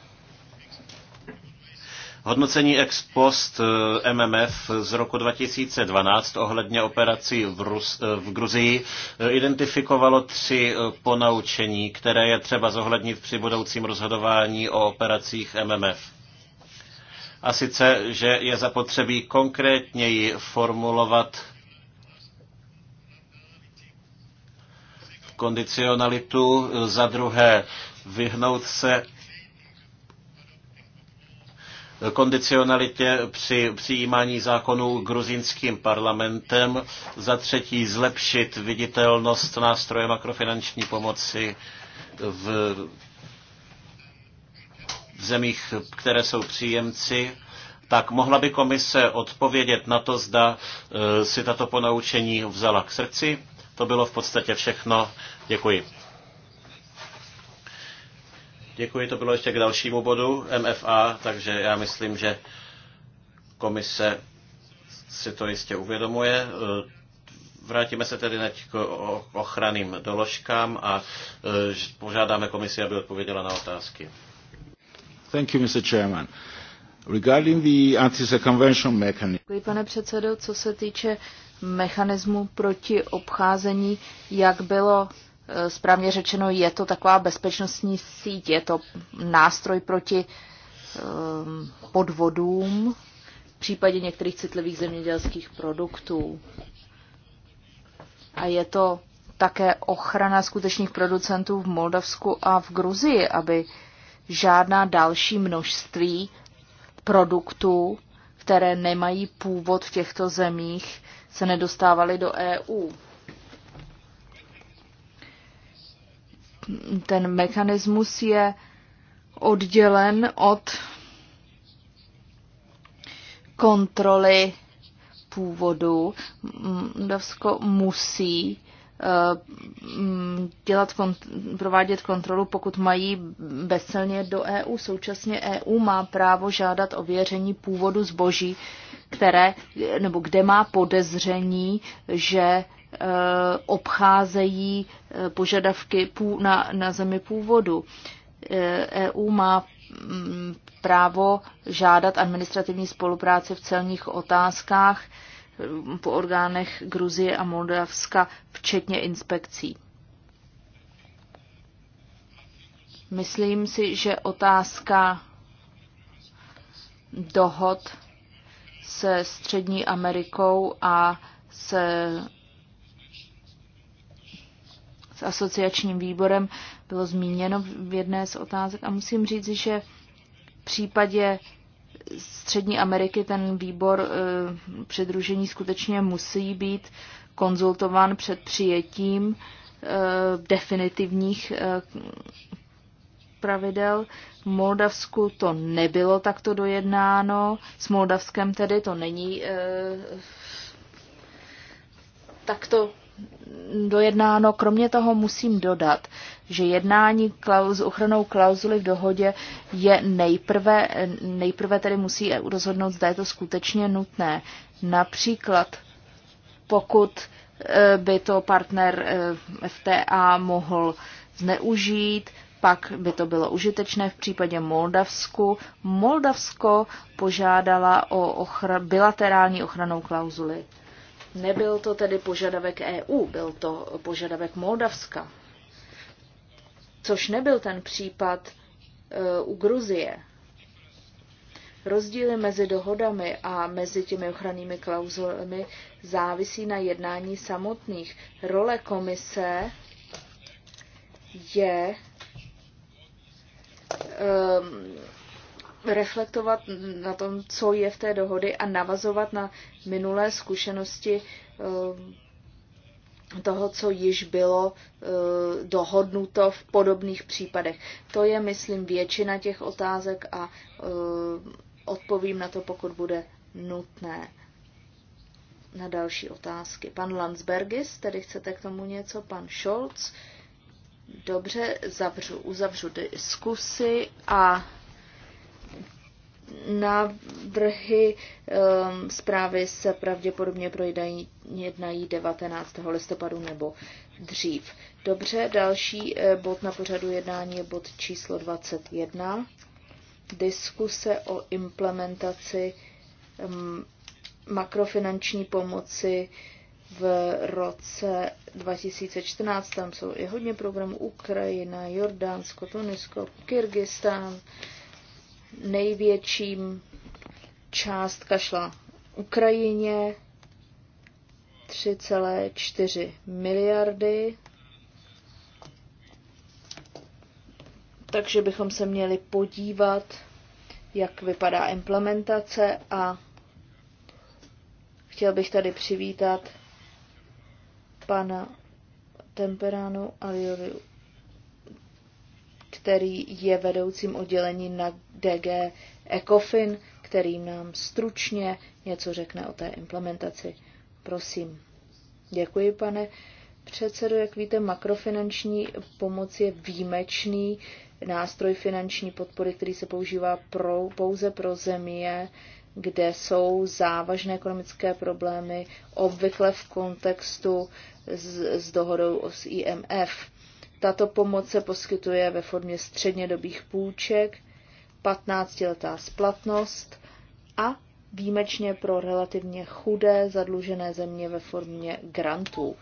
Hodnocení ex post eh, MMF z roku 2012 ohledně operací v, Rus, eh, v Gruzii eh, identifikovalo tři ponaučení, které je třeba zohlednit při budoucím rozhodování o operacích MMF. A sice, že je zapotřebí konkrétněji formulovat kondicionalitu, za druhé vyhnout se kondicionalitě při přijímání zákonů gruzínským parlamentem, za třetí zlepšit viditelnost nástroje makrofinanční pomoci v, v zemích, které jsou příjemci, tak mohla by komise odpovědět na to, zda e, si tato ponaučení vzala k srdci. To bylo v podstatě všechno. Děkuji. Děkuji, to bylo ještě k dalšímu bodu MFA, takže já myslím, že komise si to jistě uvědomuje. Vrátíme se tedy teď k ochranným doložkám a e, požádáme komisi, aby odpověděla na otázky. Thank you, Mr. Chairman. Regarding the anti-circumvention mechanism. Děkuji, pane předsedo. Co se týče mechanismu proti obcházení, jak bylo Eh, správně řečeno, je to taková bezpečnostní síť, je to nástroj proti ehm, podvodům v případě některých citlivých zemědělských produktů. A je to také ochrana skutečných producentů v Moldavsku a v Gruzii, aby žádná další množství produktů, které nemají původ v těchto zemích, se nedostávaly do EU. ten mechanismus je oddělen od kontroly původu. Moldavsko musí eh, mm, dělat, provádět kontrolu, pokud mají bezcelně do EU. Současně EU má právo žádat o věření původu zboží, které, nebo kde má podezření, že Eh, obcházejí eh, požadavky na, na zemi původu. EU eh, e má mm, právo žádat administrativní spolupráci v celních otázkách po orgánech Gruzie a Moldavska, včetně inspekcí. Myslím si, že otázka dohod se Střední Amerikou a se s asociačním výborem, bylo zmíněno v jedné z otázek a musím říct, že v případě Střední Ameriky ten výbor e, eh, předružení skutečně musí být konzultován před přijetím e, definitivních e, pravidel. V Moldavsku to nebylo takto dojednáno, s Moldavskem tedy to není e, takto dojednáno. Kromě toho musím dodat, že jednání klauz, ochranou klauzuly v dohodě je nejprve, nejprve tedy musí EU rozhodnout, zda je to skutečně nutné. Například pokud eh, by to partner eh, FTA mohl zneužít, pak by to bylo užitečné v případě Moldavsku. Moldavsko požádala o ochra- bilaterální ochranou klauzuly Nebyl to tedy požadavek EU, byl to požadavek Moldavska, což nebyl ten případ e, u Gruzie. Rozdíly mezi dohodami a mezi těmi ochrannými klauzulemi závisí na jednání samotných. Role komise je um, reflektovat na tom, co je v té dohody a navazovat na minulé zkušenosti eh, toho, co již bylo eh, dohodnuto v podobných případech. To je, myslím, většina těch otázek a eh, odpovím na to, pokud bude nutné. Na další otázky. Pan Landsbergis, tedy chcete k tomu něco? Pan Scholz? Dobře, zavřu, uzavřu diskusy a Návrhy um, zprávy se pravděpodobně projdají jednají 19. listopadu nebo dřív. Dobře, další eh, bod na pořadu jednání je bod číslo 21. Diskuse o implementaci um, makrofinanční pomoci v roce 2014. Tam jsou i hodně programů Ukrajina, Jordánsko, Tunisko, Kyrgyzstán, Největším částka šla Ukrajině 3,4 miliardy. Takže bychom se měli podívat, jak vypadá implementace a chtěl bych tady přivítat pana Temperánu Alioriu který je vedoucím oddělení na DG ECOFIN, který nám stručně něco řekne o té implementaci. Prosím. Děkuji, pane předsedo. Jak víte, makrofinanční pomoc je výjimečný nástroj finanční podpory, který se používá pro, pouze pro země, kde jsou závažné ekonomické problémy, obvykle v kontextu s, s dohodou s IMF tato pomoc se poskytuje ve formě střednědobých půjček, 15-letá splatnost a výjimečně pro relativně chudé zadlužené země ve formě grantů.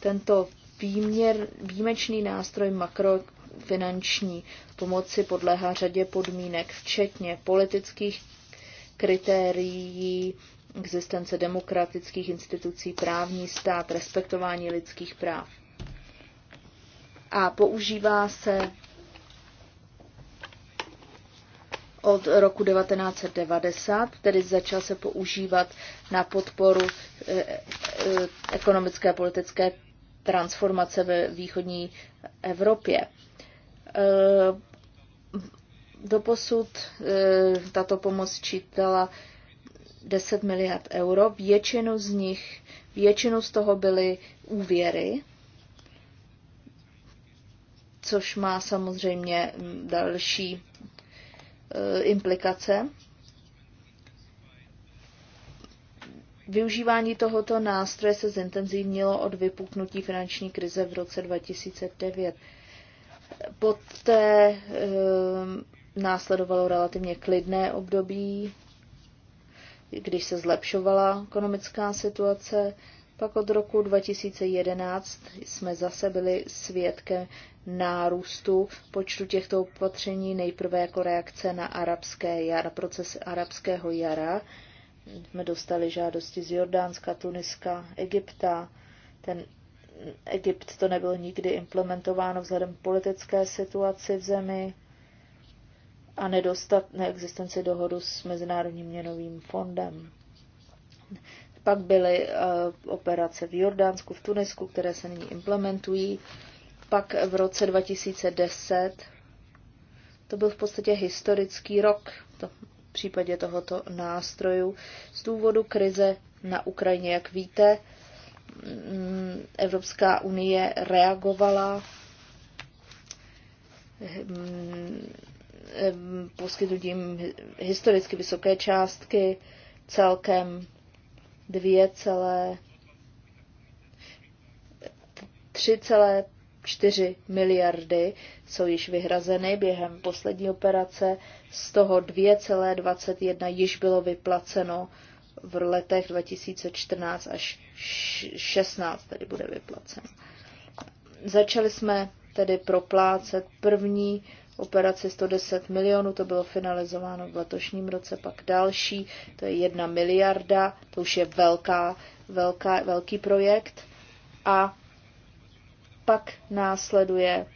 Tento výměr, výjimečný nástroj makrofinanční pomoci podléhá řadě podmínek, včetně politických kritérií, existence demokratických institucí, právní stát, respektování lidských práv a používá se od roku 1990, tedy začal se používat na podporu eh, eh, ekonomické a politické transformace ve východní Evropě. Eh, doposud tato pomoc čítala 10 miliard euro, většinu z nich, většinu z toho byly úvěry, což má samozřejmě mm, další eh, implikace. Využívání tohoto nástroje se zintenzivnilo od vypuknutí finanční krize v roce 2009. Poté eh, následovalo relativně klidné období, když se zlepšovala ekonomická situace, pak od roku 2011 jsme zase byli svědkem nárůstu počtu těchto opatření, nejprve jako reakce na arabské jara, proces arabského jara. Jsme dostali žádosti z Jordánska, Tuniska, Egypta. Ten Egypt to nebyl nikdy implementováno vzhledem k politické situaci v zemi a nedostat neexistenci dohodu s Mezinárodním měnovým fondem. Pak byly eh, operace v Jordánsku, v Tunisku, které se nyní implementují. Pak v roce 2010, to byl v podstatě historický rok to, v případě tohoto nástroju z důvodu krize na Ukrajině. Jak víte, mm, Evropská unie reagovala eh, mm, eh, poskytnutím historicky vysoké částky celkem 3,4 miliardy jsou již vyhrazeny během poslední operace, z toho 2,21 již bylo vyplaceno v letech 2014 až 16 tedy bude vyplaceno. Začali jsme tedy proplácet první operaci 110 milionů, to bylo finalizováno v letošním roce, pak další, to je jedna miliarda, to už je velká, velká, velký projekt. A pak následuje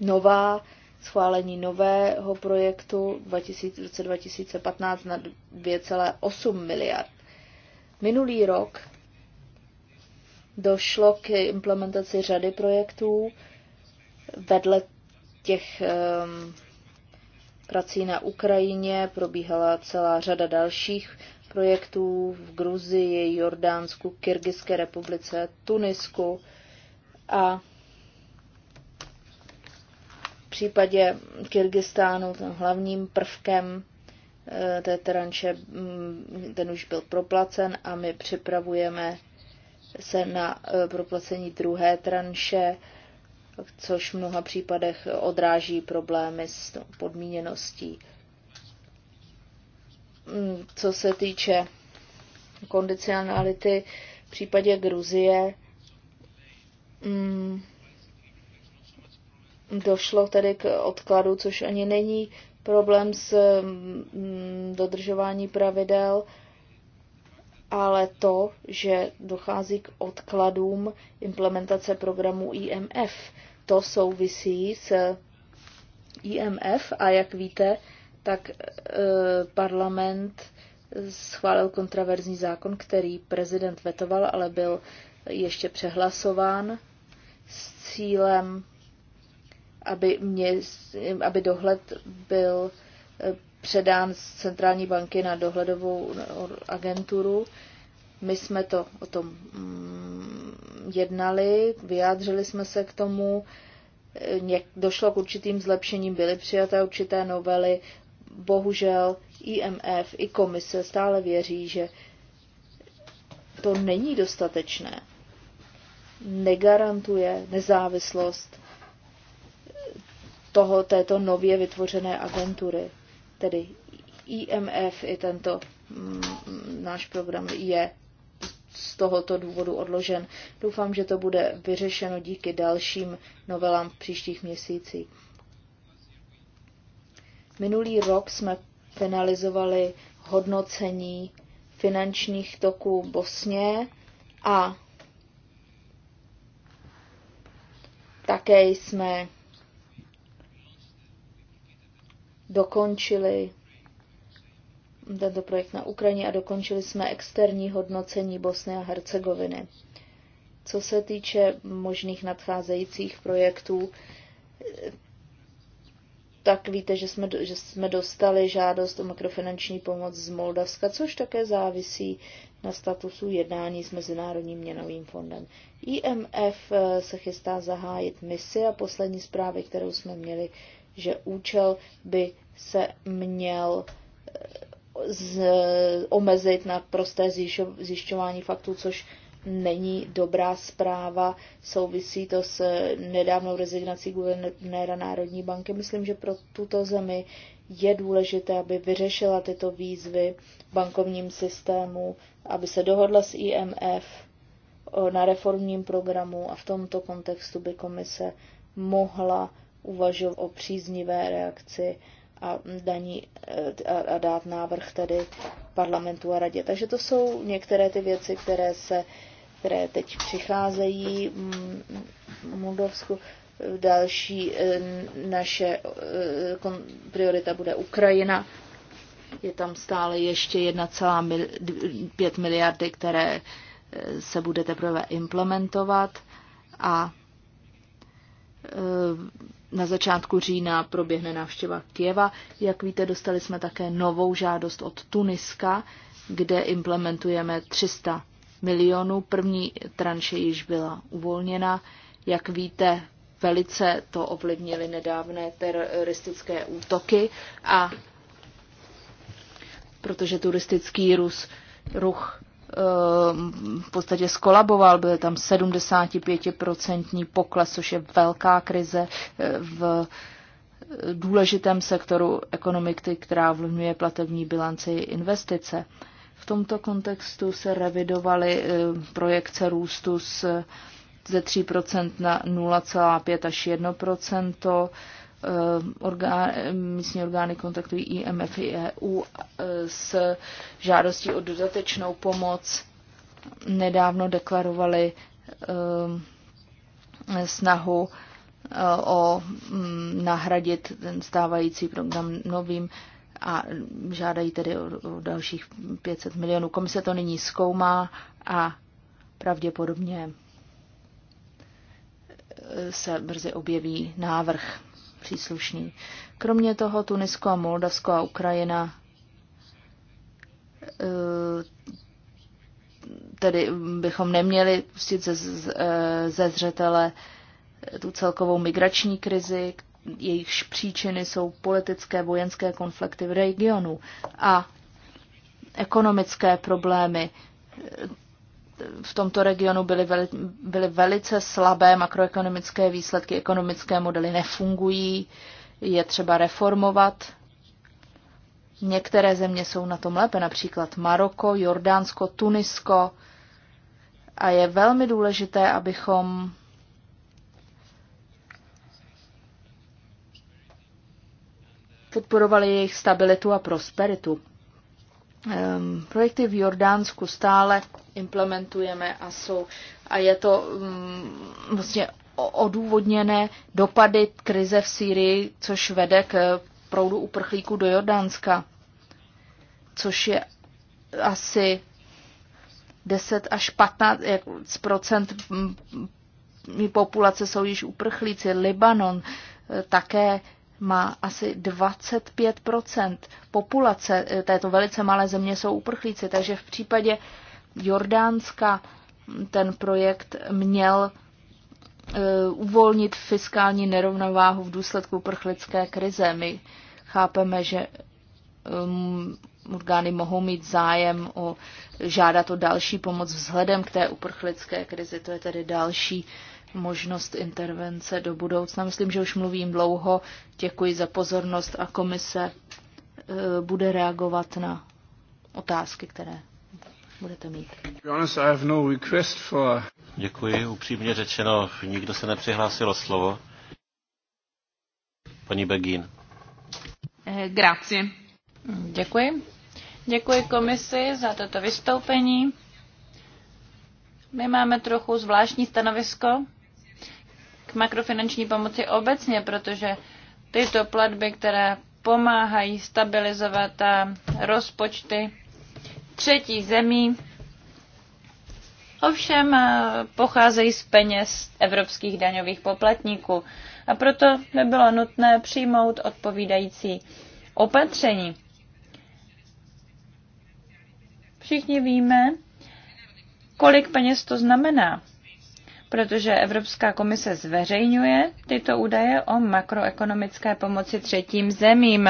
nová schválení nového projektu v roce 2015 na 2,8 miliard. Minulý rok došlo k implementaci řady projektů vedle těch um, prací na Ukrajině probíhala celá řada dalších projektů v Gruzii, Jordánsku, Kyrgyzské republice, Tunisku a v případě Kyrgyzstánu hlavním prvkem eh, té tranše, mm, ten už byl proplacen a my připravujeme se na eh, proplacení druhé tranše což v mnoha případech odráží problémy s podmíněností. Mm, co se týče kondicionality, v případě Gruzie mm, došlo tedy k odkladu, což ani není problém s mm, dodržování pravidel, ale to, že dochází k odkladům implementace programu IMF. To souvisí s IMF a jak víte, tak e, parlament schválil kontraverzní zákon, který prezident vetoval, ale byl ještě přehlasován s cílem, aby, mě, aby dohled byl e, předán z centrální banky na dohledovou agenturu. My jsme to o tom mm, jednali, vyjádřili jsme se k tomu, došlo k určitým zlepšením, byly přijaté určité novely. Bohužel IMF i komise stále věří, že to není dostatečné. Negarantuje nezávislost toho, této nově vytvořené agentury. Tedy IMF i tento mm, náš program je z tohoto důvodu odložen. Doufám, že to bude vyřešeno díky dalším novelám v příštích měsících. Minulý rok jsme penalizovali hodnocení finančních toků Bosně a také jsme dokončili tento projekt na Ukrajině a dokončili jsme externí hodnocení Bosny a Hercegoviny. Co se týče možných nadcházejících projektů, tak víte, že jsme, že jsme dostali žádost o makrofinanční pomoc z Moldavska, což také závisí na statusu jednání s Mezinárodním měnovým fondem. IMF eh, se chystá zahájit misi a poslední zprávy, kterou jsme měli, že účel by se měl eh, z, omezit na prosté zjišťování faktů, což není dobrá zpráva. Souvisí to s nedávnou rezignací guvernéra Národní banky. Myslím, že pro tuto zemi je důležité, aby vyřešila tyto výzvy v bankovním systému, aby se dohodla s IMF na reformním programu a v tomto kontextu by komise mohla uvažovat o příznivé reakci a, daní, eh, a dát návrh tedy parlamentu a radě. Takže to jsou některé ty věci, které se které teď přicházejí v mm, Moldovsku. Eh, další eh, naše priorita bude Ukrajina. Je tam stále ještě 1,5 miliardy, které se bude teprve implementovat a na začátku října proběhne návštěva Kieva. Jak víte, dostali jsme také novou žádost od Tuniska, kde implementujeme 300 milionů. První tranše již byla uvolněna. Jak víte, velice to ovlivnily nedávné teroristické útoky a protože turistický Rus, ruch Ehm, v podstatě skolaboval, byl tam 75% pokles, což je velká krize eh, v důležitém sektoru ekonomiky, která ovlivňuje platební bilanci investice. V tomto kontextu se revidovaly eh, projekce růstu z, ze 3% na 0,5 až 1%. Eh, orgány, místní orgány kontaktují IMF i EU eh, s žádostí o dodatečnou pomoc. Nedávno deklarovali eh, snahu o mm, nahradit ten stávající program novým a žádají tedy o dalších 500 milionů. Komise to nyní zkoumá a pravděpodobně se brzy objeví návrh příslušný. Kromě toho Tunisko a Moldavsko a Ukrajina eh, tedy bychom neměli pustit ze, eh, ze zřetele eh, tu celkovou migrační krizi, jejichž příčiny jsou politické, vojenské konflikty v regionu a ekonomické problémy v tomto regionu byly, veli, byly velice slabé makroekonomické výsledky, ekonomické modely nefungují, je třeba reformovat. Některé země jsou na tom lépe, například Maroko, Jordánsko, Tunisko. A je velmi důležité, abychom podporovali jejich stabilitu a prosperitu um, projekty v Jordánsku stále implementujeme a jsou a je to um, vlastně odůvodněné dopady krize v Sýrii, což vede k proudu uprchlíků do Jordánska, což je asi 10 až 15 mm, populace jsou již uprchlíci. Libanon eh, také má asi 25 populace e, této velice malé země jsou uprchlíci, takže v případě Jordánska ten projekt měl e, uvolnit fiskální nerovnováhu v důsledku uprchlické krize. My chápeme, že um, orgány mohou mít zájem o žádat o další pomoc vzhledem k té uprchlické krizi. To je tedy další uh, možnost intervence do budoucna. Myslím, že už mluvím dlouho. Děkuji za pozornost a komise e, bude reagovat na otázky, které budete mít. No Děkuji, upřímně řečeno, nikdo se nepřihlásil o slovo. Paní Begín. Eh, grazie. Děkuji. Děkuji komisi za toto vystoupení. My máme trochu zvláštní stanovisko makrofinanční pomoci obecně, protože tyto platby, které pomáhají stabilizovat rozpočty třetí zemí, ovšem eh, pocházejí z peněz evropských daňových poplatníků a proto by bylo nutné přijmout odpovídající opatření. Všichni víme, kolik peněz to znamená protože Evropská komise zveřejňuje tyto údaje o makroekonomické pomoci třetím zemím.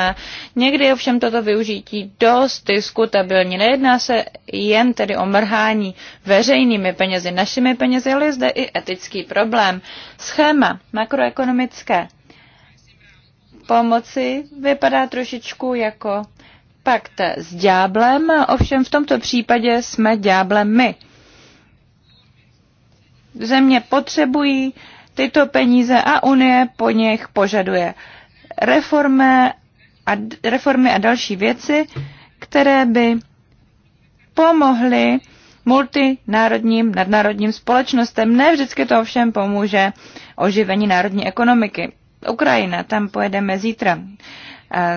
Někdy ovšem toto využití dost diskutabilní. Nejedná se jen tedy o mrhání veřejnými penězi, našimi penězi, ale je zde i etický problém. Schéma makroekonomické pomoci vypadá trošičku jako pakt s dňáblem, ovšem v tomto případě jsme dňáblem my země potřebují tyto peníze a Unie po nich požaduje reformy a, reformy a další věci, které by pomohly multinárodním, nadnárodním společnostem. Ne vždycky to ovšem pomůže oživení národní ekonomiky. Ukrajina, tam pojedeme zítra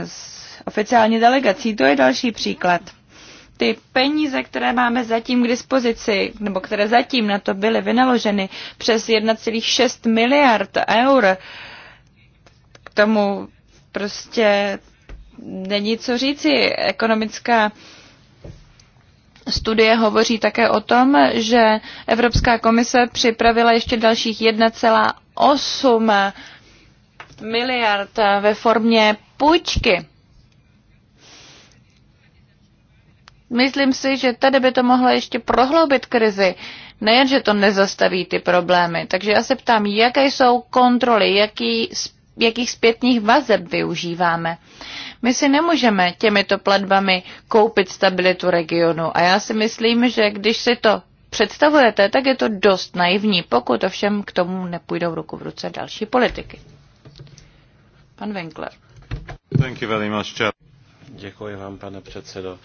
s oficiální delegací, to je další příklad ty peníze, které máme zatím k dispozici, nebo které zatím na to byly vynaloženy přes 1,6 miliard eur, k tomu prostě není co říci. Ekonomická studie hovoří také o tom, že Evropská komise připravila ještě dalších 1,8 miliard ve formě půjčky. Myslím si, že tady by to mohlo ještě prohloubit krizi. nejenže že to nezastaví ty problémy. Takže já se ptám, jaké jsou kontroly, jaký, jakých zpětních vazeb využíváme. My si nemůžeme těmito platbami koupit stabilitu regionu. A já si myslím, že když si to představujete, tak je to dost naivní, pokud ovšem k tomu nepůjdou ruku v ruce další politiky. Pan Winkler. Thank you very much, Chad. Děkuji vám, pane předsedo.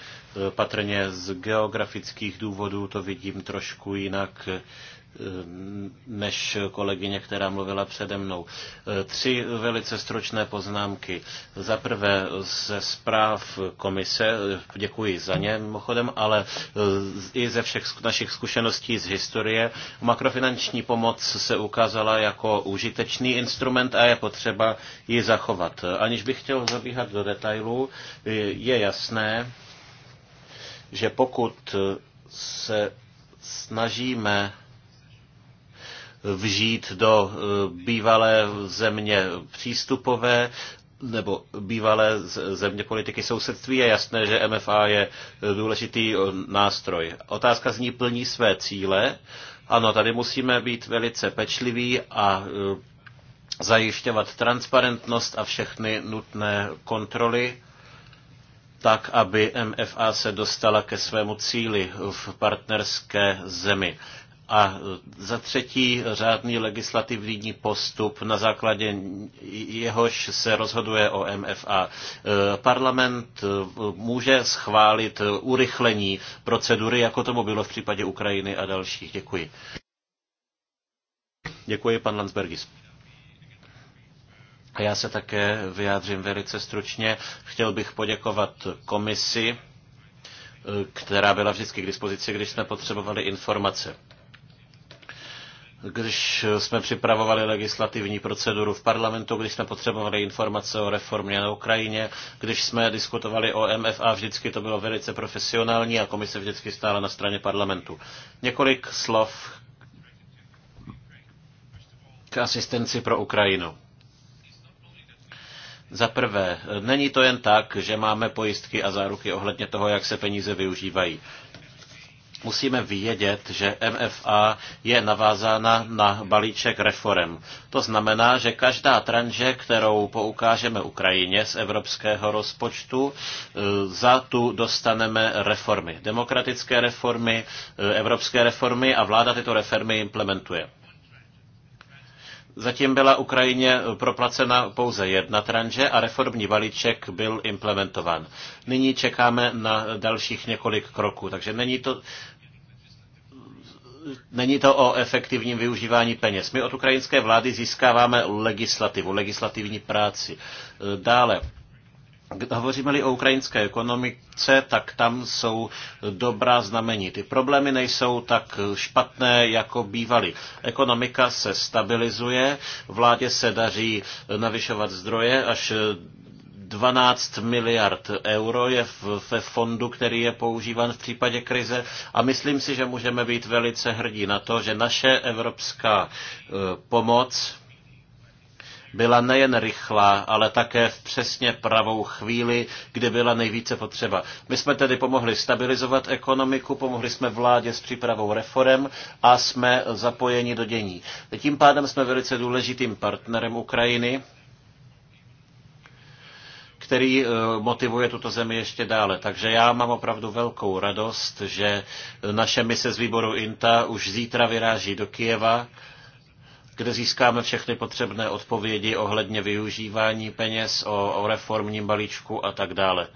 Patrně z geografických důvodů to vidím trošku jinak Eh, než kolegyně, která mluvila přede mnou. Eh, tři velice stručné poznámky. Za prvé ze zpráv komise, eh, děkuji za ně mimochodem, ale i ze všech našich zkušeností z historie, makrofinanční pomoc se ukázala jako užitečný instrument a je potřeba ji zachovat. Aniž bych chtěl zabíhat do detailů, je jasné, že pokud se snažíme vžít do eh, bývalé země přístupové nebo bývalé země politiky sousedství. Je jasné, že MFA je eh, důležitý eh, nástroj. Otázka zní, plní své cíle. Ano, tady musíme být velice pečliví a zajišťovat transparentnost a všechny nutné kontroly tak, aby MFA se dostala ke svému cíli v partnerské zemi. A za třetí řádný legislativní postup, na základě jehož se rozhoduje o MFA. Parlament může schválit urychlení procedury, jako tomu bylo v případě Ukrajiny a dalších. Děkuji. Děkuji, pan Landsbergis. A já se také vyjádřím velice stručně. Chtěl bych poděkovat komisi, která byla vždycky k dispozici, když jsme potřebovali informace když jsme připravovali legislativní proceduru v parlamentu, když jsme potřebovali informace o reformě na Ukrajině, když jsme diskutovali o MFA, vždycky to bylo velice profesionální a komise vždycky stála na straně parlamentu. Několik slov k asistenci pro Ukrajinu. Za prvé, není to jen tak, že máme pojistky a záruky ohledně toho, jak se peníze využívají musíme vědět, že MFA je navázána na balíček reform. To znamená, že každá tranže, kterou poukážeme Ukrajině z evropského rozpočtu, e, za tu dostaneme reformy. Demokratické reformy, e, evropské reformy a vláda tyto reformy implementuje. Zatím byla Ukrajině proplacena pouze jedna tranže a reformní balíček byl implementován. Nyní čekáme na dalších několik kroků, takže není to, není to o efektivním využívání peněz. My od ukrajinské vlády získáváme legislativu, legislativní práci. Dále, Hovoříme-li o ukrajinské ekonomice, tak tam jsou dobrá znamení. Ty problémy nejsou tak špatné, jako bývaly. Ekonomika se stabilizuje, vládě se daří navyšovat zdroje až 12 miliard euro je ve fondu, který je používán v případě krize a myslím si, že můžeme být velice hrdí na to, že naše evropská e, pomoc byla nejen rychlá, ale také v přesně pravou chvíli, kdy byla nejvíce potřeba. My jsme tedy pomohli stabilizovat ekonomiku, pomohli jsme vládě s přípravou reform a jsme zapojeni do dění. Tím pádem jsme velice důležitým partnerem Ukrajiny který eh, motivuje tuto zemi ještě dále. Takže já mám opravdu velkou radost, že naše mise z výboru INTA už zítra vyráží do Kijeva, kde získáme všechny potřebné odpovědi ohledně využívání peněz, o, o reformním balíčku a tak dále.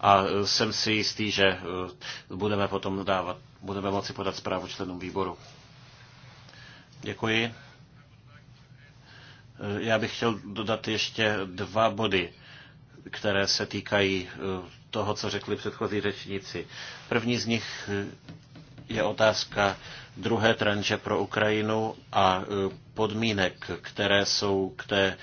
A eh, jsem si jistý, že eh, budeme potom dávat, budeme moci podat zprávu členům výboru. Děkuji. Eh, já bych chtěl dodat ještě dva body, které se týkají eh, toho, co řekli předchozí řečníci. První z nich eh, je otázka druhé tranže pro Ukrajinu a podmínek, které jsou k té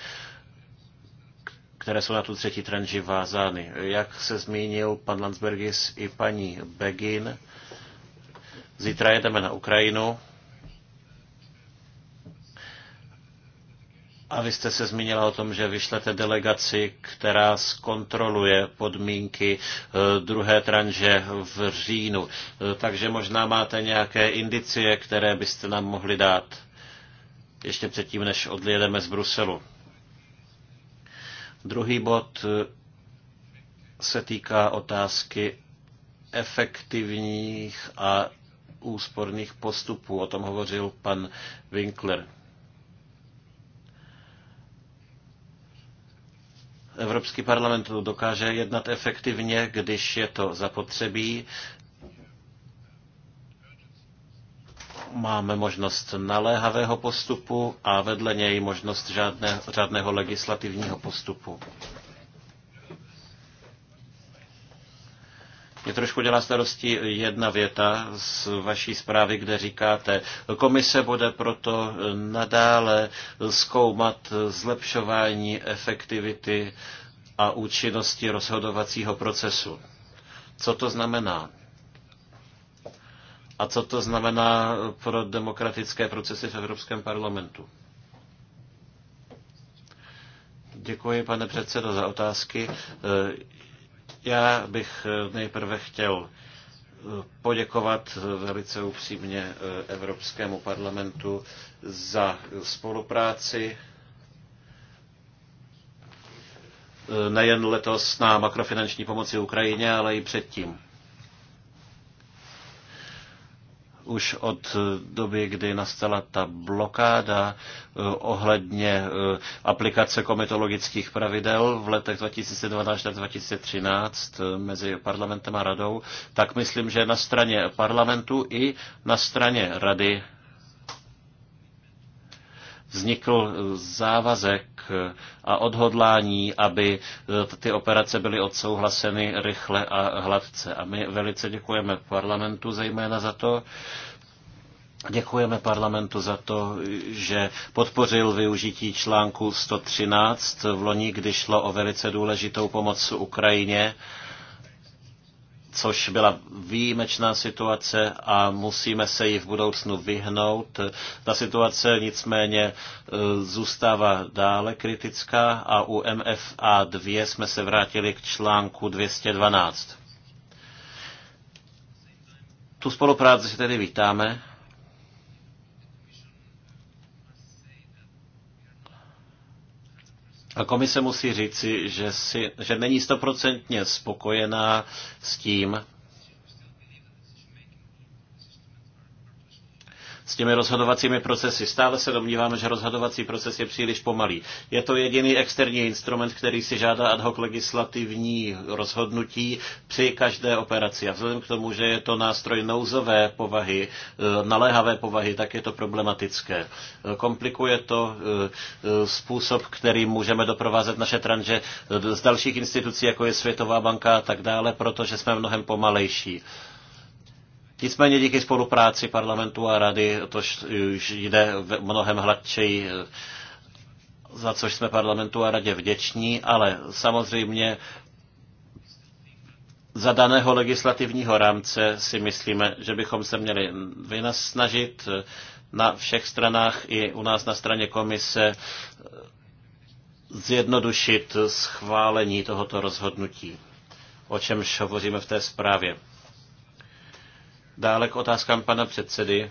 které jsou na tu třetí tranži vázány. Jak se zmínil pan Landsbergis i paní Begin, zítra jedeme na Ukrajinu A vy jste se zmínila o tom, že vyšlete delegaci, která zkontroluje podmínky eh, druhé tranže v říjnu. Eh, takže možná máte nějaké indicie, které byste nám mohli dát ještě předtím, než odjedeme z Bruselu. Druhý bod eh, se týká otázky efektivních a úsporných postupů. O tom hovořil pan Winkler. Evropský parlament dokáže jednat efektivně, když je to zapotřebí. Máme možnost naléhavého postupu a vedle něj možnost žádné, žádného legislativního postupu. Mě trošku dělá starosti jedna věta z vaší zprávy, kde říkáte, komise bude proto nadále zkoumat zlepšování efektivity a účinnosti rozhodovacího procesu. Co to znamená? A co to znamená pro demokratické procesy v Evropském parlamentu? Děkuji, pane předsedo, za otázky. Já bych eh, nejprve chtěl eh, poděkovat eh, velice upřímně Evropskému parlamentu za spolupráci nejen letos na makrofinanční pomoci Ukrajině, ale i předtím. už od doby, kdy nastala ta blokáda eh, ohledně eh, aplikace kometologických pravidel v letech 2012 až 2013 eh, mezi parlamentem a radou, tak myslím, že na straně parlamentu i na straně rady vznikl závazek a odhodlání, aby e, ty operace byly odsouhlaseny rychle a hladce. A my velice děkujeme parlamentu zejména za to, Děkujeme parlamentu za to, že podpořil využití článku 113 v loni, kdy šlo o velice důležitou pomoc Ukrajině což byla výjimečná situace a musíme se ji v budoucnu vyhnout. Ta situace nicméně e, zůstává dále kritická a u MFA 2 jsme se vrátili k článku 212. Tu spolupráci tedy vítáme A komise musí říci, že, si, že není stoprocentně spokojená s tím, s těmi rozhodovacími procesy. Stále se domníváme, že rozhodovací proces je příliš pomalý. Je to jediný externí instrument, který si žádá ad hoc legislativní rozhodnutí při každé operaci. A vzhledem k tomu, že je to nástroj nouzové povahy, eh, naléhavé povahy, tak je to problematické. Eh, komplikuje to eh, způsob, kterým můžeme doprovázet naše tranže z dalších institucí, jako je Světová banka a tak dále, protože jsme mnohem pomalejší. Nicméně díky spolupráci parlamentu a rady to už jde mnohem hladčeji eh, za což jsme parlamentu a radě vděční, ale samozřejmě za daného legislativního rámce si myslíme, že bychom se měli vynasnažit eh, na všech stranách i u nás na straně komise eh, zjednodušit schválení tohoto rozhodnutí, o čemž hovoříme v té zprávě. Dále k otázkám pana předsedy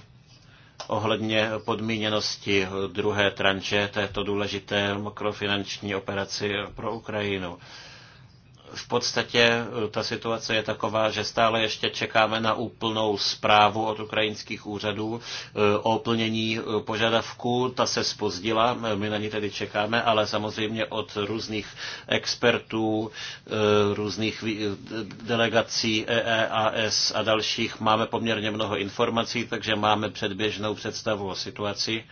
ohledně podmíněnosti druhé tranče této důležité makrofinanční operaci pro Ukrajinu v podstatě eh, ta situace je taková, že stále ještě čekáme na úplnou zprávu od ukrajinských úřadů eh, o plnění eh, požadavků. Ta se spozdila, my na ní tedy čekáme, ale samozřejmě od různých expertů, různých delegací EEAS a dalších máme poměrně mnoho informací, takže máme předběžnou představu o situaci.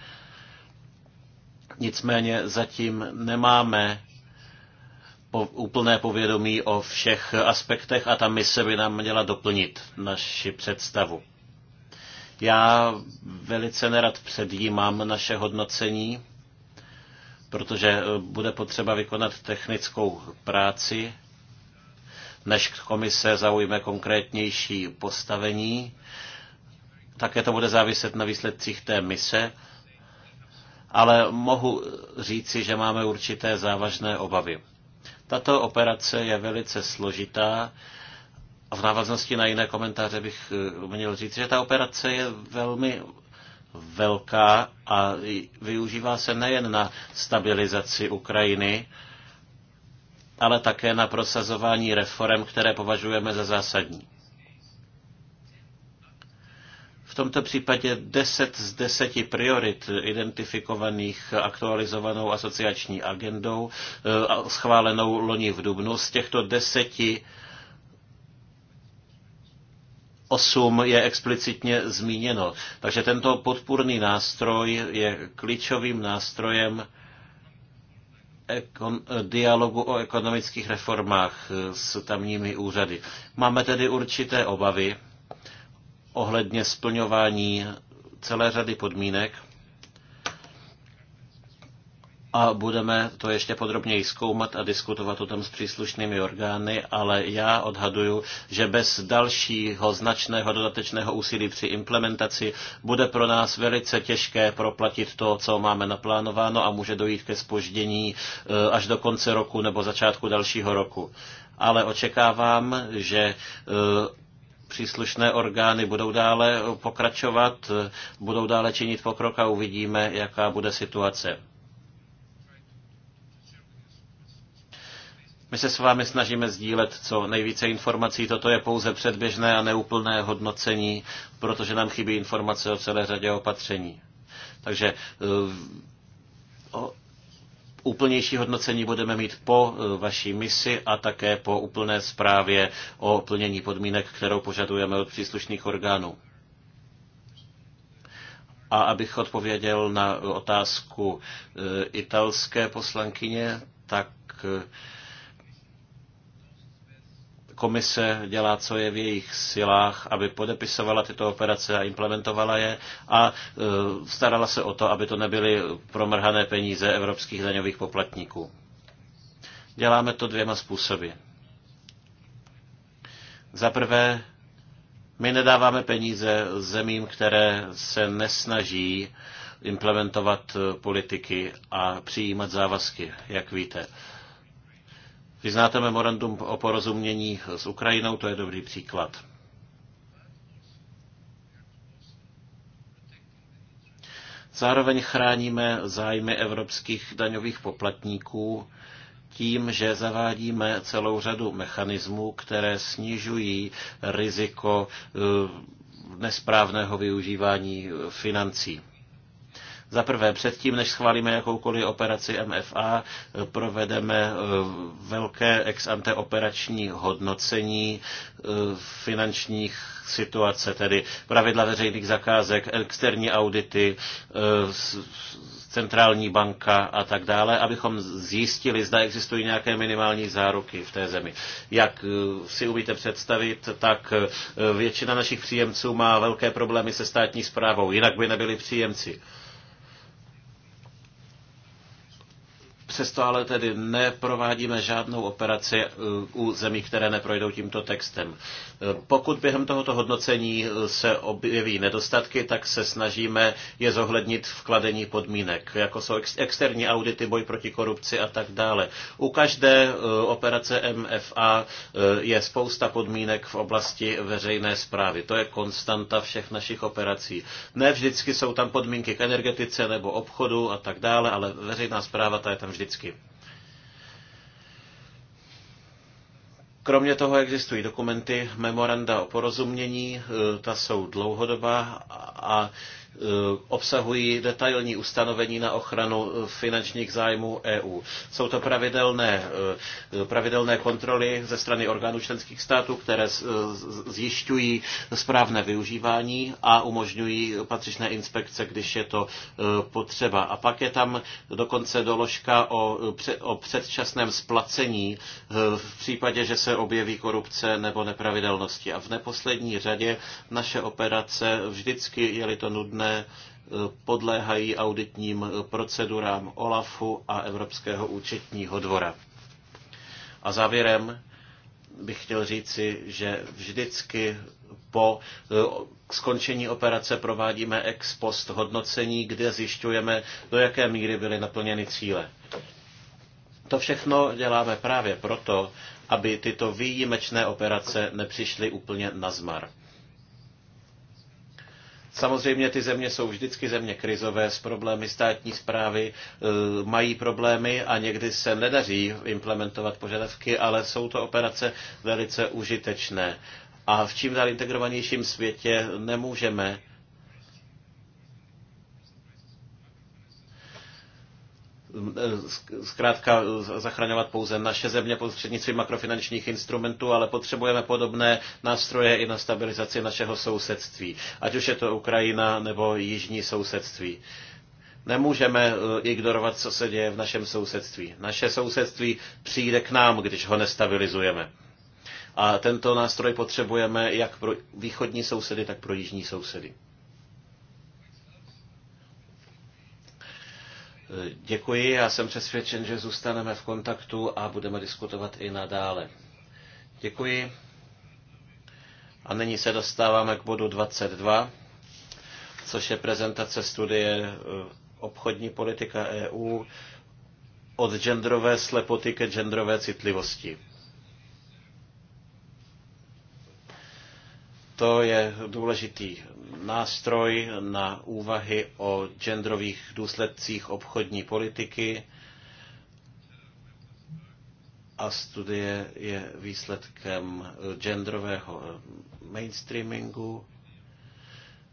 Nicméně zatím nemáme po, úplné povědomí o všech aspektech a ta mise by nám měla doplnit naši představu. Já velice nerad předjímám naše hodnocení, protože eh, bude potřeba vykonat technickou práci, než komise zaujme konkrétnější postavení. Také to bude záviset na výsledcích té mise, ale mohu říci, že máme určité závažné obavy. Tato operace je velice složitá a v návaznosti na jiné komentáře bych eh, měl říct, že ta operace je velmi velká a využívá se nejen na stabilizaci Ukrajiny, ale také na prosazování reform, které považujeme za zásadní tomto případě 10 z 10 priorit identifikovaných aktualizovanou asociační agendou eh, schválenou loni v Dubnu. Z těchto deseti 8 je explicitně zmíněno. Takže tento podpůrný nástroj je klíčovým nástrojem dialogu o ekonomických reformách eh, s tamními úřady. Máme tedy určité obavy, ohledně splňování celé řady podmínek a budeme to ještě podrobněji zkoumat a diskutovat o tom s příslušnými orgány, ale já odhaduju, že bez dalšího značného dodatečného úsilí při implementaci bude pro nás velice těžké proplatit to, co máme naplánováno a může dojít ke spoždění e, až do konce roku nebo začátku dalšího roku ale očekávám, že e, příslušné orgány budou dále pokračovat, budou dále činit pokrok a uvidíme, jaká bude situace. My se s vámi snažíme sdílet co nejvíce informací. Toto je pouze předběžné a neúplné hodnocení, protože nám chybí informace o celé řadě opatření. Takže eh, Úplnější hodnocení budeme mít po e, vaší misi a také po úplné zprávě o plnění podmínek, kterou požadujeme od příslušných orgánů. A abych odpověděl na otázku e, italské poslankyně, tak e, Komise dělá, co je v jejich silách, aby podepisovala tyto operace a implementovala je a e, starala se o to, aby to nebyly promrhané peníze evropských daňových poplatníků. Děláme to dvěma způsoby. Za prvé, my nedáváme peníze zemím, které se nesnaží implementovat e, politiky a přijímat závazky, jak víte. Vy znáte memorandum o porozumění s Ukrajinou, to je dobrý příklad. Zároveň chráníme zájmy evropských daňových poplatníků tím, že zavádíme celou řadu mechanismů, které snižují riziko eh, nesprávného využívání financí. Za prvé, předtím, než schválíme jakoukoliv operaci MFA, provedeme eh, velké ex ante operační hodnocení eh, finančních situace, tedy pravidla veřejných zakázek, externí audity, eh, centrální banka a tak dále, abychom zjistili, zda existují nějaké minimální záruky v té zemi. Jak si umíte představit, tak většina našich příjemců má velké problémy se státní zprávou, jinak by nebyli příjemci. Přesto ale tedy neprovádíme žádnou operaci eh, u zemí, které neprojdou tímto textem. Eh, pokud během tohoto hodnocení eh, se objeví nedostatky, tak se snažíme je zohlednit v kladení podmínek, jako jsou externí audity, boj proti korupci a tak dále. U každé operace MFA je spousta podmínek v oblasti veřejné zprávy. To je konstanta všech našich operací. Ne vždycky jsou tam podmínky k energetice nebo obchodu a tak dále, ale veřejná zpráva ta je tam vždy kriticky. Kromě toho existují dokumenty, memoranda o porozumění, eh, ta jsou dlouhodobá a Eh, obsahují detailní ustanovení na ochranu eh, finančních zájmů EU. Jsou to pravidelné, eh, pravidelné kontroly ze strany orgánů členských států, které zjišťují správné využívání a umožňují patřičné inspekce, když je to potřeba. A pak je tam dokonce doložka o, o předčasném splacení v případě, že se objeví korupce nebo nepravidelnosti. A v neposlední řadě naše operace vždycky, je-li to nudné, občané eh, podléhají auditním procedurám OLAFu a Evropského účetního dvora. A závěrem bych chtěl říci, že vždycky po eh, skončení operace provádíme ex post hodnocení, kde zjišťujeme, do jaké míry byly naplněny cíle. To všechno děláme právě proto, aby tyto výjimečné operace nepřišly úplně na zmar. Samozřejmě ty země jsou vždycky země krizové s problémy státní zprávy, eh, mají problémy a někdy se nedaří implementovat požadavky, ale jsou to operace velice užitečné. A v čím dál integrovanějším světě nemůžeme zkrátka zachraňovat pouze naše země prostřednictvím makrofinančních instrumentů, ale potřebujeme podobné nástroje i na stabilizaci našeho sousedství, ať už je to Ukrajina nebo jižní sousedství. Nemůžeme eh, ignorovat, co se děje v našem sousedství. Naše sousedství přijde k nám, když ho nestabilizujeme. A tento nástroj potřebujeme jak pro východní sousedy, tak pro jižní sousedy. Děkuji, já jsem přesvědčen, že zůstaneme v kontaktu a budeme diskutovat i nadále. Děkuji. A nyní se dostáváme k bodu 22, což je prezentace studie eh, obchodní politika EU od genderové slepoty ke genderové citlivosti. To je důležitý nástroj na úvahy o genderových důsledcích obchodní politiky a studie je výsledkem genderového mainstreamingu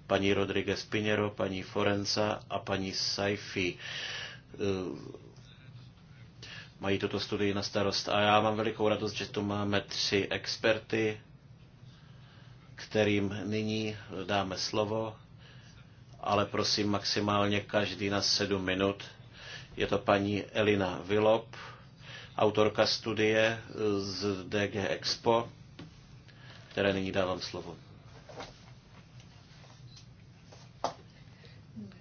paní Rodriguez Pinero, paní Forenza a paní Saifi eh, mají tuto studii na starost. A já mám velikou radost, že tu máme tři experty, kterým nyní dáme slovo, ale prosím maximálně každý na sedm minut. Je to paní Elina Vilop, autorka studie z DG Expo, které nyní dávám slovo.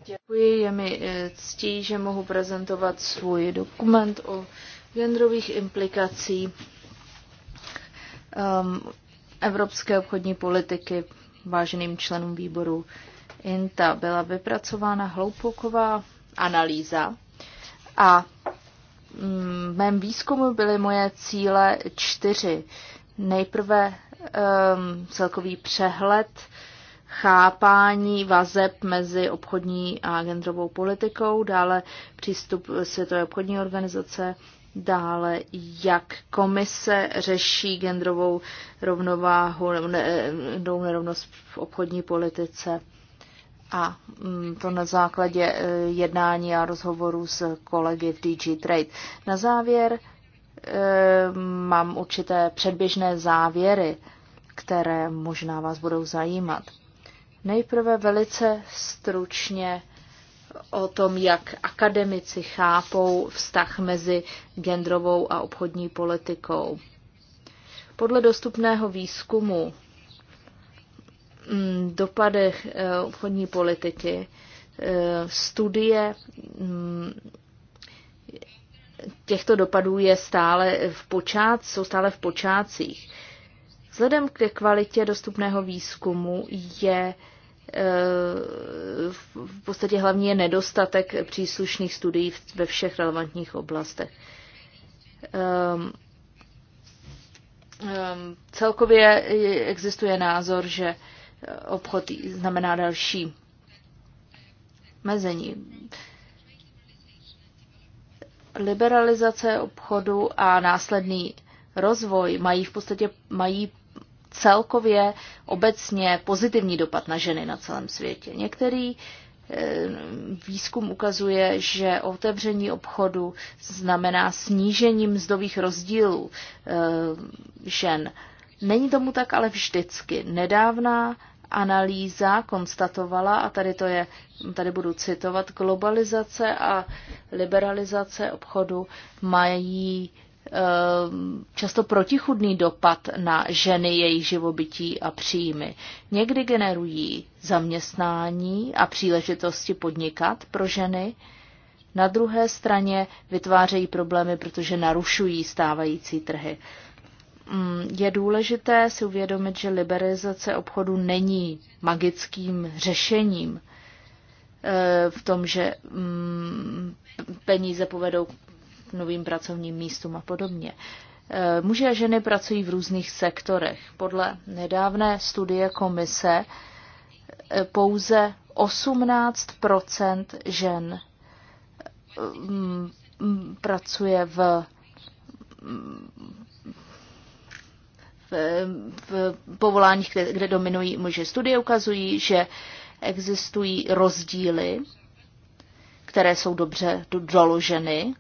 Děkuji, je mi eh, ctí, že mohu prezentovat svůj dokument o genderových implikací um, ehm, evropské obchodní politiky váženým členům výboru INTA byla vypracována hloupoková analýza a mm, v mém výzkumu byly moje cíle čtyři. Nejprve um, celkový přehled chápání vazeb mezi obchodní a genderovou politikou, dále přístup Světové obchodní organizace Dále, jak komise řeší genderovou rovnováhu nebo nerovnost v obchodní politice. A mm, to na základě e, jednání a rozhovoru s kolegy v DG Trade. Na závěr e, mám určité předběžné závěry, které možná vás budou zajímat. Nejprve velice stručně o tom, jak akademici chápou vztah mezi genderovou a obchodní politikou. Podle dostupného výzkumu mm, dopady eh, obchodní politiky, eh, studie mm, těchto dopadů je stále v počát, jsou stále v počátcích. Vzhledem ke kvalitě dostupného výzkumu je v podstatě hlavní je nedostatek příslušných studií ve všech relevantních oblastech. Ehm, ehm, celkově existuje názor, že obchod znamená další mezení. Liberalizace obchodu a následný rozvoj mají v podstatě mají celkově obecně pozitivní dopad na ženy na celém světě. Některý eh, výzkum ukazuje, že otevření obchodu znamená snížení mzdových rozdílů eh, žen. Není tomu tak ale vždycky. Nedávná analýza konstatovala, a tady, to je, tady budu citovat, globalizace a liberalizace obchodu mají Eh, často protichudný dopad na ženy, jejich živobytí a příjmy. Někdy generují zaměstnání a příležitosti podnikat pro ženy, na druhé straně vytvářejí problémy, protože narušují stávající trhy. Mm, je důležité si uvědomit, že liberalizace obchodu není magickým řešením eh, v tom, že mm, peníze povedou k novým pracovním místům a podobně. E, muži a ženy pracují v různých sektorech. Podle nedávné studie komise e, pouze 18 žen e, pracuje v, v, v povoláních, kde, kde dominují muži. Studie ukazují, že existují rozdíly, které jsou dobře doloženy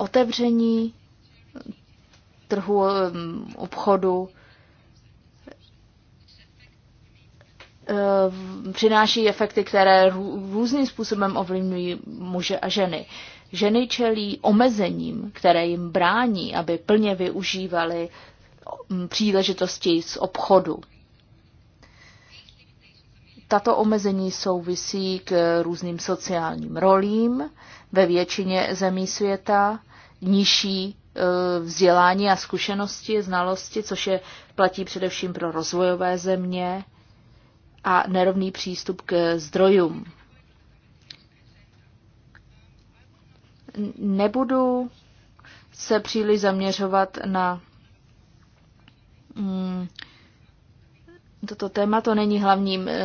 otevření trhu obchodu přináší efekty, které různým způsobem ovlivňují muže a ženy. Ženy čelí omezením, které jim brání, aby plně využívali příležitosti z obchodu. Tato omezení souvisí k různým sociálním rolím ve většině zemí světa, nižší eh, vzdělání a zkušenosti, znalosti, což je platí především pro rozvojové země a nerovný přístup k zdrojům. Nebudu se příliš zaměřovat na hmm, toto téma, to není hlavním e,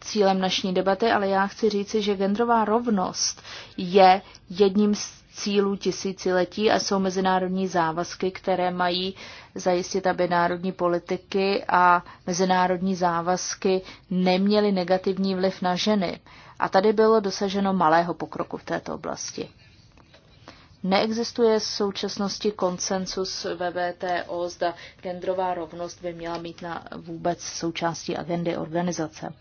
cílem naší debaty, ale já chci říci, že genderová rovnost je jedním z cílů tisíciletí a jsou mezinárodní závazky, které mají zajistit, aby národní politiky a mezinárodní závazky neměly negativní vliv na ženy. A tady bylo dosaženo malého pokroku v této oblasti. Neexistuje v současnosti konsensus ve VTO, zda genderová rovnost by měla mít na vůbec součástí agendy organizace.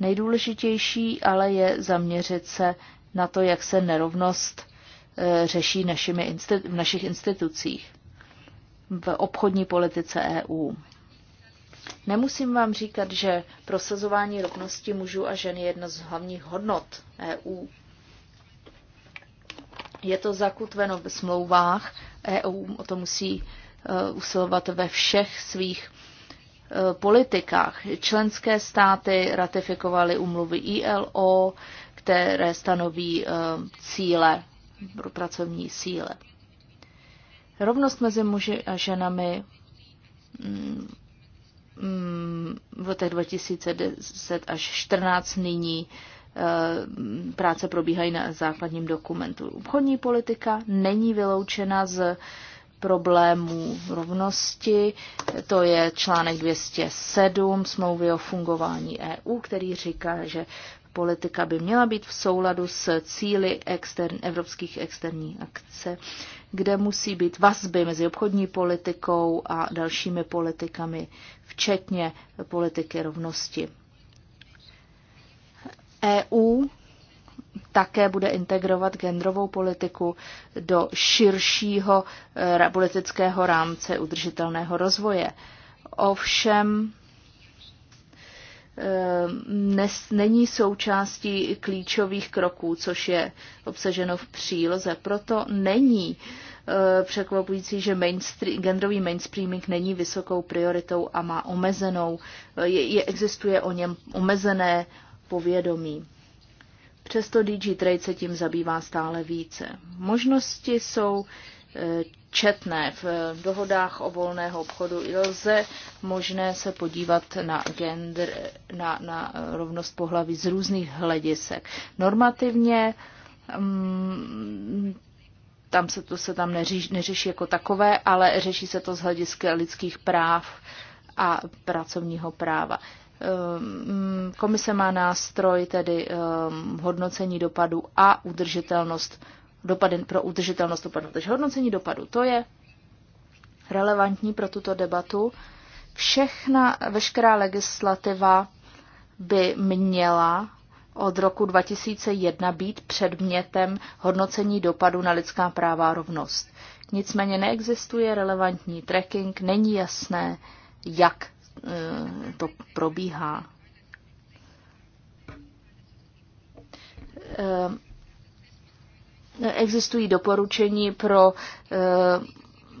Nejdůležitější ale je zaměřit se na to, jak se nerovnost Eh, řeší našimi, v našich institucích, v obchodní politice EU. Nemusím vám říkat, že prosazování rovnosti mužů a žen je jedna z hlavních hodnot EU. Je to zakutveno v smlouvách EU, o to musí eh, usilovat ve všech svých eh, politikách. Členské státy ratifikovaly umluvy ILO, které stanoví cíle pro pracovní síle. Rovnost mezi muži a ženami mm, mm, v letech 2010 až 2014 nyní eh, práce probíhají na základním dokumentu. Obchodní politika není vyloučena z problémů rovnosti. To je článek 207 smlouvy o fungování EU, který říká, že politika by měla být v souladu s cíly extern, evropských externí akce, kde musí být vazby mezi obchodní politikou a dalšími politikami, včetně politiky rovnosti. EU také bude integrovat genderovou politiku do širšího eh, politického rámce udržitelného rozvoje. Ovšem Ehm, nes, není součástí klíčových kroků, což je obsaženo v příloze. Proto není eh, překvapující, že mainstream, genderový mainstreaming není vysokou prioritou a má omezenou, eh, je, je, existuje o něm omezené povědomí. Přesto DG Trade se tím zabývá stále více. Možnosti jsou četné v dohodách o volného obchodu. Lze možné se podívat na gender, na, na rovnost pohlaví z různých hledisek. Normativně mm, tam se to se tam neříš, neřeší jako takové, ale řeší se to z hlediska lidských práv a pracovního práva. Ehm, komise má nástroj tedy ehm, hodnocení dopadu a udržitelnost dopady pro udržitelnost dopadu. Takže hodnocení dopadu, to je relevantní pro tuto debatu. Všechna, veškerá legislativa by měla od roku 2001 být předmětem hodnocení dopadu na lidská práva a rovnost. Nicméně neexistuje relevantní tracking, není jasné, jak eh, to probíhá. Eh, Existují doporučení pro eh,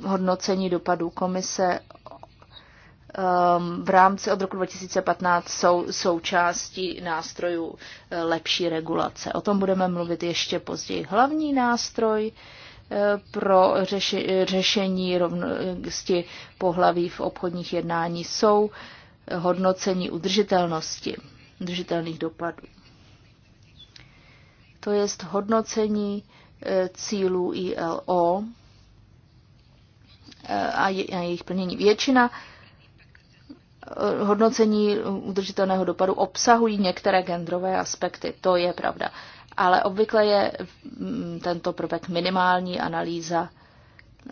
hodnocení dopadů komise ehm, v rámci od roku 2015 jsou součástí nástrojů eh, lepší regulace. O tom budeme mluvit ještě později. Hlavní nástroj eh, pro řeši, řešení rovnosti pohlaví v obchodních jednání jsou hodnocení udržitelnosti, udržitelných dopadů. To je hodnocení cílů ILO eh, a jejich plnění. Většina eh, hodnocení udržitelného dopadu obsahují některé genderové aspekty, to je pravda. Ale obvykle je mm, tento prvek minimální analýza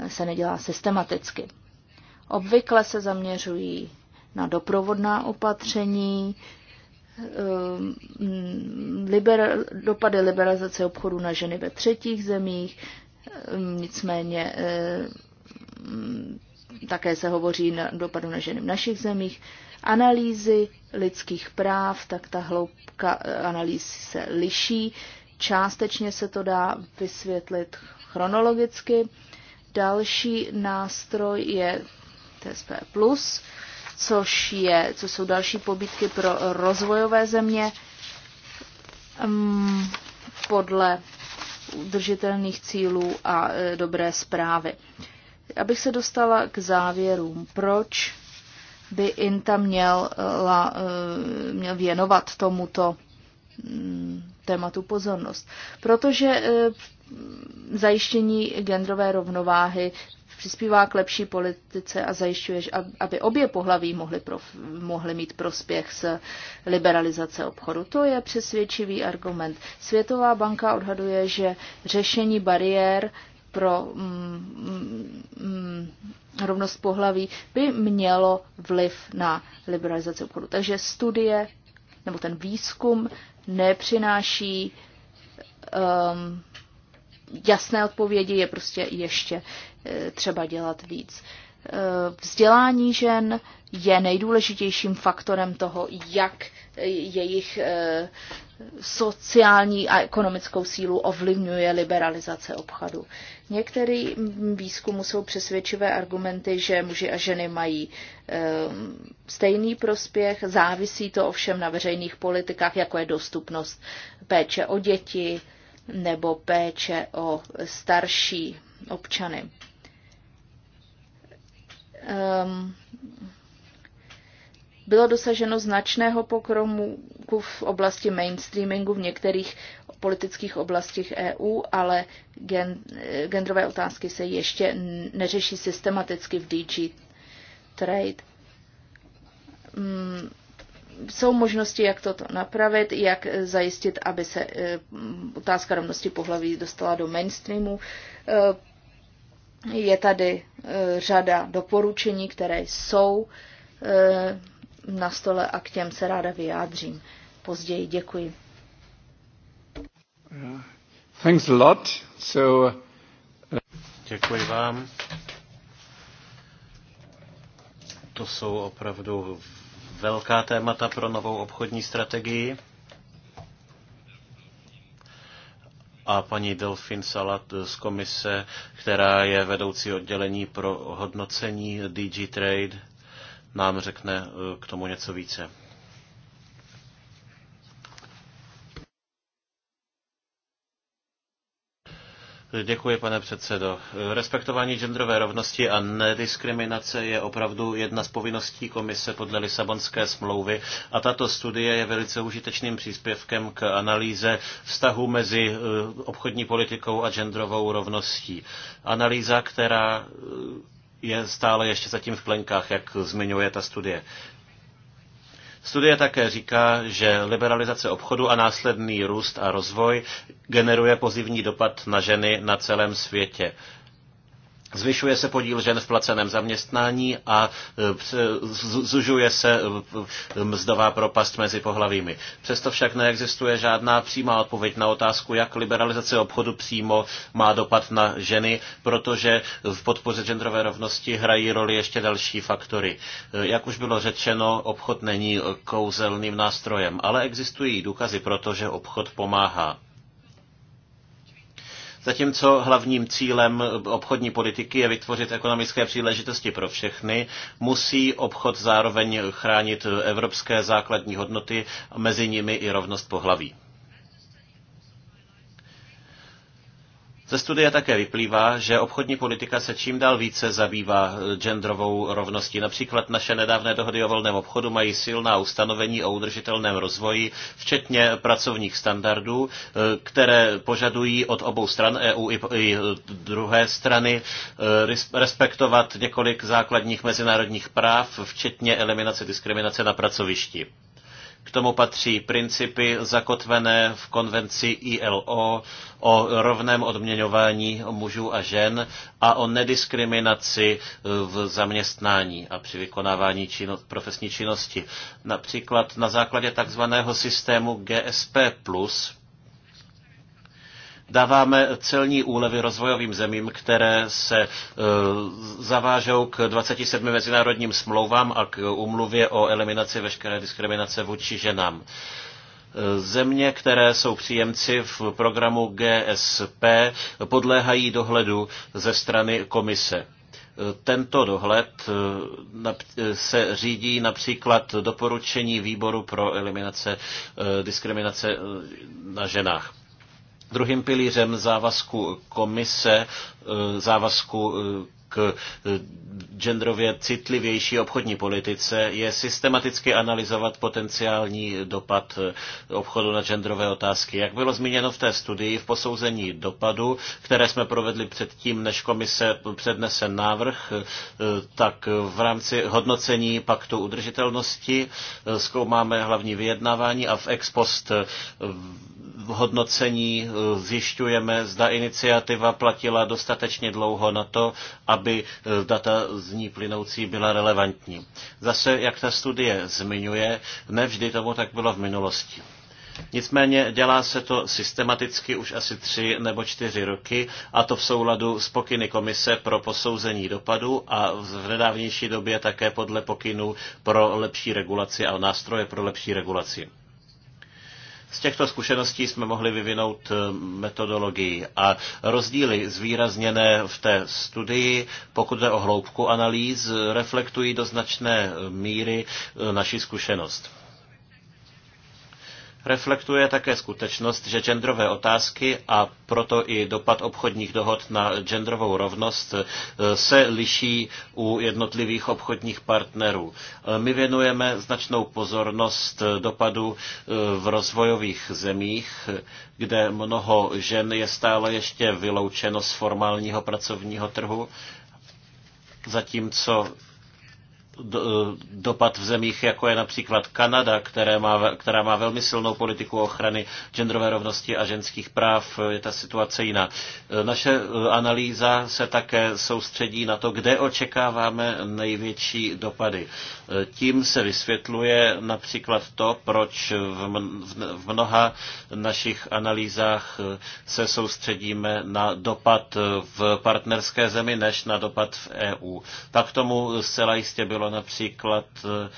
eh, se nedělá systematicky. Obvykle se zaměřují na doprovodná opatření, Ehm, mm, liber, dopady liberalizace obchodu na ženy ve třetích zemích, ehm, nicméně ehm, mm, také se hovoří na dopadu na ženy v našich zemích, analýzy lidských práv, tak ta hloubka e, analýz se liší. Částečně se to dá vysvětlit chronologicky. Další nástroj je TSP+, což, je, co jsou další pobytky pro rozvojové země mm, podle udržitelných cílů a e, dobré zprávy. Abych se dostala k závěrům, proč by INTA měl, e, měl věnovat tomuto mm, tématu pozornost. Protože e, zajištění genderové rovnováhy přispívá k lepší politice a zajišťuje, aby obě pohlaví mohly, prof, mohly mít prospěch z liberalizace obchodu. To je přesvědčivý argument. Světová banka odhaduje, že řešení bariér pro mm, mm, mm rovnost pohlaví by mělo vliv na liberalizaci obchodu. Takže studie nebo ten výzkum nepřináší um, jasné odpovědi, je prostě ještě eh, třeba dělat víc. Eh, vzdělání žen je nejdůležitějším faktorem toho, jak jejich eh, sociální a ekonomickou sílu ovlivňuje liberalizace obchodu. Některý výzkumu jsou přesvědčivé argumenty, že muži a ženy mají eh, stejný prospěch, závisí to ovšem na veřejných politikách, jako je dostupnost péče o děti nebo péče o starší občany. Um, bylo dosaženo značného pokromu v oblasti mainstreamingu v některých politických oblastech EU, ale gen, genderové otázky se ještě neřeší systematicky v DG Trade. Mm, jsou možnosti, jak toto napravit, jak zajistit, aby se e, otázka rovnosti pohlaví dostala do mainstreamu. E, je tady e, řada doporučení, které jsou na stole a k těm se ráda vyjádřím. Později děkuji. Uh, thanks a lot. So, uh... Děkuji vám. To jsou opravdu velká témata pro novou obchodní strategii. a paní Delfin Salat z komise, která je vedoucí oddělení pro hodnocení DG Trade nám řekne eh, k tomu něco více. Děkuji, pane předsedo. Respektování genderové rovnosti a nediskriminace je opravdu jedna z povinností komise podle Lisabonské smlouvy a tato studie je velice užitečným příspěvkem k analýze vztahu mezi eh, obchodní politikou a genderovou rovností. Analýza, která eh, je stále ještě zatím v plenkách, jak zmiňuje ta studie. Studie také říká, že liberalizace obchodu a následný růst a rozvoj generuje pozivní dopad na ženy na celém světě. Zvyšuje se podíl žen v placeném zaměstnání a e, zužuje se e, e, mzdová propast mezi pohlavími. Přesto však neexistuje žádná přímá odpověď na otázku, jak liberalizace obchodu přímo má dopad na ženy, protože v podpoře genderové rovnosti hrají roli ještě další faktory. Jak už bylo řečeno, obchod není kouzelným nástrojem, ale existují důkazy pro to, že obchod pomáhá. Zatímco hlavním cílem obchodní politiky je vytvořit ekonomické příležitosti pro všechny, musí obchod zároveň chránit evropské základní hodnoty, mezi nimi i rovnost pohlaví. Ze studie také vyplývá, že obchodní politika se čím dál více zabývá eh, genderovou rovností. Například naše nedávné dohody o volném obchodu mají silná ustanovení o udržitelném rozvoji, včetně pracovních standardů, eh, které požadují od obou stran EU i eh, druhé strany respektovat několik základních mezinárodních práv, včetně eliminace diskriminace na pracovišti. K tomu patří principy zakotvené v konvenci ILO o rovném odměňování mužů a žen a o nediskriminaci e, v zaměstnání a při vykonávání čino, profesní činnosti. Například na základě takzvaného systému GSP+, Dáváme celní úlevy rozvojovým zemím, které se e, zavážou k 27 mezinárodním smlouvám a k umluvě o eliminaci veškeré diskriminace vůči ženám. E, země, které jsou příjemci v programu GSP, podléhají dohledu ze strany komise. E, tento dohled se řídí například doporučení výboru pro eliminace diskriminace na ženách. Druhým pilířem závazku komise, e, závazku e, k eh, genderově citlivější obchodní politice je systematicky analyzovat potenciální dopad eh, obchodu na genderové otázky. Jak bylo zmíněno v té studii, v posouzení dopadu, které jsme provedli předtím, než komise přednese návrh, eh, tak v rámci hodnocení paktu udržitelnosti zkoumáme hlavní vyjednávání a v ex post hodnocení zjišťujeme, zda iniciativa platila dostatečně dlouho na to, aby aby eh, data z ní plynoucí byla relevantní. Zase, jak ta studie zmiňuje, nevždy tomu tak bylo v minulosti. Nicméně dělá se to systematicky už asi tři nebo čtyři roky a to v souladu s pokyny Komise pro posouzení dopadu a v nedávnější době také podle pokynů pro lepší regulaci a nástroje pro lepší regulaci. Z těchto zkušeností jsme mohli vyvinout eh, metodologii a rozdíly zvýrazněné v té studii, pokud jde o hloubku analýz, reflektují do značné míry eh, naši zkušenost reflektuje také skutečnost, že genderové otázky a proto i dopad obchodních dohod na genderovou rovnost eh, se liší u jednotlivých obchodních partnerů. Eh, my věnujeme značnou pozornost eh, dopadu v rozvojových zemích, kde mnoho žen je stále ještě vyloučeno z formálního pracovního trhu, zatímco dopad v zemích, jako je například Kanada, které má, která má velmi silnou politiku ochrany genderové rovnosti a ženských práv, je ta situace jiná. Naše analýza se také soustředí na to, kde očekáváme největší dopady. Tím se vysvětluje například to, proč v mnoha našich analýzách se soustředíme na dopad v partnerské zemi, než na dopad v EU. Tak tomu zcela jistě bylo týkalo například eh,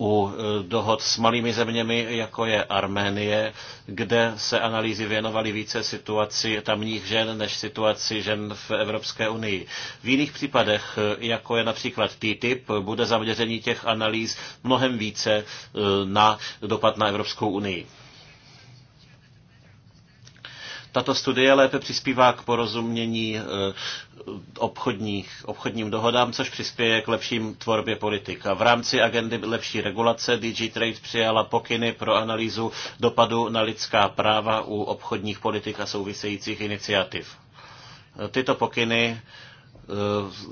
u eh, dohod s malými zeměmi, jako je Arménie, kde se analýzy věnovaly více situaci tamních žen než situaci žen v Evropské unii. V jiných případech, eh, jako je například TTIP, bude zaměření těch analýz mnohem více na dopad na Evropskou unii. Tato studie lépe přispívá k porozumění eh, obchodních, obchodním dohodám, což přispěje k lepším tvorbě politik. A v rámci agendy lepší regulace DG Trade přijala pokyny pro analýzu dopadu na lidská práva u obchodních politik a souvisejících iniciativ. Eh, tyto pokyny eh,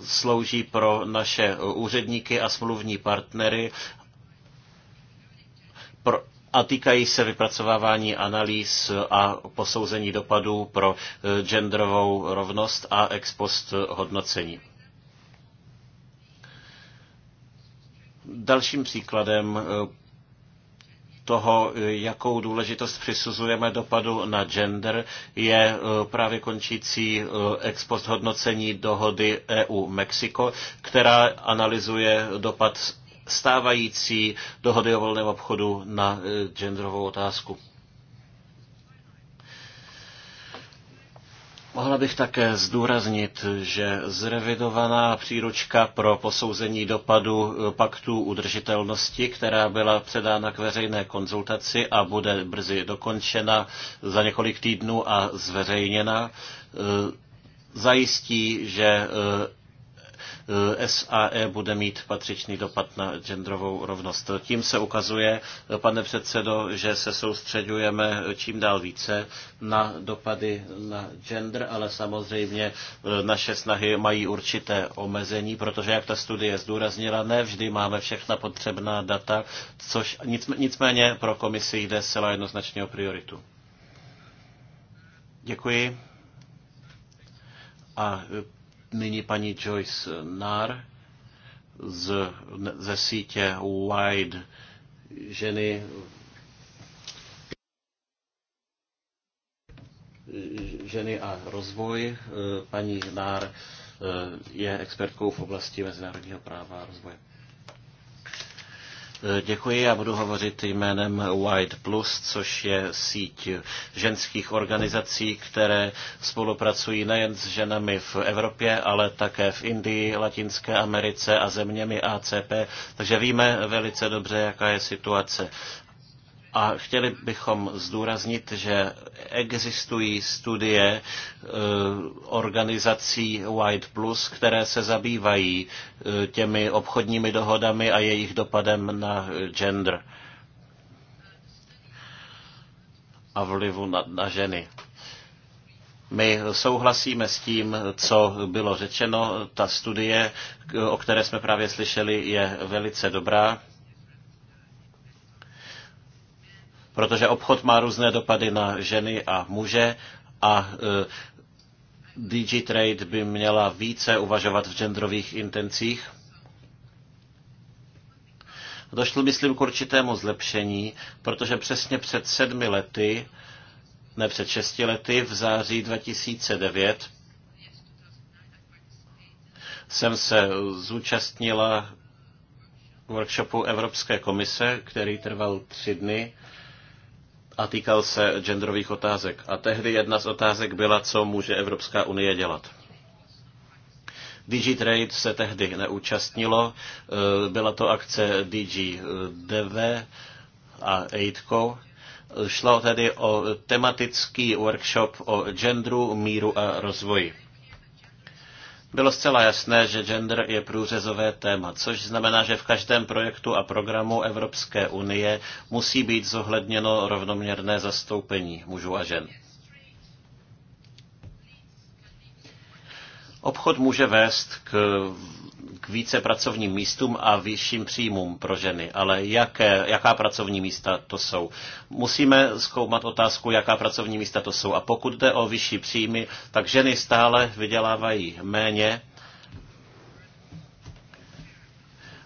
slouží pro naše úředníky a smluvní partnery pro, a týkají se vypracovávání analýz a posouzení dopadů pro eh, genderovou rovnost a ex post hodnocení. Dalším příkladem eh, toho, eh, jakou důležitost přisuzujeme dopadu na gender, je právě končící ex post hodnocení dohody EU-Mexiko, která analyzuje dopad stávající dohody o volném obchodu na e, genderovou otázku. Mohla bych také zdůraznit, že zrevidovaná příručka pro posouzení dopadu e, paktu udržitelnosti, která byla předána k veřejné konzultaci a bude brzy dokončena za několik týdnů a zveřejněna, e, zajistí, že Eh, SAE bude mít patřičný dopad na genderovou rovnost. Tím se ukazuje, eh, pane předsedo, že se soustředujeme eh, čím dál více na dopady na gender, ale samozřejmě naše snahy mají určité omezení, protože jak ta studie zdůraznila, ne vždy máme všechna potřebná data, což nicméně pro komisi jde zcela jednoznačně o prioritu. Děkuji. A nyní paní Joyce Nár z, ze sítě Wide ženy ženy a rozvoj. Paní Nár eh, je expertkou v oblasti mezinárodního práva a rozvoje. Děkuji, já budu hovořit jménem White Plus, což je síť ženských organizací, které spolupracují nejen s ženami v Evropě, ale také v Indii, Latinské Americe a zeměmi ACP, takže víme velice dobře, jaká je situace. A chtěli bychom zdůraznit, že existují studie eh, organizací White Plus, které se zabývají eh, těmi obchodními dohodami a jejich dopadem na gender a vlivu na, na ženy. My souhlasíme s tím, co bylo řečeno. Ta studie, o které jsme právě slyšeli, je velice dobrá. protože obchod má různé dopady na ženy a muže a e, DG Trade by měla více uvažovat v genderových intencích. Došlo, myslím, k určitému zlepšení, protože přesně před sedmi lety, ne před šesti lety, v září 2009, jsem se zúčastnila workshopu Evropské komise, který trval tři dny a týkal se genderových otázek. A tehdy jedna z otázek byla, co může Evropská unie dělat. DigiTrade se tehdy neúčastnilo, e, byla to akce DG DV a Aidco. Šlo tedy o tematický workshop o genderu, míru a rozvoji bylo zcela jasné, že gender je průřezové téma, což znamená, že v každém projektu a programu Evropské unie musí být zohledněno rovnoměrné zastoupení mužů a žen. Obchod může vést k k více pracovním místům a vyšším příjmům pro ženy. Ale jaké, jaká pracovní místa to jsou? Musíme zkoumat otázku, jaká pracovní místa to jsou. A pokud jde o vyšší příjmy, tak ženy stále vydělávají méně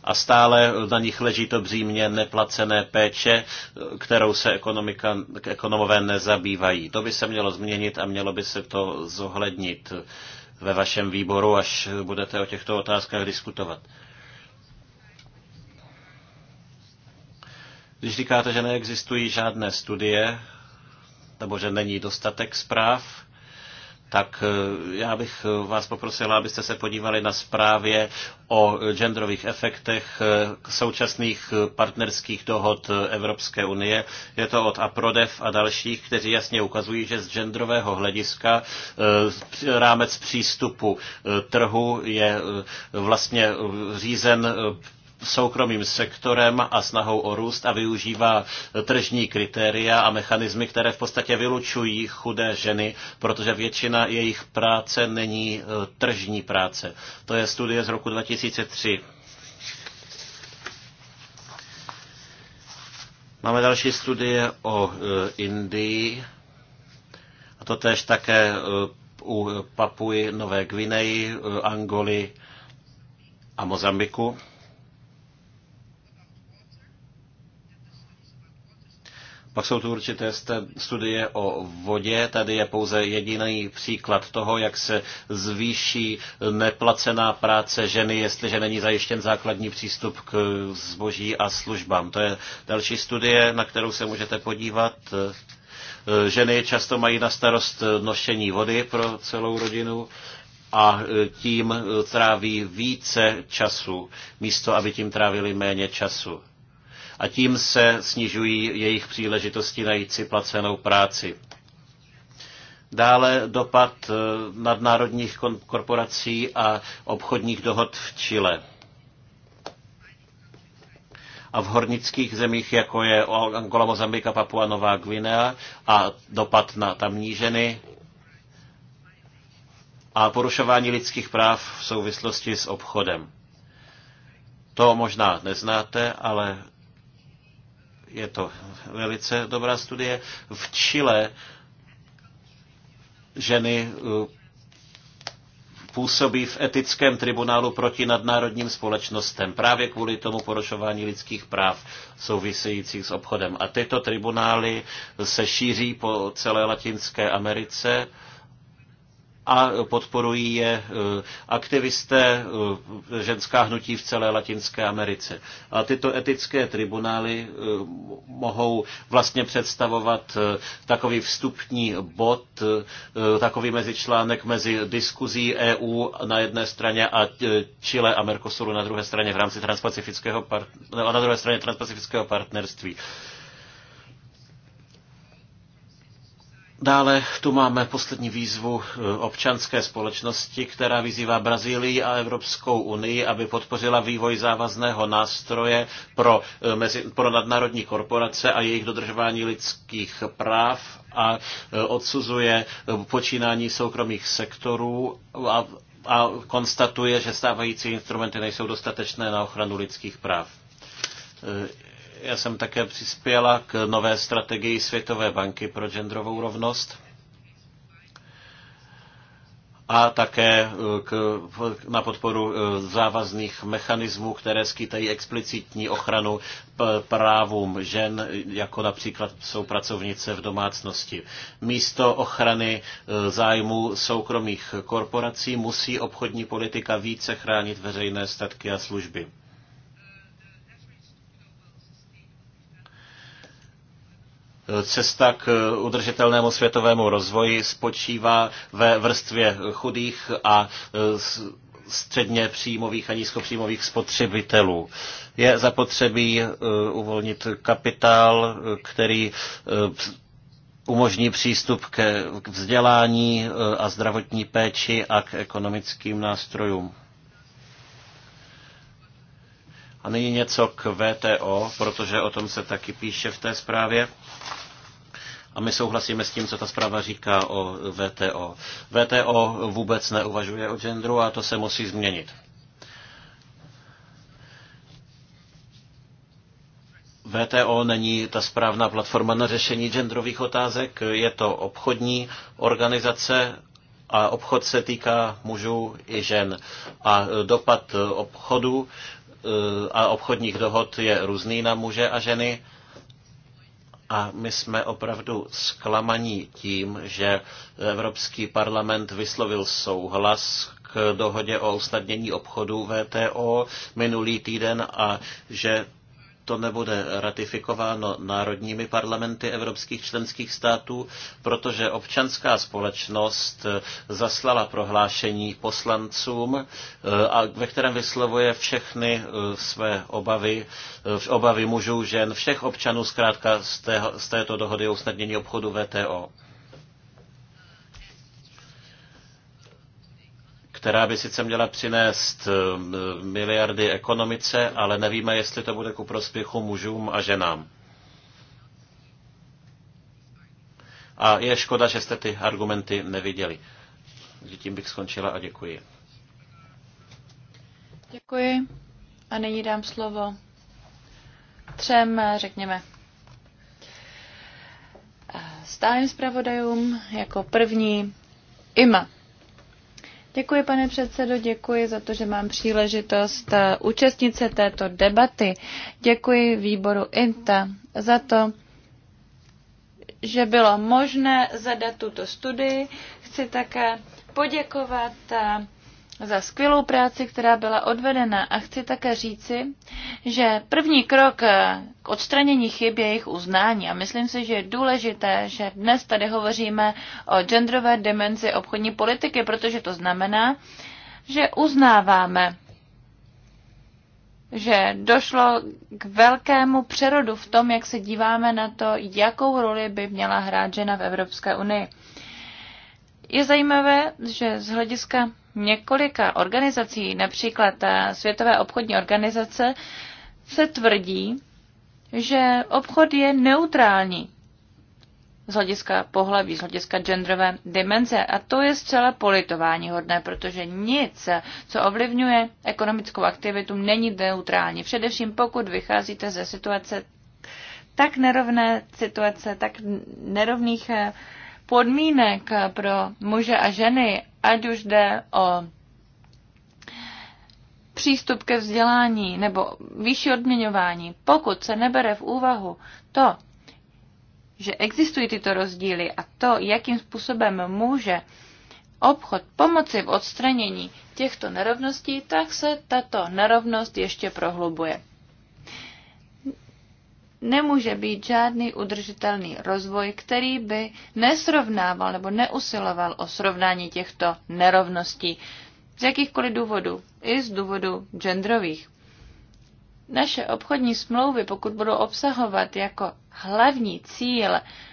a stále na nich leží to břímně neplacené péče, kterou se ekonomika, ekonomové nezabývají. To by se mělo změnit a mělo by se to zohlednit ve vašem výboru, až budete o těchto otázkách diskutovat. Když říkáte, že neexistují žádné studie, nebo že není dostatek zpráv, tak eh, já bych eh, vás poprosila, abyste se podívali na zprávě o genderových efektech eh, současných partnerských dohod Evropské unie. Je to od APRODEV a dalších, kteří jasně ukazují, že z genderového hlediska rámec přístupu trhu je vlastně řízen soukromým sektorem a snahou o růst a využívá tržní kritéria a mechanismy, které v podstatě vylučují chudé ženy, protože většina jejich práce není e, tržní práce. To je studie z roku 2003. Máme další studie o e, Indii a to tež také e, u Papuji, Nové Gvineji, Angoly a Mozambiku. Pak jsou tu určité studie o vodě. Tady je pouze jediný příklad toho, jak se zvýší neplacená práce ženy, jestliže není zajištěn základní přístup k zboží a službám. To je další studie, na kterou se můžete podívat. Ženy často mají na starost nošení vody pro celou rodinu a tím tráví více času, místo aby tím trávili méně času a tím se snižují jejich příležitosti najít si placenou práci. Dále dopad eh, nadnárodních korporací a obchodních dohod v Chile a v hornických zemích, jako je Angola, Mozambika, Papua Nová Guinea a dopad na tamní ženy a porušování lidských práv v souvislosti s obchodem. To možná neznáte, ale je to velice dobrá studie. V Chile ženy eh, působí v etickém tribunálu proti nadnárodním společnostem právě kvůli tomu porušování lidských práv souvisejících s obchodem. A tyto tribunály se šíří po celé Latinské Americe a podporují je eh, aktivisté eh, ženská hnutí v celé Latinské Americe. A tyto etické tribunály eh, mohou vlastně představovat takový vstupní bod, takový mezičlánek mezi diskuzí EU na jedné straně a Chile a Mercosuru na druhé straně v rámci transpacifického part- na druhé straně transpacifického partnerství. Dále tu máme poslední výzvu eh, občanské společnosti, která vyzývá Brazílii a Evropskou unii, aby podpořila vývoj závazného nástroje pro, eh, mezi, pro nadnárodní korporace a jejich dodržování lidských práv a eh, odsuzuje počínání soukromých sektorů a, a konstatuje, že stávající instrumenty nejsou dostatečné na ochranu lidských práv. Já jsem také přispěla k nové strategii Světové banky pro genderovou rovnost a také eh, k, na podporu eh, závazných mechanismů, které skýtají explicitní ochranu právům žen, jako například jsou pracovnice v domácnosti. Místo ochrany eh, zájmů soukromých korporací musí obchodní politika více chránit veřejné statky a služby. Cesta k udržitelnému světovému rozvoji spočívá ve vrstvě chudých a e, středně příjmových a nízkopříjmových spotřebitelů. Je zapotřebí e, uvolnit kapitál, který e, umožní přístup ke vzdělání a zdravotní péči a k ekonomickým nástrojům. A nyní něco k VTO, protože o tom se taky píše v té zprávě. A my souhlasíme s tím, co ta zpráva říká o VTO. VTO vůbec neuvažuje o genderu a to se musí změnit. VTO není ta správná platforma na řešení genderových otázek, je to obchodní organizace a obchod se týká mužů i žen. A dopad obchodu e, a obchodních dohod je různý na muže a ženy a my jsme opravdu zklamaní tím, že Evropský parlament vyslovil souhlas k dohodě o usnadnění obchodu VTO minulý týden a že to nebude ratifikováno národními parlamenty evropských členských států, protože občanská společnost eh, zaslala prohlášení poslancům, eh, a ve kterém vyslovuje všechny eh, své obavy, obavy mužů, žen, všech občanů zkrátka z, z této dohody o usnadnění obchodu VTO. která by sice měla přinést eh, miliardy ekonomice, ale nevíme, jestli to bude ku prospěchu mužům a ženám. A je škoda, že jste ty argumenty neviděli. tím bych skončila a děkuji. Děkuji. A nyní dám slovo třem, eh, řekněme, eh, stálým zpravodajům jako první IMA. Děkuji, pane předsedo, děkuji za to, že mám příležitost eh, účastnit se této debaty. Děkuji výboru INTA za to, že bylo možné zadat tuto studii. Chci také poděkovat eh, za skvělou práci, která byla odvedena a chci také říci, že první krok eh, k odstranění chyb je jejich uznání a myslím si, že je důležité, že dnes tady hovoříme o genderové dimenzi obchodní politiky, protože to znamená, že uznáváme, že došlo k velkému přerodu v tom, jak se díváme na to, jakou roli by měla hrát žena v Evropské unii. Je zajímavé, že z hlediska několika organizací, například ta eh, Světové obchodní organizace, se tvrdí, že obchod je neutrální z hlediska pohlaví, z hlediska genderové dimenze. A to je zcela politování hodné, protože nic, co ovlivňuje ekonomickou aktivitu, není neutrální. Především pokud vycházíte ze situace tak nerovné situace, tak nerovných eh, podmínek pro muže a ženy, ať už jde o přístup ke vzdělání nebo vyšší odměňování, pokud se nebere v úvahu to, že existují tyto rozdíly a to, jakým způsobem může obchod pomoci v odstranění těchto nerovností, tak se tato nerovnost ještě prohlubuje nemůže být žádný udržitelný rozvoj, který by nesrovnával nebo neusiloval o srovnání těchto nerovností z jakýchkoliv důvodů, i z důvodu genderových. Naše obchodní smlouvy, pokud budou obsahovat jako hlavní cíl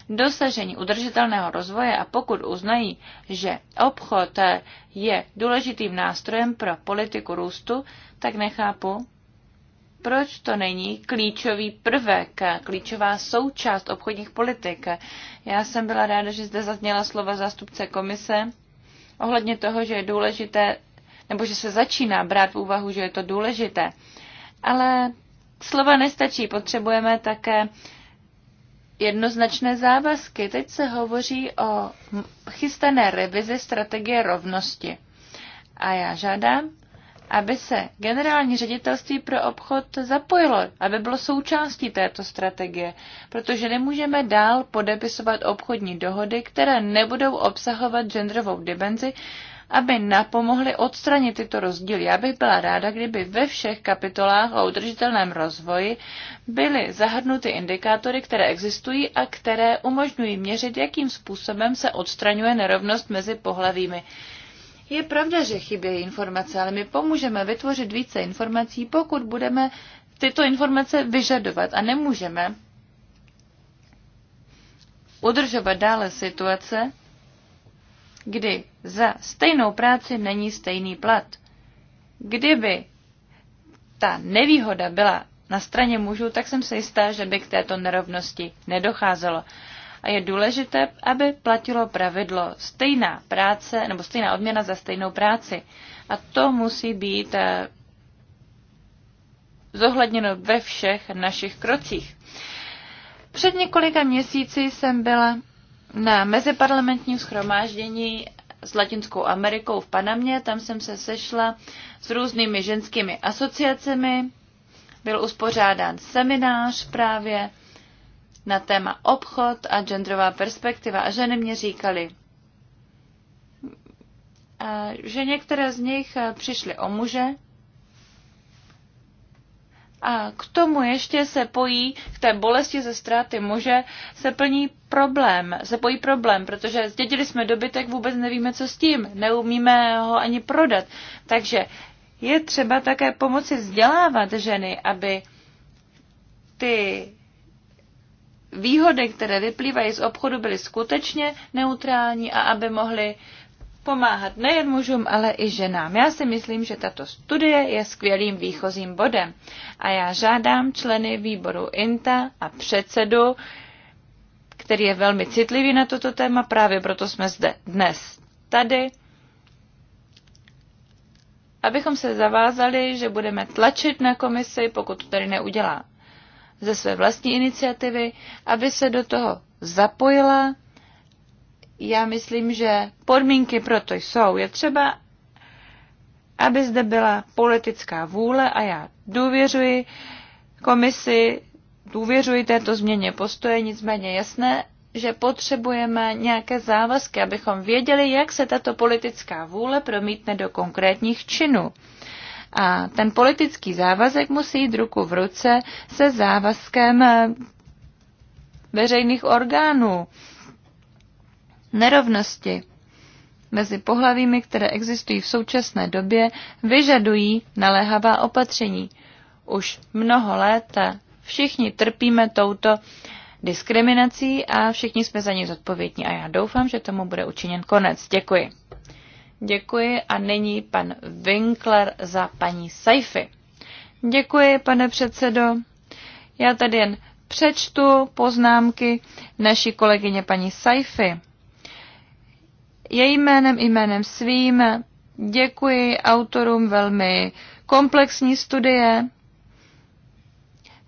dosažení udržitelného rozvoje a pokud uznají, že obchod je důležitým nástrojem pro politiku růstu, tak nechápu, proč to není klíčový prvek, klíčová součást obchodních politik. Já jsem byla ráda, že zde zazněla slova zástupce komise ohledně toho, že je důležité, nebo že se začíná brát v úvahu, že je to důležité. Ale slova nestačí, potřebujeme také jednoznačné závazky. Teď se hovoří o chystané revizi strategie rovnosti. A já žádám, aby se generální ředitelství pro obchod zapojilo, aby bylo součástí této strategie, protože nemůžeme dál podepisovat obchodní dohody, které nebudou obsahovat genderovou dimenzi, aby napomohly odstranit tyto rozdíly. Já bych byla ráda, kdyby ve všech kapitolách o udržitelném rozvoji byly zahrnuty indikátory, které existují a které umožňují měřit, jakým způsobem se odstraňuje nerovnost mezi pohlavími. Je pravda, že chybějí informace, ale my pomůžeme vytvořit více informací, pokud budeme tyto informace vyžadovat a nemůžeme udržovat dále situace, kdy za stejnou práci není stejný plat. Kdyby ta nevýhoda byla na straně mužů, tak jsem se jistá, že by k této nerovnosti nedocházelo a je důležité, aby platilo pravidlo stejná práce nebo stejná odměna za stejnou práci. A to musí být eh, zohledněno ve všech našich krocích. Před několika měsíci jsem byla na meziparlamentním schromáždění s Latinskou Amerikou v Panamě. Tam jsem se sešla s různými ženskými asociacemi. Byl uspořádán seminář právě na téma obchod a genderová perspektiva a ženy mě říkali, že některé z nich eh, přišly o muže a k tomu ještě se pojí, k té bolesti ze ztráty muže, se plní problém, se pojí problém, protože zdědili jsme dobytek, vůbec nevíme, co s tím, neumíme ho ani prodat. Takže je třeba také pomoci vzdělávat ženy, aby ty výhody, které vyplývají z obchodu, byly skutečně neutrální a aby mohly pomáhat nejen mužům, ale i ženám. Já si myslím, že tato studie je skvělým výchozím bodem a já žádám členy výboru INTA a předsedu, který je velmi citlivý na toto téma, právě proto jsme zde dnes tady, abychom se zavázali, že budeme tlačit na komisi, pokud to tady neudělá ze své vlastní iniciativy, aby se do toho zapojila. Já myslím, že podmínky pro to jsou. Je třeba, aby zde byla politická vůle a já důvěřuji komisi, důvěřuji této změně postoje, nicméně jasné, že potřebujeme nějaké závazky, abychom věděli, jak se tato politická vůle promítne do konkrétních činů. A ten politický závazek musí jít ruku v ruce se závazkem eh, veřejných orgánů. Nerovnosti mezi pohlavími, které existují v současné době, vyžadují naléhavá opatření. Už mnoho let všichni trpíme touto diskriminací a všichni jsme za ní zodpovědní. A já doufám, že tomu bude učiněn konec. Děkuji. Děkuji a nyní pan Winkler za paní Saifi. Děkuji, pane předsedo. Já tady jen přečtu poznámky naší kolegyně paní Saify. Její jménem jménem svým děkuji autorům velmi komplexní studie.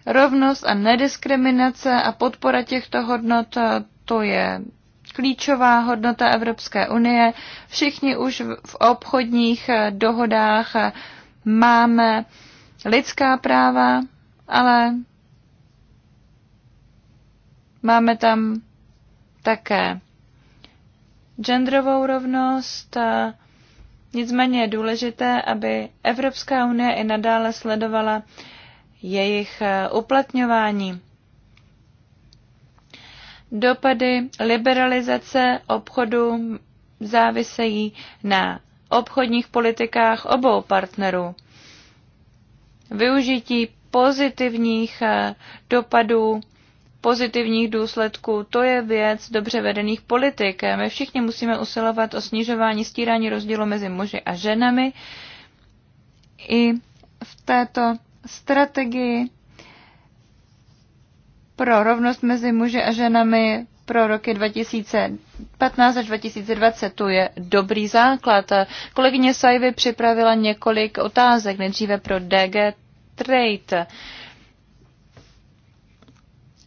Rovnost a nediskriminace a podpora těchto hodnot, to je klíčová hodnota Evropské unie. Všichni už v obchodních eh, dohodách eh, máme lidská práva, ale máme tam také genderovou rovnost. Eh, nicméně je důležité, aby Evropská unie i nadále sledovala jejich uplatňování. Dopady liberalizace obchodu závisejí na obchodních politikách obou partnerů. Využití pozitivních eh, dopadů, pozitivních důsledků, to je věc dobře vedených politik. My všichni musíme usilovat o snižování stírání rozdílu mezi muži a ženami i v této strategii pro rovnost mezi muži a ženami pro roky 2015 až 2020 tu je dobrý základ. Kolegyně Sajvy připravila několik otázek, nejdříve pro DG Trade.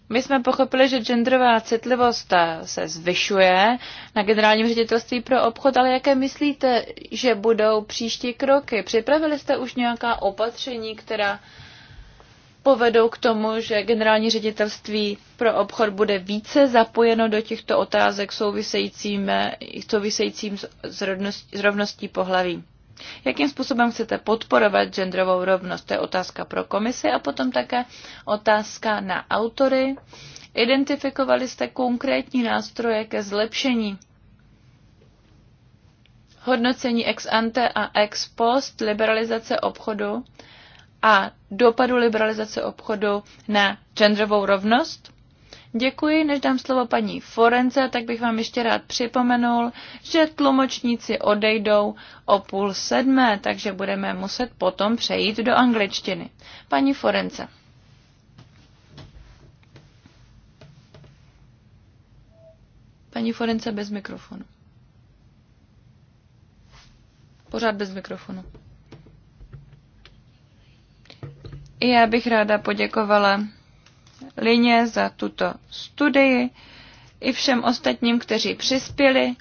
My jsme pochopili, že genderová citlivost se zvyšuje na generálním ředitelství pro obchod, ale jaké myslíte, že budou příští kroky? Připravili jste už nějaká opatření, která povedou k tomu, že generální ředitelství pro obchod bude více zapojeno do těchto otázek souvisejícím, souvisejícím s, rovnost, s rovností pohlaví. Jakým způsobem chcete podporovat genderovou rovnost? To je otázka pro komisi a potom také otázka na autory. Identifikovali jste konkrétní nástroje ke zlepšení hodnocení ex ante a ex post liberalizace obchodu a dopadu liberalizace obchodu na genderovou rovnost. Děkuji, než dám slovo paní Forence, tak bych vám ještě rád připomenul, že tlumočníci odejdou o půl sedmé, takže budeme muset potom přejít do angličtiny. Paní Forence. Paní Forence bez mikrofonu. Pořád bez mikrofonu. I já bych ráda poděkovala Lině za tuto studii i všem ostatním, kteří přispěli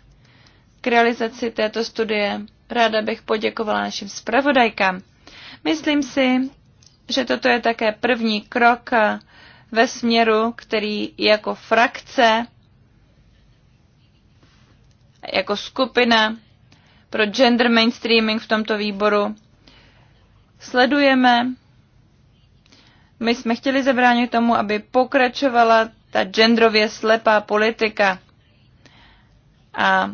k realizaci této studie. Ráda bych poděkovala našim zpravodajkám. Myslím si, že toto je také první krok ve směru, který jako frakce, jako skupina pro gender mainstreaming v tomto výboru sledujeme my jsme chtěli zabránit tomu, aby pokračovala ta genderově slepá politika. A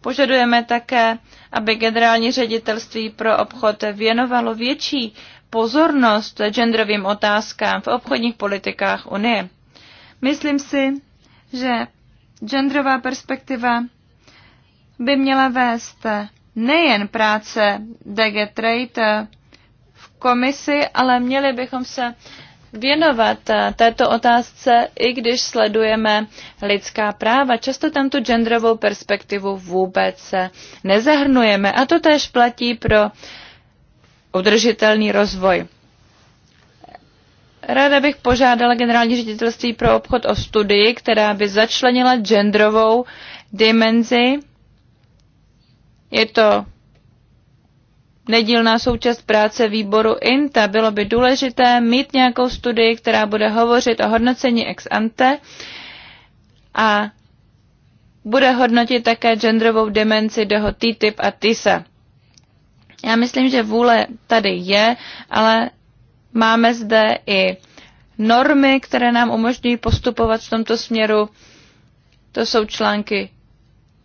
požadujeme také, aby generální ředitelství pro obchod věnovalo větší pozornost genderovým otázkám v obchodních politikách Unie. Myslím si, že genderová perspektiva by měla vést nejen práce DG Trade komisi, ale měli bychom se věnovat eh, této otázce, i když sledujeme lidská práva. Často tam tu genderovou perspektivu vůbec eh, nezahrnujeme a to též platí pro udržitelný rozvoj. Ráda bych požádala generální ředitelství pro obchod o studii, která by začlenila genderovou dimenzi. Je to nedílná součást práce výboru INTA. Bylo by důležité mít nějakou studii, která bude hovořit o hodnocení ex ante a bude hodnotit také genderovou demenci doho TTIP a TISA. Já myslím, že vůle tady je, ale máme zde i normy, které nám umožňují postupovat v tomto směru. To jsou články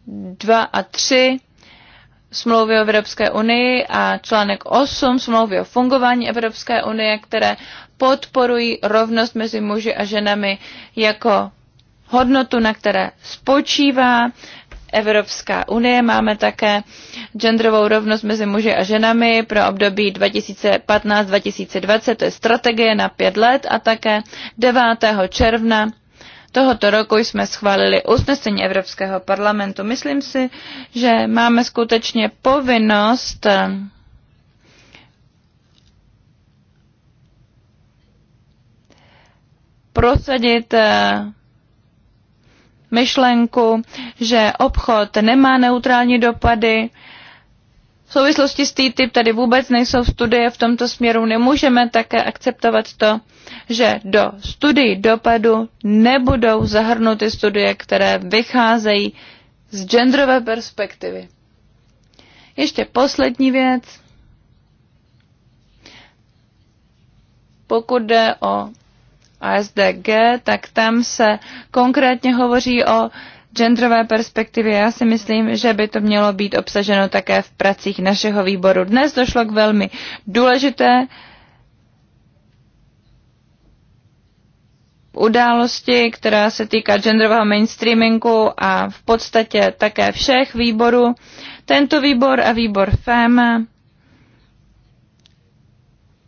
2 a 3 smlouvy o Evropské unii a článek 8 smlouvy o fungování Evropské unie, které podporují rovnost mezi muži a ženami jako hodnotu, na které spočívá Evropská unie. Máme také genderovou rovnost mezi muži a ženami pro období 2015-2020, to je strategie na pět let a také 9. června tohoto roku jsme schválili usnesení Evropského parlamentu. Myslím si, že máme skutečně povinnost eh, prosadit eh, myšlenku, že obchod nemá neutrální dopady, v souvislosti s TTIP tady vůbec nejsou studie v tomto směru. Nemůžeme také akceptovat to, že do studií dopadu nebudou zahrnuty studie, které vycházejí z genderové perspektivy. Ještě poslední věc. Pokud jde o ASDG, tak tam se konkrétně hovoří o genderové perspektivy. Já si myslím, že by to mělo být obsaženo také v pracích našeho výboru. Dnes došlo k velmi důležité události, která se týká genderového mainstreamingu a v podstatě také všech výborů. Tento výbor a výbor FEM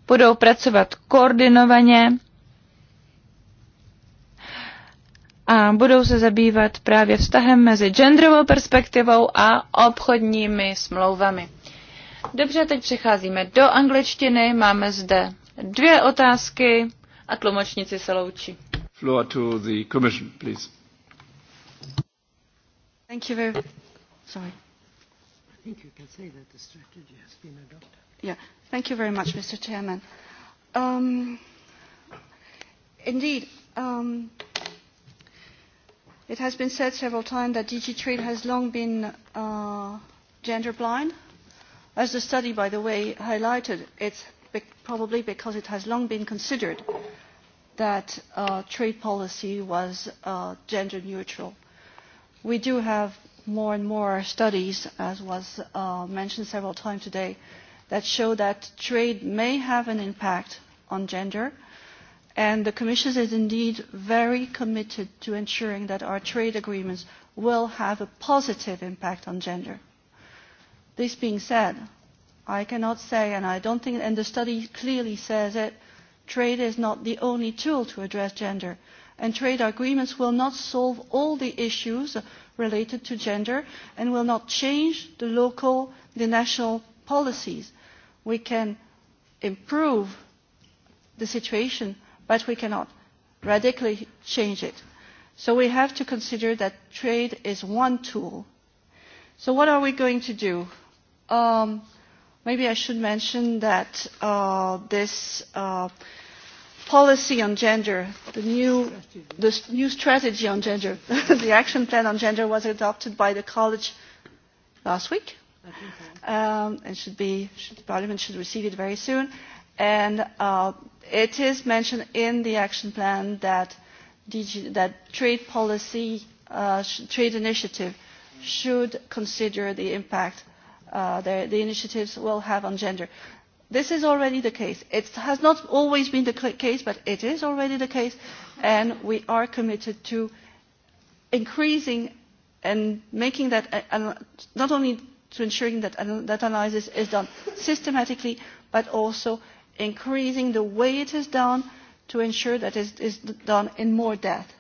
budou pracovat koordinovaně a budou se zabývat právě vztahem mezi genderovou perspektivou a obchodními smlouvami. Dobře, teď přecházíme do angličtiny. Máme zde dvě otázky a tlumočníci se loučí. Floor to the commission, please. Thank you very much. Sorry. I think you can say that the strategy has been adopted. Yeah. Thank you very much, Mr. Chairman. Um, indeed, um, It has been said several times that DG Trade has long been uh, gender blind. As the study, by the way, highlighted, it's be probably because it has long been considered that uh, trade policy was uh, gender neutral. We do have more and more studies, as was uh, mentioned several times today, that show that trade may have an impact on gender, And the Commission is indeed very committed to ensuring that our trade agreements will have a positive impact on gender. This being said, I cannot say, and I don't think, and the study clearly says it, trade is not the only tool to address gender. And trade agreements will not solve all the issues related to gender and will not change the local, the national policies. We can improve the situation but we cannot radically change it. So we have to consider that trade is one tool. So what are we going to do? Um, maybe I should mention that uh, this uh, policy on gender, the new, the new strategy on gender, the action plan on gender was adopted by the college last week. Um, and should be, should, Parliament should receive it very soon and uh, it is mentioned in the action plan that, DG, that trade policy, uh, sh- trade initiative should consider the impact uh, the, the initiatives will have on gender. This is already the case. It has not always been the case, but it is already the case, and we are committed to increasing and making that uh, not only to ensuring that uh, that analysis is done systematically, but also increasing the way it is done to ensure that it is done in more depth.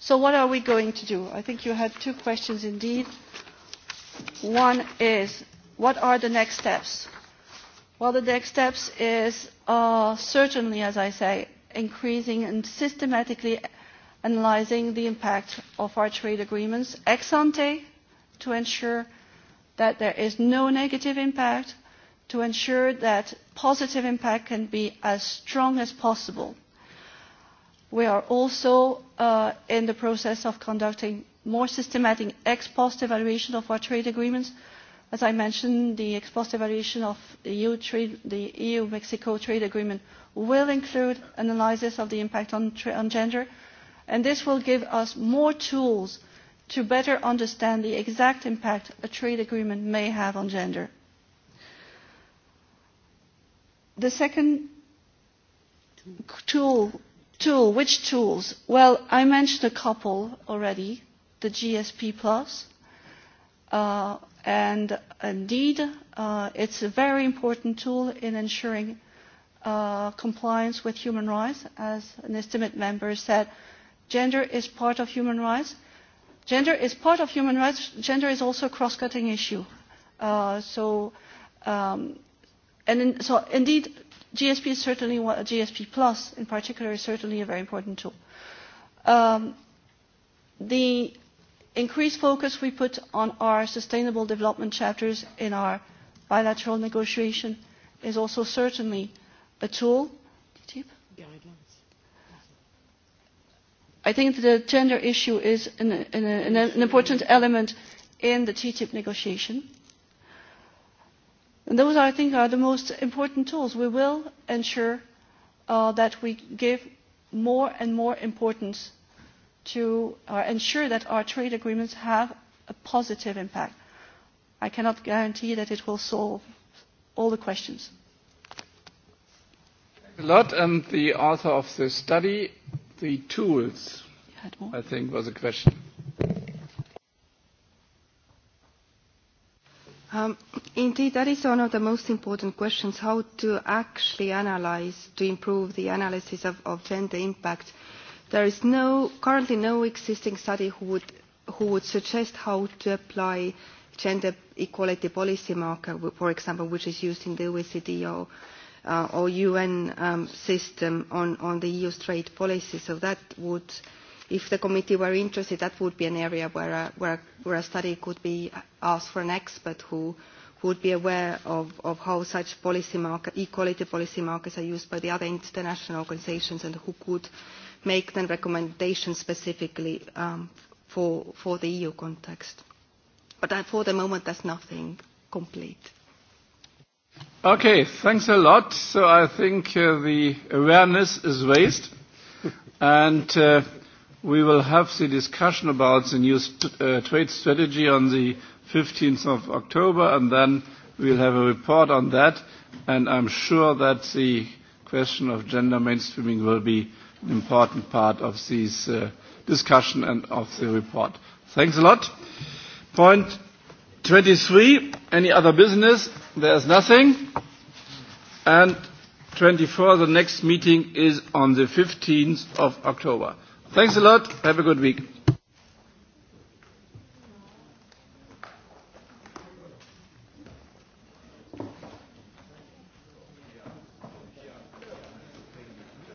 So what are we going to do? I think you had two questions indeed. One is, what are the next steps? Well, the next steps is uh, certainly, as I say, increasing and systematically analyzing the impact of our trade agreements ex ante to ensure that there is no negative impact to ensure that positive impact can be as strong as possible. We are also uh, in the process of conducting more systematic ex post evaluation of our trade agreements. As I mentioned, the ex post evaluation of EU e trade, the EU-Mexico trade agreement will include analysis of the impact on, on gender, and this will give us more tools to better understand the exact impact a trade agreement may have on gender the second tool, tool, which tools? Well, I mentioned a couple already, the GSP Plus, uh, and indeed, uh, it's a very important tool in ensuring uh, compliance with human rights. As an estimate member said, gender is part of human rights. Gender is part of human rights. Gender is also a cross-cutting issue. Uh, so um, And in, so indeed, GSP is certainly, GSP Plus in particular, is certainly a very important tool. Um, the increased focus we put on our sustainable development chapters in our bilateral negotiation is also certainly a tool. I think the gender issue is an, an, an, an important element in the TTIP negotiation those, I think, are the most important tools. We will ensure uh, that we give more and more importance to uh, ensure that our trade agreements have a positive impact. I cannot guarantee that it will solve all the questions. a lot. And the author of the study, the tools, I think, was a question. Um, indeed, that is one of the most important questions, how to actually analyze, to improve the analysis of, of gender impact. There is no, currently no existing study who would, who would suggest how to apply gender equality policy marker, for example, which is used in the OECD or, uh, or UN um, system on, on the EU's trade policy. So that would if the committee were interested, that would be an area where a, uh, where a, where a study could be asked for an expert who would be aware of, of how such policy market, equality policy markets are used by the other international organizations and who could make then recommendations specifically um, for, for the EU context. But uh, for the moment, there's nothing complete. Okay, thanks a lot. So I think uh, the awareness is raised. and uh, we will have the discussion about the new st uh, trade strategy on the 15th of October, and then we'll have a report on that. And I'm sure that the question of gender mainstreaming will be an important part of this uh, discussion and of the report. Thanks a lot. Point 23, any other business? There is nothing. And 24, the next meeting is on the 15th of October. Thanks a lot. Have a good week.